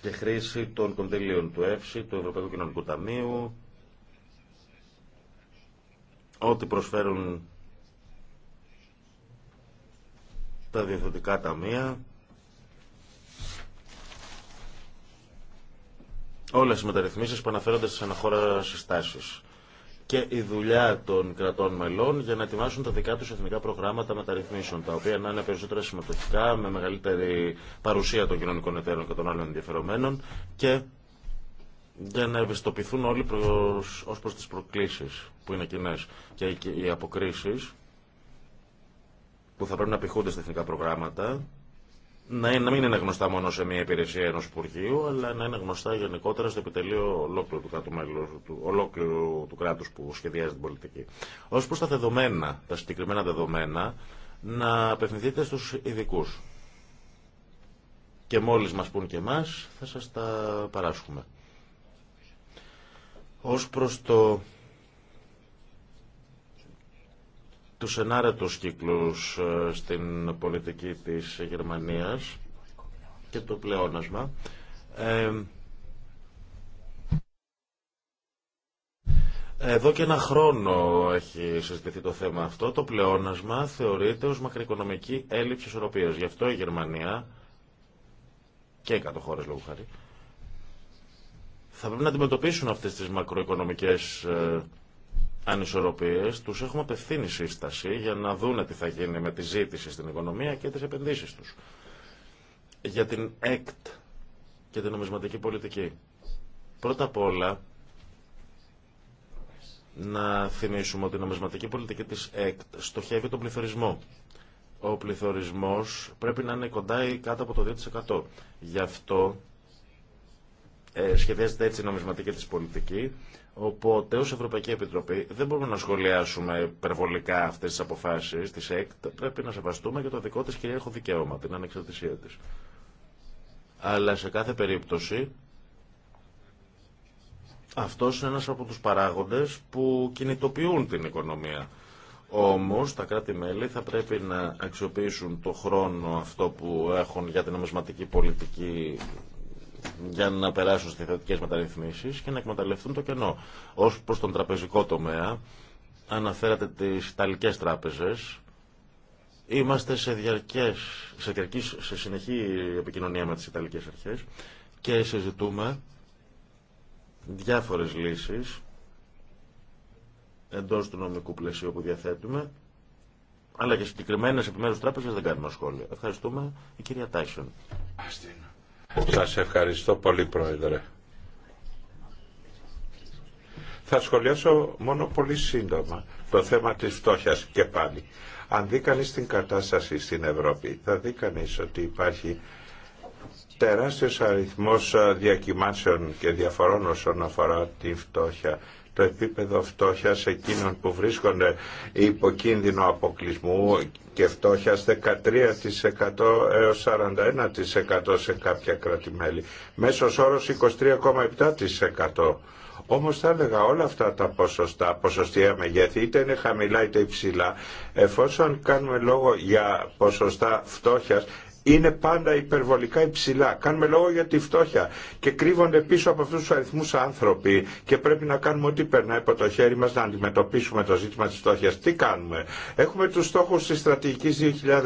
και χρήση των κονδυλίων του ΕΦΣΙ, του Ευρωπαϊκού Κοινωνικού Ταμείου, Ό,τι προσφέρουν τα διευθυντικά ταμεία, όλες οι μεταρρυθμίσεις που αναφέρονται στις αναχώρες συστάσεις και η δουλειά των κρατών μελών για να ετοιμάσουν τα δικά τους εθνικά προγράμματα μεταρρυθμίσεων, τα οποία να είναι περισσότερα συμμετοχικά, με μεγαλύτερη παρουσία των κοινωνικών εταίρων και των άλλων ενδιαφερομένων και για να ευαισθητοποιηθούν όλοι προς, ως προς τις προκλήσεις που είναι κοινέ και οι αποκρίσεις που θα πρέπει να πηχούνται στα εθνικά προγράμματα να, να μην είναι γνωστά μόνο σε μια υπηρεσία ενός Υπουργείου αλλά να είναι γνωστά γενικότερα στο επιτελείο ολόκληρου του κράτου, μέλους, του, ολόκληρου του κράτους που σχεδιάζει την πολιτική. Ως προς τα δεδομένα, τα συγκεκριμένα δεδομένα να απευθυνθείτε στους ειδικού. Και μόλις μας πούν και εμάς θα σας τα παράσχουμε. Ως προς το τους ενάρετους κύκλους ε, στην πολιτική της Γερμανίας και το πλεόνασμα. Ε, εδώ και ένα χρόνο έχει συζητηθεί το θέμα αυτό. Το πλεόνασμα θεωρείται ως μακροοικονομική έλλειψη ισορροπίας. Γι' αυτό η Γερμανία και κάτω χώρες λόγω χάρη θα πρέπει να αντιμετωπίσουν αυτές τις μακροοικονομικές ε, ανισορροπίες. Τους έχουμε απευθύνει σύσταση για να δούνε τι θα γίνει με τη ζήτηση στην οικονομία και τις επενδύσεις τους. Για την ΕΚΤ και την νομισματική πολιτική. Πρώτα απ' όλα, να θυμίσουμε ότι η νομισματική πολιτική της ΕΚΤ στοχεύει τον πληθωρισμό. Ο πληθωρισμός πρέπει να είναι κοντά ή κάτω από το 2%. Γι' αυτό ε, σχεδιάζεται έτσι η νομισματική της πολιτική, οπότε ως Ευρωπαϊκή Επιτροπή δεν μπορούμε να σχολιάσουμε περιβολικά αυτές τις αποφάσεις της ΕΚΤ, πρέπει να σεβαστούμε για το δικό της κυρίαρχο δικαίωμα, την ανεξαρτησία της. Αλλά σε κάθε περίπτωση αυτός είναι ένας από τους παράγοντες που κινητοποιούν την οικονομία. Όμως τα κράτη-μέλη θα πρέπει να αξιοποιήσουν το χρόνο αυτό που έχουν για την νομισματική πολιτική για να περάσουν στις θετικές μεταρρυθμίσεις και να εκμεταλλευτούν το κενό. Ως προς τον τραπεζικό τομέα, αναφέρατε τις Ιταλικές τράπεζες, Είμαστε σε, διαρκές, σε, διαρκής, σε συνεχή επικοινωνία με τις Ιταλικές Αρχές και συζητούμε διάφορες λύσεις εντός του νομικού πλαισίου που διαθέτουμε αλλά και συγκεκριμένε επιμέρους τράπεζες δεν κάνουμε σχόλια. Ευχαριστούμε η κυρία Τάισον. Σας ευχαριστώ πολύ Πρόεδρε. Θα σχολιάσω μόνο πολύ σύντομα το θέμα της φτώχειας και πάλι. Αν δει κανείς την κατάσταση στην Ευρώπη, θα δει κανείς ότι υπάρχει τεράστιος αριθμός διακυμάνσεων και διαφορών όσον αφορά τη φτώχεια το επίπεδο φτώχειας εκείνων που βρίσκονται υπό κίνδυνο αποκλεισμού και φτώχειας 13% έως 41% σε κάποια κρατημέλη. Μέσος όρος 23,7%. Όμως θα έλεγα όλα αυτά τα ποσοστά, ποσοστία μεγέθη, είτε είναι χαμηλά είτε υψηλά, εφόσον κάνουμε λόγο για ποσοστά φτώχειας, είναι πάντα υπερβολικά υψηλά. Κάνουμε λόγο για τη φτώχεια και κρύβονται πίσω από αυτού του αριθμού άνθρωποι και πρέπει να κάνουμε ό,τι περνάει από το χέρι μα να αντιμετωπίσουμε το ζήτημα τη φτώχεια. Τι κάνουμε. Έχουμε του στόχου τη στρατηγική 2020.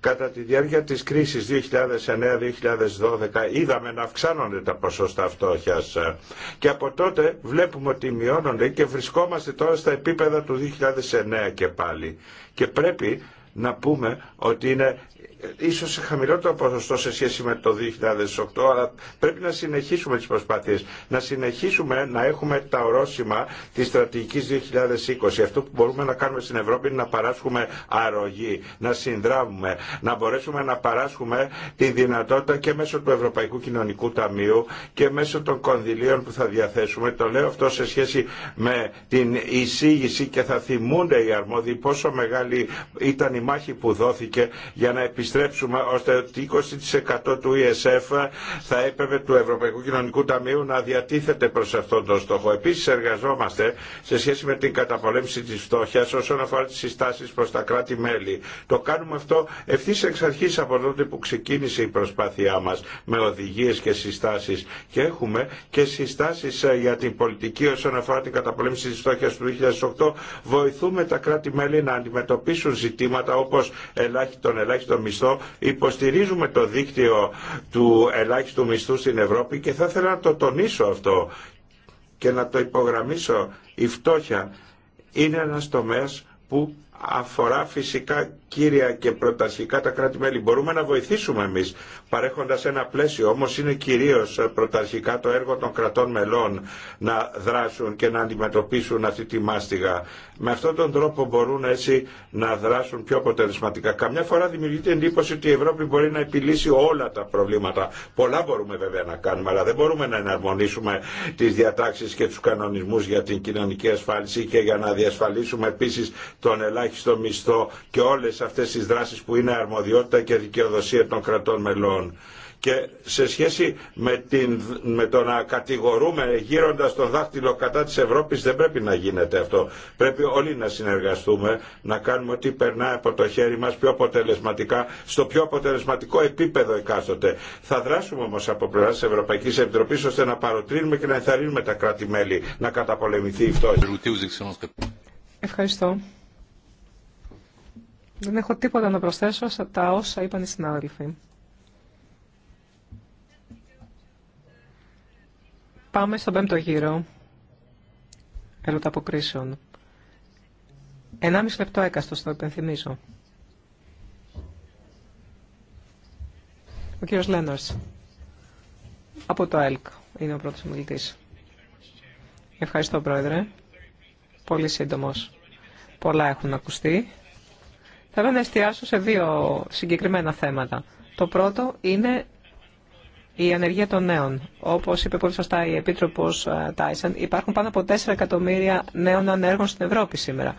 Κατά τη διάρκεια τη κριση 2009 2009-2012 είδαμε να αυξάνονται τα ποσοστά φτώχεια και από τότε βλέπουμε ότι μειώνονται και βρισκόμαστε τώρα στα επίπεδα του 2009 και πάλι. Και πρέπει να πούμε ότι είναι ίσως χαμηλότερο ποσοστό σε σχέση με το 2008, αλλά πρέπει να συνεχίσουμε τις προσπάθειες, να συνεχίσουμε να έχουμε τα ορόσημα της στρατηγικής 2020. Αυτό που μπορούμε να κάνουμε στην Ευρώπη είναι να παράσχουμε αρρωγή, να συνδράμουμε, να μπορέσουμε να παράσχουμε τη δυνατότητα και μέσω του Ευρωπαϊκού Κοινωνικού Ταμείου και μέσω των κονδυλίων που θα διαθέσουμε. Το λέω αυτό σε σχέση με την εισήγηση και θα θυμούνται οι αρμόδιοι πόσο μεγάλη ήταν η μάχη που δόθηκε για να επιστρέψουμε επιστρέψουμε ώστε το 20% του ESF θα έπρεπε του Ευρωπαϊκού Κοινωνικού Ταμείου να διατίθεται προς αυτόν τον στόχο. Επίσης εργαζόμαστε σε σχέση με την καταπολέμηση της φτώχειας όσον αφορά τις συστάσεις προς τα κράτη-μέλη. Το κάνουμε αυτό ευθύ εξ αρχής από τότε που ξεκίνησε η προσπάθειά μας με οδηγίες και συστάσεις και έχουμε και συστάσεις ε, για την πολιτική όσον αφορά την καταπολέμηση της φτώχειας του 2008 βοηθούμε τα κράτη-μέλη να αντιμετωπίσουν ζητήματα όπως ελάχιστον ελάχιστο μισθό μισθό. Υποστηρίζουμε το δίκτυο του ελάχιστου μισθού στην Ευρώπη και θα ήθελα να το τονίσω αυτό και να το υπογραμμίσω. Η φτώχεια είναι ένας τομέας που αφορά φυσικά κύρια και πρωταρχικά τα κράτη-μέλη. Μπορούμε να βοηθήσουμε εμεί, παρέχοντα ένα πλαίσιο, όμω είναι κυρίως πρωταρχικά το έργο των κρατών μελών να δράσουν και να αντιμετωπίσουν αυτή τη μάστιγα. Με αυτόν τον τρόπο μπορούν έτσι να δράσουν πιο αποτελεσματικά. Καμιά φορά δημιουργείται εντύπωση ότι η Ευρώπη μπορεί να επιλύσει όλα τα προβλήματα. Πολλά μπορούμε βέβαια να κάνουμε, αλλά δεν μπορούμε να εναρμονίσουμε τι διατάξει και του κανονισμού για την κοινωνική ασφάλιση και για να διασφαλίσουμε επίση τον ελάχιστο μισθό και όλες αυτές τις δράσεις που είναι αρμοδιότητα και δικαιοδοσία των κρατών μελών. Και σε σχέση με, την, με το να κατηγορούμε γύροντας το δάχτυλο κατά της Ευρώπης δεν πρέπει να γίνεται αυτό. Πρέπει όλοι να συνεργαστούμε, να κάνουμε ό,τι περνά από το χέρι μας πιο αποτελεσματικά, στο πιο αποτελεσματικό επίπεδο εκάστοτε. Θα δράσουμε όμως από πλευρά της Ευρωπαϊκής Επιτροπής ώστε να παροτρύνουμε και να ενθαρρύνουμε τα κράτη-μέλη να καταπολεμηθεί η φτώχεια. Ευχαριστώ. Δεν έχω τίποτα να προσθέσω σε τα όσα είπαν οι συνάδελφοι. Πάμε στον πέμπτο γύρο αποκρίσεων. Ενάμιση λεπτό έκαστο, το υπενθυμίζω. Ο κύριος Λένος από το ΕΛΚ είναι ο πρώτος μιλητής. Ευχαριστώ, Πρόεδρε. Πολύ σύντομος. Πολλά έχουν ακουστεί Θέλω να εστιάσω σε δύο συγκεκριμένα θέματα. Το πρώτο είναι η ανεργία των νέων. Όπω είπε πολύ σωστά η Επίτροπο ε, Τάισαν, υπάρχουν πάνω από 4 εκατομμύρια νέων ανέργων στην Ευρώπη σήμερα.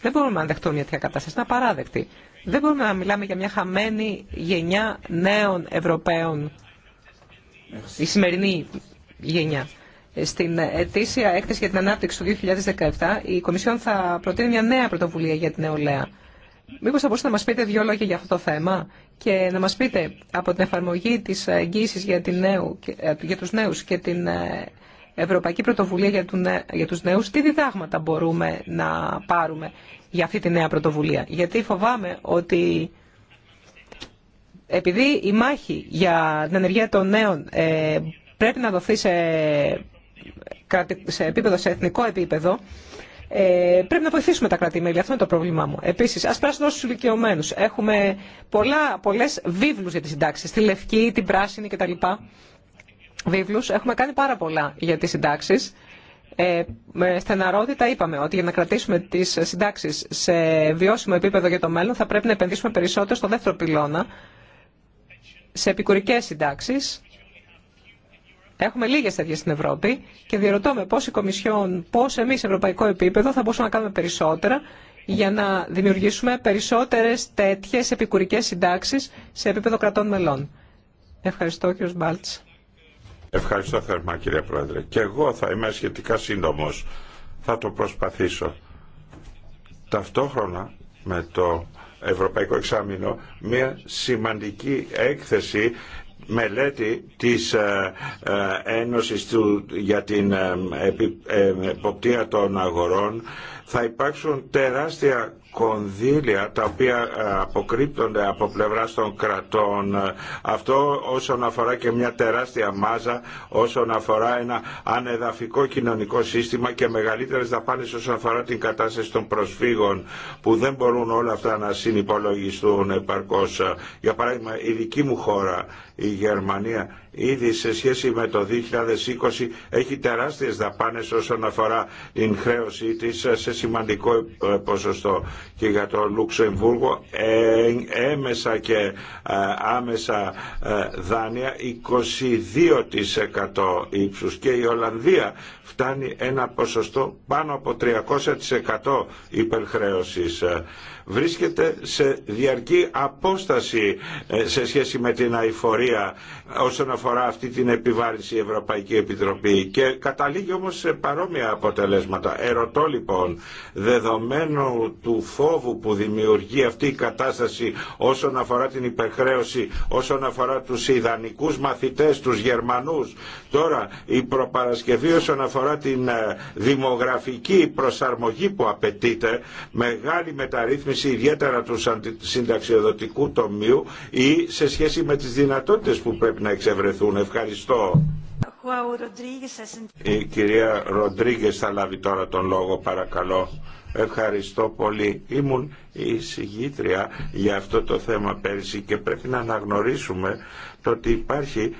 Δεν μπορούμε να δεχτούμε μια τέτοια κατάσταση. Είναι απαράδεκτη. Δεν μπορούμε να μιλάμε για μια χαμένη γενιά νέων Ευρωπαίων, η σημερινή γενιά. Στην ετήσια έκθεση για την ανάπτυξη του 2017, η Κομισιόν θα προτείνει μια νέα πρωτοβουλία για την νεολαία. Μήπως θα μπορούσατε να μας πείτε δύο λόγια για αυτό το θέμα και να μας πείτε από την εφαρμογή της εγγύησης για, την νέου, ε, για τους νέους και την ε, Ευρωπαϊκή Πρωτοβουλία για, του, τους νέους, τι διδάγματα μπορούμε να πάρουμε για αυτή τη νέα πρωτοβουλία. Γιατί φοβάμαι ότι επειδή η μάχη για την ενεργεία των νέων ε, πρέπει να δοθεί σε, σε επίπεδο, σε εθνικό επίπεδο, ε, πρέπει να βοηθήσουμε τα κράτη-μέλη. Αυτό είναι το πρόβλημά μου. Επίση, α περάσουμε στου ηλικιωμένου. Έχουμε πολλέ βίβλου για τι συντάξει. Τη λευκή, την πράσινη κτλ. Βίβλου. Έχουμε κάνει πάρα πολλά για τι συντάξει. Ε, με στεναρότητα είπαμε ότι για να κρατήσουμε τι συντάξει σε βιώσιμο επίπεδο για το μέλλον θα πρέπει να επενδύσουμε περισσότερο στο δεύτερο πυλώνα, σε επικουρικές συντάξεις. Έχουμε λίγε τέτοιε στην Ευρώπη και διαρωτώ με πώ η Κομισιόν, πώ εμεί σε ευρωπαϊκό επίπεδο θα μπορούσαμε να κάνουμε περισσότερα για να δημιουργήσουμε περισσότερε τέτοιε επικουρικές συντάξεις σε επίπεδο κρατών μελών. Ευχαριστώ, κύριο Μπάλτ. Ευχαριστώ θερμά, κύριε Πρόεδρε. Και εγώ θα είμαι σχετικά σύντομο. Θα το προσπαθήσω. Ταυτόχρονα με το Ευρωπαϊκό Εξάμεινο μια σημαντική έκθεση μελέτη της ε, ε, Ένωσης του για την ε, εποπτεία των αγορών θα υπάρξουν τεράστια κονδύλια τα οποία ε, αποκρύπτονται από πλευρά των κρατών. Αυτό όσον αφορά και μια τεράστια μάζα, όσον αφορά ένα ανεδαφικό κοινωνικό σύστημα και μεγαλύτερες δαπάνες όσον αφορά την κατάσταση των προσφύγων που δεν μπορούν όλα αυτά να συνυπολογιστούν επαρκώς. Για παράδειγμα η δική μου χώρα, η Γερμανία, ήδη σε σχέση με το 2020 έχει τεράστιες δαπάνες όσον αφορά την χρέωσή της σε σημαντικό ε, ποσοστό και για το Λουξεμβούργο ε, έμεσα και ε, άμεσα δάνεια 22% ύψους και η Ολλανδία φτάνει ένα ποσοστό πάνω από 300% υπερχρέωσης βρίσκεται σε διαρκή απόσταση ε, σε σχέση με την αηφορία όσον αφορά αυτή την επιβάρηση η Ευρωπαϊκή Επιτροπή και καταλήγει όμως σε παρόμοια αποτελέσματα. Ερωτώ λοιπόν, δεδομένου του φόβου που δημιουργεί αυτή η κατάσταση όσον αφορά την υπερχρέωση, όσον αφορά τους ιδανικούς μαθητές, τους Γερμανούς, τώρα η προπαρασκευή όσον αφορά την ε, δημογραφική προσαρμογή που απαιτείται, μεγάλη μεταρρύθμιση ιδιαίτερα του συνταξιοδοτικού τομείου ή σε σχέση με τις δυνατότητες που πρέπει να εξευρεθούν. Ευχαριστώ. Η κυρία Ροντρίγκες θα λάβει τώρα τον λόγο παρακαλώ. Ευχαριστώ πολύ. Ήμουν η συγγήτρια για αυτό το θέμα πέρσι και πρέπει να αναγνωρίσουμε το ότι υπάρχει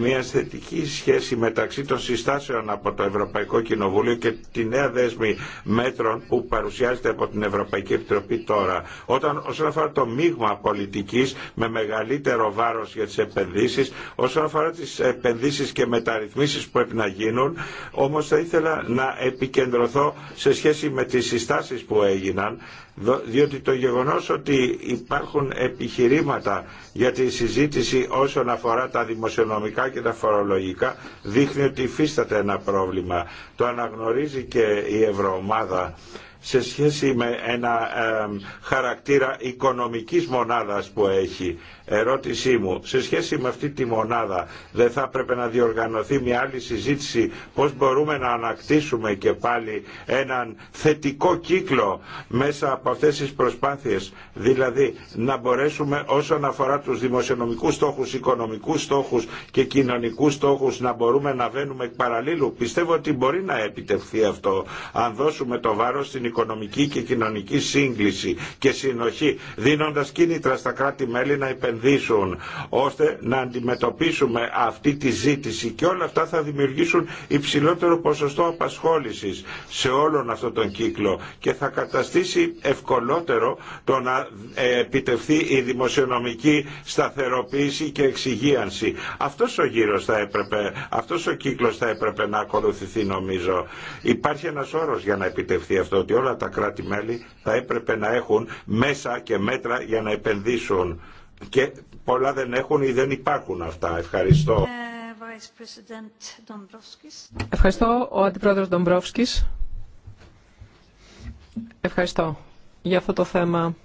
μια θετική σχέση μεταξύ των συστάσεων από το Ευρωπαϊκό Κοινοβούλιο και τη νέα δέσμη μέτρων που παρουσιάζεται από την Ευρωπαϊκή Επιτροπή τώρα. Όταν, όσον αφορά το μείγμα πολιτικής με μεγαλύτερο βάρος για τις επενδύσεις, όσον αφορά τις επενδύσεις και μεταρρυθμίσεις που πρέπει να γίνουν, όμως θα ήθελα να επικεντρωθώ σε σχέση με τις συστάσεις που έγιναν διότι το γεγονός ότι υπάρχουν επιχειρήματα για τη συζήτηση όσον αφορά τα δημοσιονομικά και τα φορολογικά δείχνει ότι υφίσταται ένα πρόβλημα. Το αναγνωρίζει και η Ευρωομάδα σε σχέση με ένα χαρακτήρα οικονομικής μονάδας που έχει Ερώτησή μου, σε σχέση με αυτή τη μονάδα δεν θα έπρεπε να διοργανωθεί μια άλλη συζήτηση πώς μπορούμε να ανακτήσουμε και πάλι έναν θετικό κύκλο μέσα από αυτές τις προσπάθειες. Δηλαδή να μπορέσουμε όσον αφορά τους δημοσιονομικούς στόχους, οικονομικούς στόχους και κοινωνικούς στόχους να μπορούμε να βαίνουμε εκ παραλίλου. Πιστεύω ότι μπορεί να επιτευχθεί αυτό αν δώσουμε το βάρος στην οικονομική και κοινωνική σύγκληση και συνοχή δίνοντας κίνητρα στα κράτη-μέλη να επενδύσουν επενδύσουν ώστε να αντιμετωπίσουμε αυτή τη ζήτηση και όλα αυτά θα δημιουργήσουν υψηλότερο ποσοστό απασχόλησης σε όλον αυτόν τον κύκλο και θα καταστήσει ευκολότερο το να ε, επιτευχθεί η δημοσιονομική σταθεροποίηση και εξυγίανση. Αυτός ο γύρος θα έπρεπε, αυτός ο κύκλος θα έπρεπε να ακολουθηθεί νομίζω. Υπάρχει ένας όρος για να επιτευθεί αυτό, ότι όλα τα κράτη-μέλη θα έπρεπε να έχουν μέσα και μέτρα για να επενδύσουν. Και πολλά δεν έχουν ή δεν υπάρχουν αυτά. Ευχαριστώ. Ε, Ευχαριστώ ο Αντιπρόεδρος Ντομπρόφσκης. Ευχαριστώ για αυτό το θέμα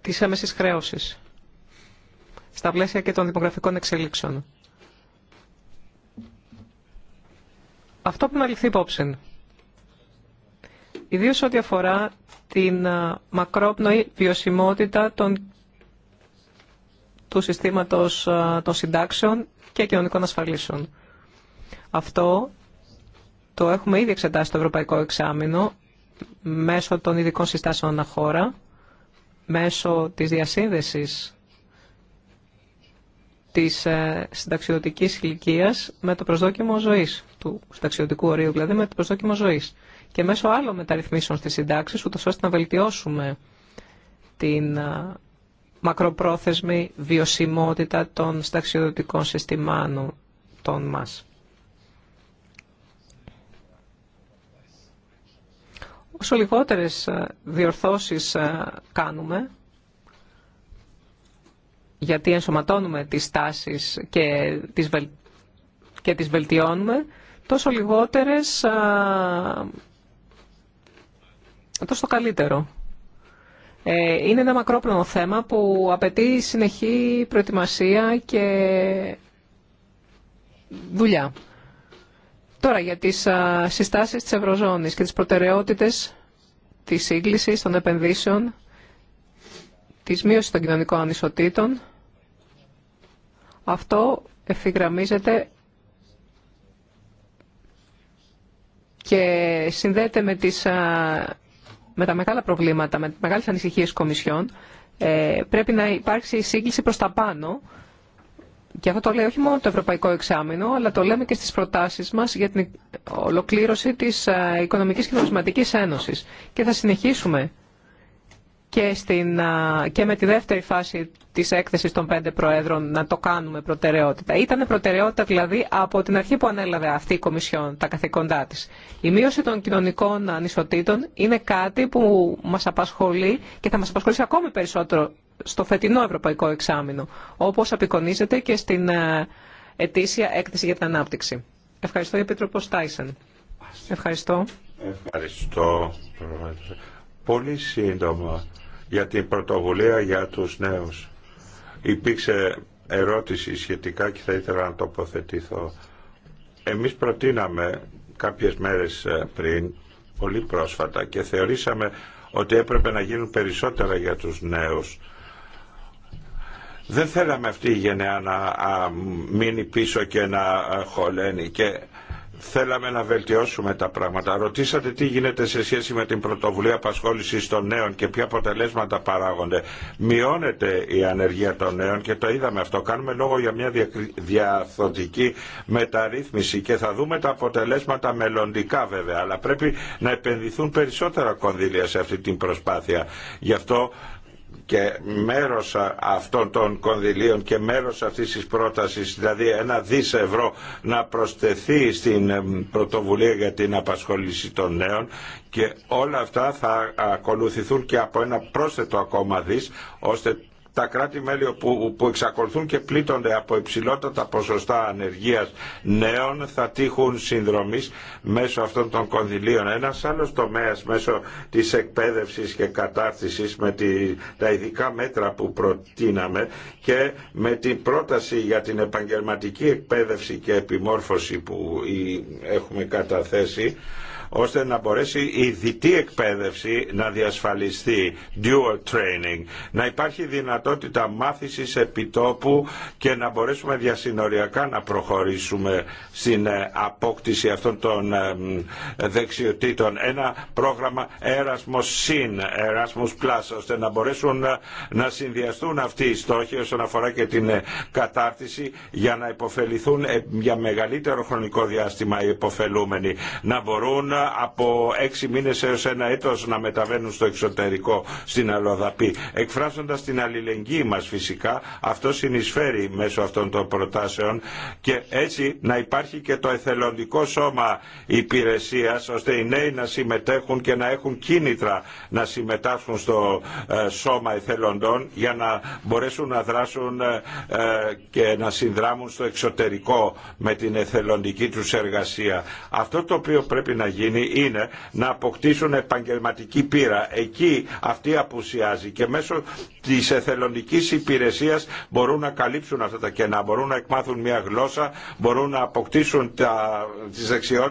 της έμεσης χρέωσης στα πλαίσια και των δημογραφικών εξελίξεων. Αυτό που να ληφθεί υπόψη ιδίως ό,τι αφορά την μακρόπνοη βιωσιμότητα των, του συστήματος των συντάξεων και κοινωνικών ασφαλίσεων. Αυτό το έχουμε ήδη εξετάσει στο Ευρωπαϊκό Εξάμεινο μέσω των ειδικών συστάσεων αναχώρα, μέσω της διασύνδεσης της ε, συνταξιδοτικής ηλικία με το προσδόκιμο ζωής, του συνταξιδοτικού ορίου δηλαδή με το προσδόκιμο ζωής και μέσω άλλων μεταρρυθμίσεων στις συντάξεις, ούτως ώστε να βελτιώσουμε την μακροπρόθεσμη βιωσιμότητα των συνταξιοδοτικών συστημάτων των μας. Όσο λιγότερες διορθώσεις κάνουμε, γιατί ενσωματώνουμε τις τάσεις και τις, και τις βελτιώνουμε, τόσο λιγότερες αυτό το καλύτερο. Ε, είναι ένα μακρόπνο θέμα που απαιτεί συνεχή προετοιμασία και δουλειά. Τώρα για τις συστάσεις της Ευρωζώνης και τις προτεραιότητες της σύγκλησης των επενδύσεων, της μείωσης των κοινωνικών ανισοτήτων. Αυτό ευθυγραμμίζεται και συνδέεται με τις με τα μεγάλα προβλήματα, με μεγάλες ανησυχίες κομισιών, ε, πρέπει να υπάρξει σύγκληση προς τα πάνω και αυτό το λέει όχι μόνο το Ευρωπαϊκό Εξάμεινο, αλλά το λέμε και στις προτάσεις μας για την ολοκλήρωση της ε, Οικονομικής και Νομισματικής Ένωσης. Και θα συνεχίσουμε και, στην, και με τη δεύτερη φάση της έκθεσης των πέντε προέδρων να το κάνουμε προτεραιότητα. Ήταν προτεραιότητα δηλαδή από την αρχή που ανέλαβε αυτή η Κομισιόν τα καθήκοντά της. Η μείωση των κοινωνικών ανισοτήτων είναι κάτι που μας απασχολεί και θα μας απασχολήσει ακόμη περισσότερο στο φετινό Ευρωπαϊκό Εξάμεινο, όπως απεικονίζεται και στην ετήσια έκθεση για την ανάπτυξη. Ευχαριστώ, Επίτροπο Τάισεν. Ευχαριστώ. Ευχαριστώ. Πολύ σύντομα για την πρωτοβουλία για τους νέους. Υπήρξε ερώτηση σχετικά και θα ήθελα να τοποθετηθώ. Εμείς προτείναμε κάποιες μέρες ε, πριν, πολύ πρόσφατα, και θεωρήσαμε ότι έπρεπε να γίνουν περισσότερα για τους νέους. Δεν θέλαμε αυτή η γενεά να μείνει πίσω και να χωλένει και θέλαμε να βελτιώσουμε τα πράγματα. Ρωτήσατε τι γίνεται σε σχέση με την πρωτοβουλία απασχόληση των νέων και ποια αποτελέσματα παράγονται. Μειώνεται η ανεργία των νέων και το είδαμε αυτό. Κάνουμε λόγο για μια διαθωτική μεταρρύθμιση και θα δούμε τα αποτελέσματα μελλοντικά βέβαια. Αλλά πρέπει να επενδυθούν περισσότερα κονδύλια σε αυτή την προσπάθεια. Γι' αυτό και μέρος αυτών των κονδυλίων και μέρος αυτής της πρότασης, δηλαδή ένα δις ευρώ να προσθεθεί στην πρωτοβουλία για την απασχόληση των νέων και όλα αυτά θα ακολουθηθούν και από ένα πρόσθετο ακόμα δις ώστε τα κράτη-μέλη που, που εξακολουθούν και πλήττονται από υψηλότατα ποσοστά ανεργίας νέων θα τύχουν συνδρομής μέσω αυτών των κονδυλίων. Ένας άλλος τομέας μέσω της εκπαίδευσης και κατάρτισης με τη, τα ειδικά μέτρα που προτείναμε και με την πρόταση για την επαγγελματική εκπαίδευση και επιμόρφωση που έχουμε καταθέσει ώστε να μπορέσει η διτή εκπαίδευση να διασφαλιστεί, dual training, να υπάρχει δυνατότητα μάθησης επιτόπου και να μπορέσουμε διασυνοριακά να προχωρήσουμε στην ε, απόκτηση αυτών των ε, δεξιοτήτων. Ένα πρόγραμμα Erasmus Sin, Erasmus Plus, ώστε να μπορέσουν ε, να συνδυαστούν αυτοί οι στόχοι όσον αφορά και την κατάρτιση για να υποφεληθούν για μεγαλύτερο χρονικό διάστημα οι υποφελούμενοι, να μπορούν από έξι μήνες έως ένα έτος να μεταβαίνουν στο εξωτερικό στην Αλοδαπή. Εκφράζοντας την αλληλεγγύη μας φυσικά, αυτό συνεισφέρει μέσω αυτών των προτάσεων και έτσι να υπάρχει και το εθελοντικό σώμα υπηρεσίας ώστε οι νέοι να συμμετέχουν και να έχουν κίνητρα να συμμετάσχουν στο ε, σώμα εθελοντών για να μπορέσουν να δράσουν ε, ε, και να συνδράμουν στο εξωτερικό με την εθελοντική τους εργασία. Αυτό το οποίο πρέπει να γίνει είναι να αποκτήσουν επαγγελματική πείρα. Εκεί αυτή απουσιάζει και μέσω της εθελοντικής υπηρεσίας μπορούν να καλύψουν αυτά τα κενά, μπορούν να εκμάθουν μια γλώσσα, μπορούν να αποκτήσουν τα,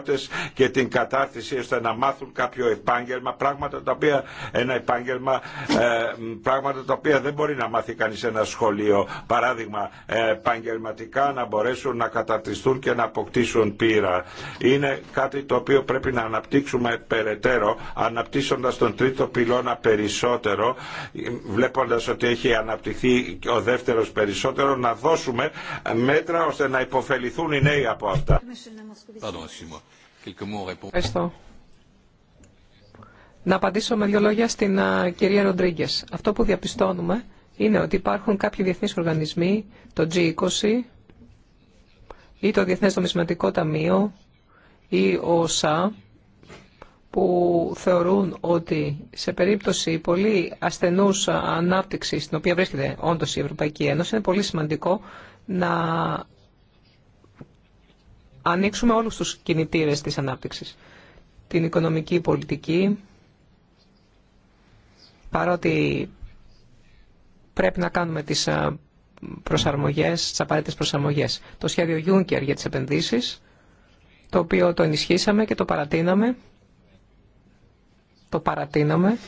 τις και την κατάρτιση ώστε να μάθουν κάποιο επάγγελμα, πράγματα τα οποία, ένα επάγγελμα, ε, πράγματα τα οποία δεν μπορεί να μάθει κανείς σε ένα σχολείο. Παράδειγμα, ε, επαγγελματικά να μπορέσουν να καταρτιστούν και να αποκτήσουν πείρα. Είναι κάτι το οποίο πρέπει αναπτύξουμε περαιτέρω αναπτύσσοντας τον τρίτο πυλώνα περισσότερο βλέποντας ότι έχει αναπτυχθεί ο δεύτερος περισσότερο να δώσουμε μέτρα ώστε να υποφεληθούν οι νέοι από αυτά. Να απαντήσω με δύο λόγια στην κυρία Ροντρίγκε. Αυτό που διαπιστώνουμε είναι ότι υπάρχουν κάποιοι διεθνεί οργανισμοί, το G20 ή το Διεθνέ Νομισματικό Ταμείο ή ο ΣΑ, που θεωρούν ότι σε περίπτωση πολύ ασθενούς ανάπτυξης στην οποία βρίσκεται όντως η Ευρωπαϊκή Ένωση είναι πολύ σημαντικό να ανοίξουμε όλους τους κινητήρες της ανάπτυξης. Την οικονομική πολιτική, παρότι πρέπει να κάνουμε τις ε, προσαρμογές, τις απαραίτητες προσαρμογές. Το σχέδιο Juncker για τις επενδύσεις, το οποίο το ενισχύσαμε και το παρατείναμε το παρατείνομαι.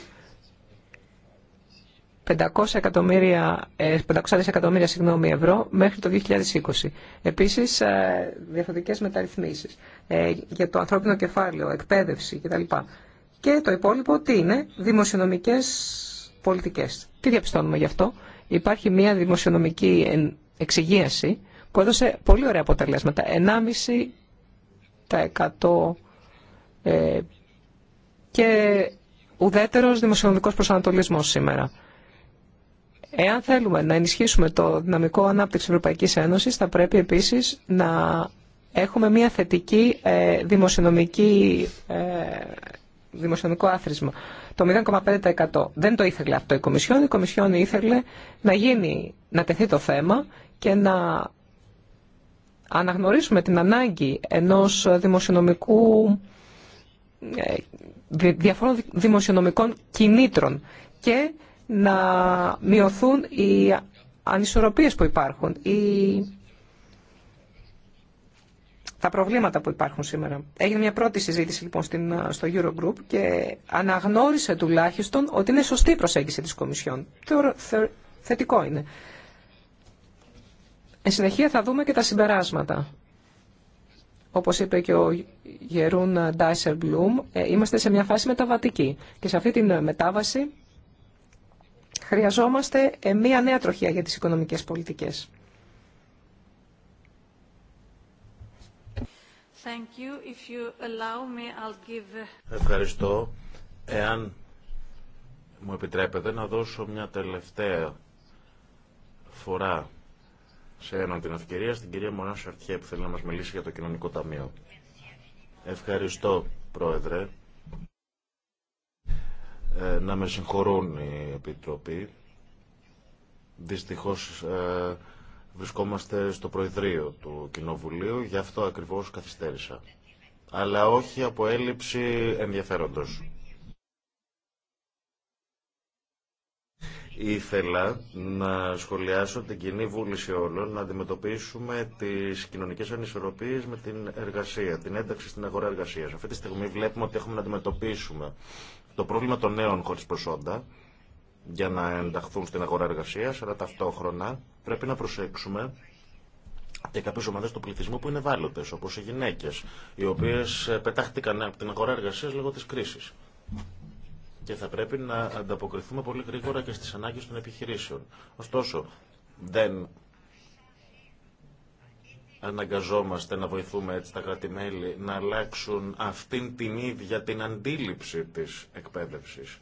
500 εκατομμύρια, 500 ε, δισεκατομμύρια συγγνώμη, ευρώ μέχρι το 2020. Επίσης, ε, διαφορετικές μεταρρυθμίσεις ε, για το ανθρώπινο κεφάλαιο, εκπαίδευση κτλ. Και το υπόλοιπο τι είναι, δημοσιονομικές πολιτικές. Τι διαπιστώνουμε γι' αυτό. Υπάρχει μια δημοσιονομική εξυγίαση που έδωσε πολύ ωραία αποτελέσματα. 1,5% και ουδέτερος δημοσιονομικός προσανατολισμός σήμερα. Εάν θέλουμε να ενισχύσουμε το δυναμικό ανάπτυξη Ευρωπαϊκής Ένωσης, θα πρέπει επίσης να έχουμε μια θετική ε, δημοσιονομική, ε, δημοσιονομικό άθροισμα. Το 0,5% δεν το ήθελε αυτό η Κομισιόν. Η Κομισιόν ήθελε να, γίνει, να τεθεί το θέμα και να αναγνωρίσουμε την ανάγκη ενός δημοσιονομικού ε, διαφόρων δημοσιονομικών κινήτρων και να μειωθούν οι ανισορροπίες που υπάρχουν, οι... τα προβλήματα που υπάρχουν σήμερα. Έγινε μια πρώτη συζήτηση λοιπόν στο Eurogroup και αναγνώρισε τουλάχιστον ότι είναι σωστή η προσέγγιση της Κομισιόν. Θεωρώ, θετικό είναι. Εν συνεχεία θα δούμε και τα συμπεράσματα. Όπως είπε και ο Γερούν Ντάισερ Μπλουμ, ε, είμαστε σε μια φάση μεταβατική. Και σε αυτή την ε, μετάβαση χρειαζόμαστε ε, μια νέα τροχία για τις οικονομικές πολιτικές. Ευχαριστώ. Εάν μου επιτρέπετε να δώσω μια τελευταία φορά σε έναν την ευκαιρία στην κυρία Μωρά Σαρτιέ που θέλει να μας μιλήσει για το κοινωνικό ταμείο. Ευχαριστώ, Πρόεδρε. Ε, να με συγχωρούν οι Επιτροποί. Δυστυχώς ε, βρισκόμαστε στο Προεδρείο του Κοινοβουλίου, γι' αυτό ακριβώς καθυστέρησα. Αλλά όχι από έλλειψη ενδιαφέροντος. Ήθελα να σχολιάσω την κοινή βούληση όλων να αντιμετωπίσουμε τι κοινωνικέ ανισορροπίε με την εργασία, την ένταξη στην αγορά εργασία. Αυτή τη στιγμή βλέπουμε ότι έχουμε να αντιμετωπίσουμε το πρόβλημα των νέων χωρί προσόντα για να ενταχθούν στην αγορά εργασία, αλλά ταυτόχρονα πρέπει να προσέξουμε και κάποιε ομάδε του πληθυσμού που είναι ευάλωτε, όπω οι γυναίκε, οι οποίε πετάχτηκαν από την αγορά εργασία λόγω τη κρίση και θα πρέπει να ανταποκριθούμε πολύ γρήγορα και στις ανάγκες των επιχειρήσεων. Ωστόσο, δεν αναγκαζόμαστε να βοηθούμε έτσι τα κρατημέλη να αλλάξουν αυτήν την ίδια την αντίληψη της εκπαίδευσης,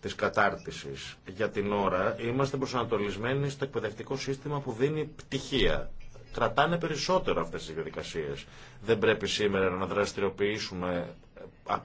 της κατάρτισης. Για την ώρα είμαστε προσανατολισμένοι στο εκπαιδευτικό σύστημα που δίνει πτυχία. Κρατάνε περισσότερο αυτές τις διαδικασίες. Δεν πρέπει σήμερα να δραστηριοποιήσουμε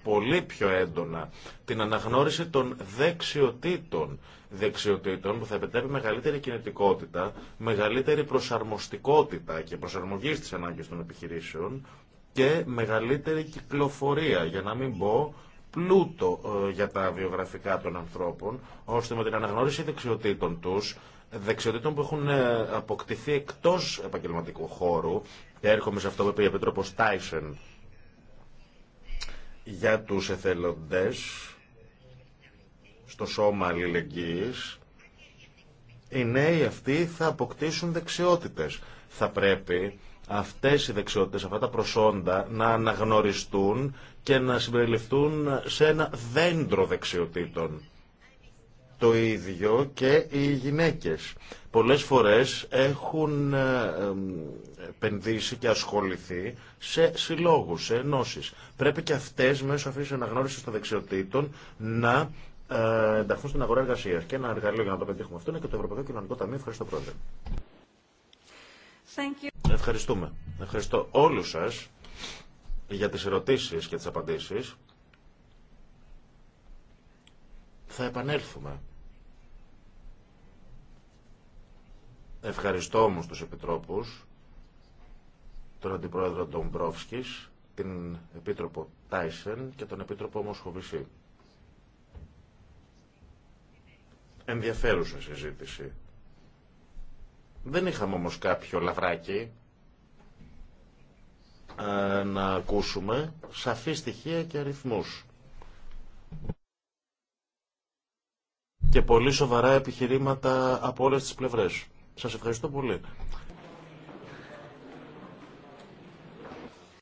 πολύ πιο έντονα την αναγνώριση των δεξιοτήτων, δεξιοτήτων που θα επιτρέπει μεγαλύτερη κινητικότητα, μεγαλύτερη προσαρμοστικότητα και προσαρμογή στι ανάγκε των επιχειρήσεων και μεγαλύτερη κυκλοφορία, για να μην πω πλούτο ε, για τα βιογραφικά των ανθρώπων, ώστε με την αναγνώριση δεξιοτήτων τους, δεξιοτήτων που έχουν ε, αποκτηθεί εκτός επαγγελματικού χώρου, έρχομαι σε αυτό που είπε η Επίτροπος Τάισεν για τους εθελοντές στο σώμα αλληλεγγύης, οι νέοι αυτοί θα αποκτήσουν δεξιότητες. Θα πρέπει αυτές οι δεξιότητες, αυτά τα προσόντα να αναγνωριστούν και να συμπεριληφθούν σε ένα δέντρο δεξιοτήτων το ίδιο και οι γυναίκες. Πολλές φορές έχουν ε, επενδύσει και ασχοληθεί σε συλλόγους, σε ενώσεις. Πρέπει και αυτές μέσω αυτής της αναγνώρισης των δεξιοτήτων να ε, ενταχθούν στην αγορά εργασίας. Και ένα εργαλείο για να το πετύχουμε αυτό είναι και το Ευρωπαϊκό Κοινωνικό Ταμείο. Ευχαριστώ πρόεδρε. Thank you. Ευχαριστούμε. Ευχαριστώ όλους σας για τις ερωτήσεις και τις απαντήσεις. θα επανέλθουμε. Ευχαριστώ όμως τους Επιτρόπους, τον Αντιπρόεδρο Ντομπρόφσκης, την Επίτροπο Τάισεν και τον Επίτροπο Μοσχοβησή. Ενδιαφέρουσα συζήτηση. Δεν είχαμε όμως κάποιο λαβράκι ε, να ακούσουμε σαφή στοιχεία και αριθμούς και πολύ σοβαρά επιχειρήματα από όλες τις πλευρές. Σας ευχαριστώ πολύ.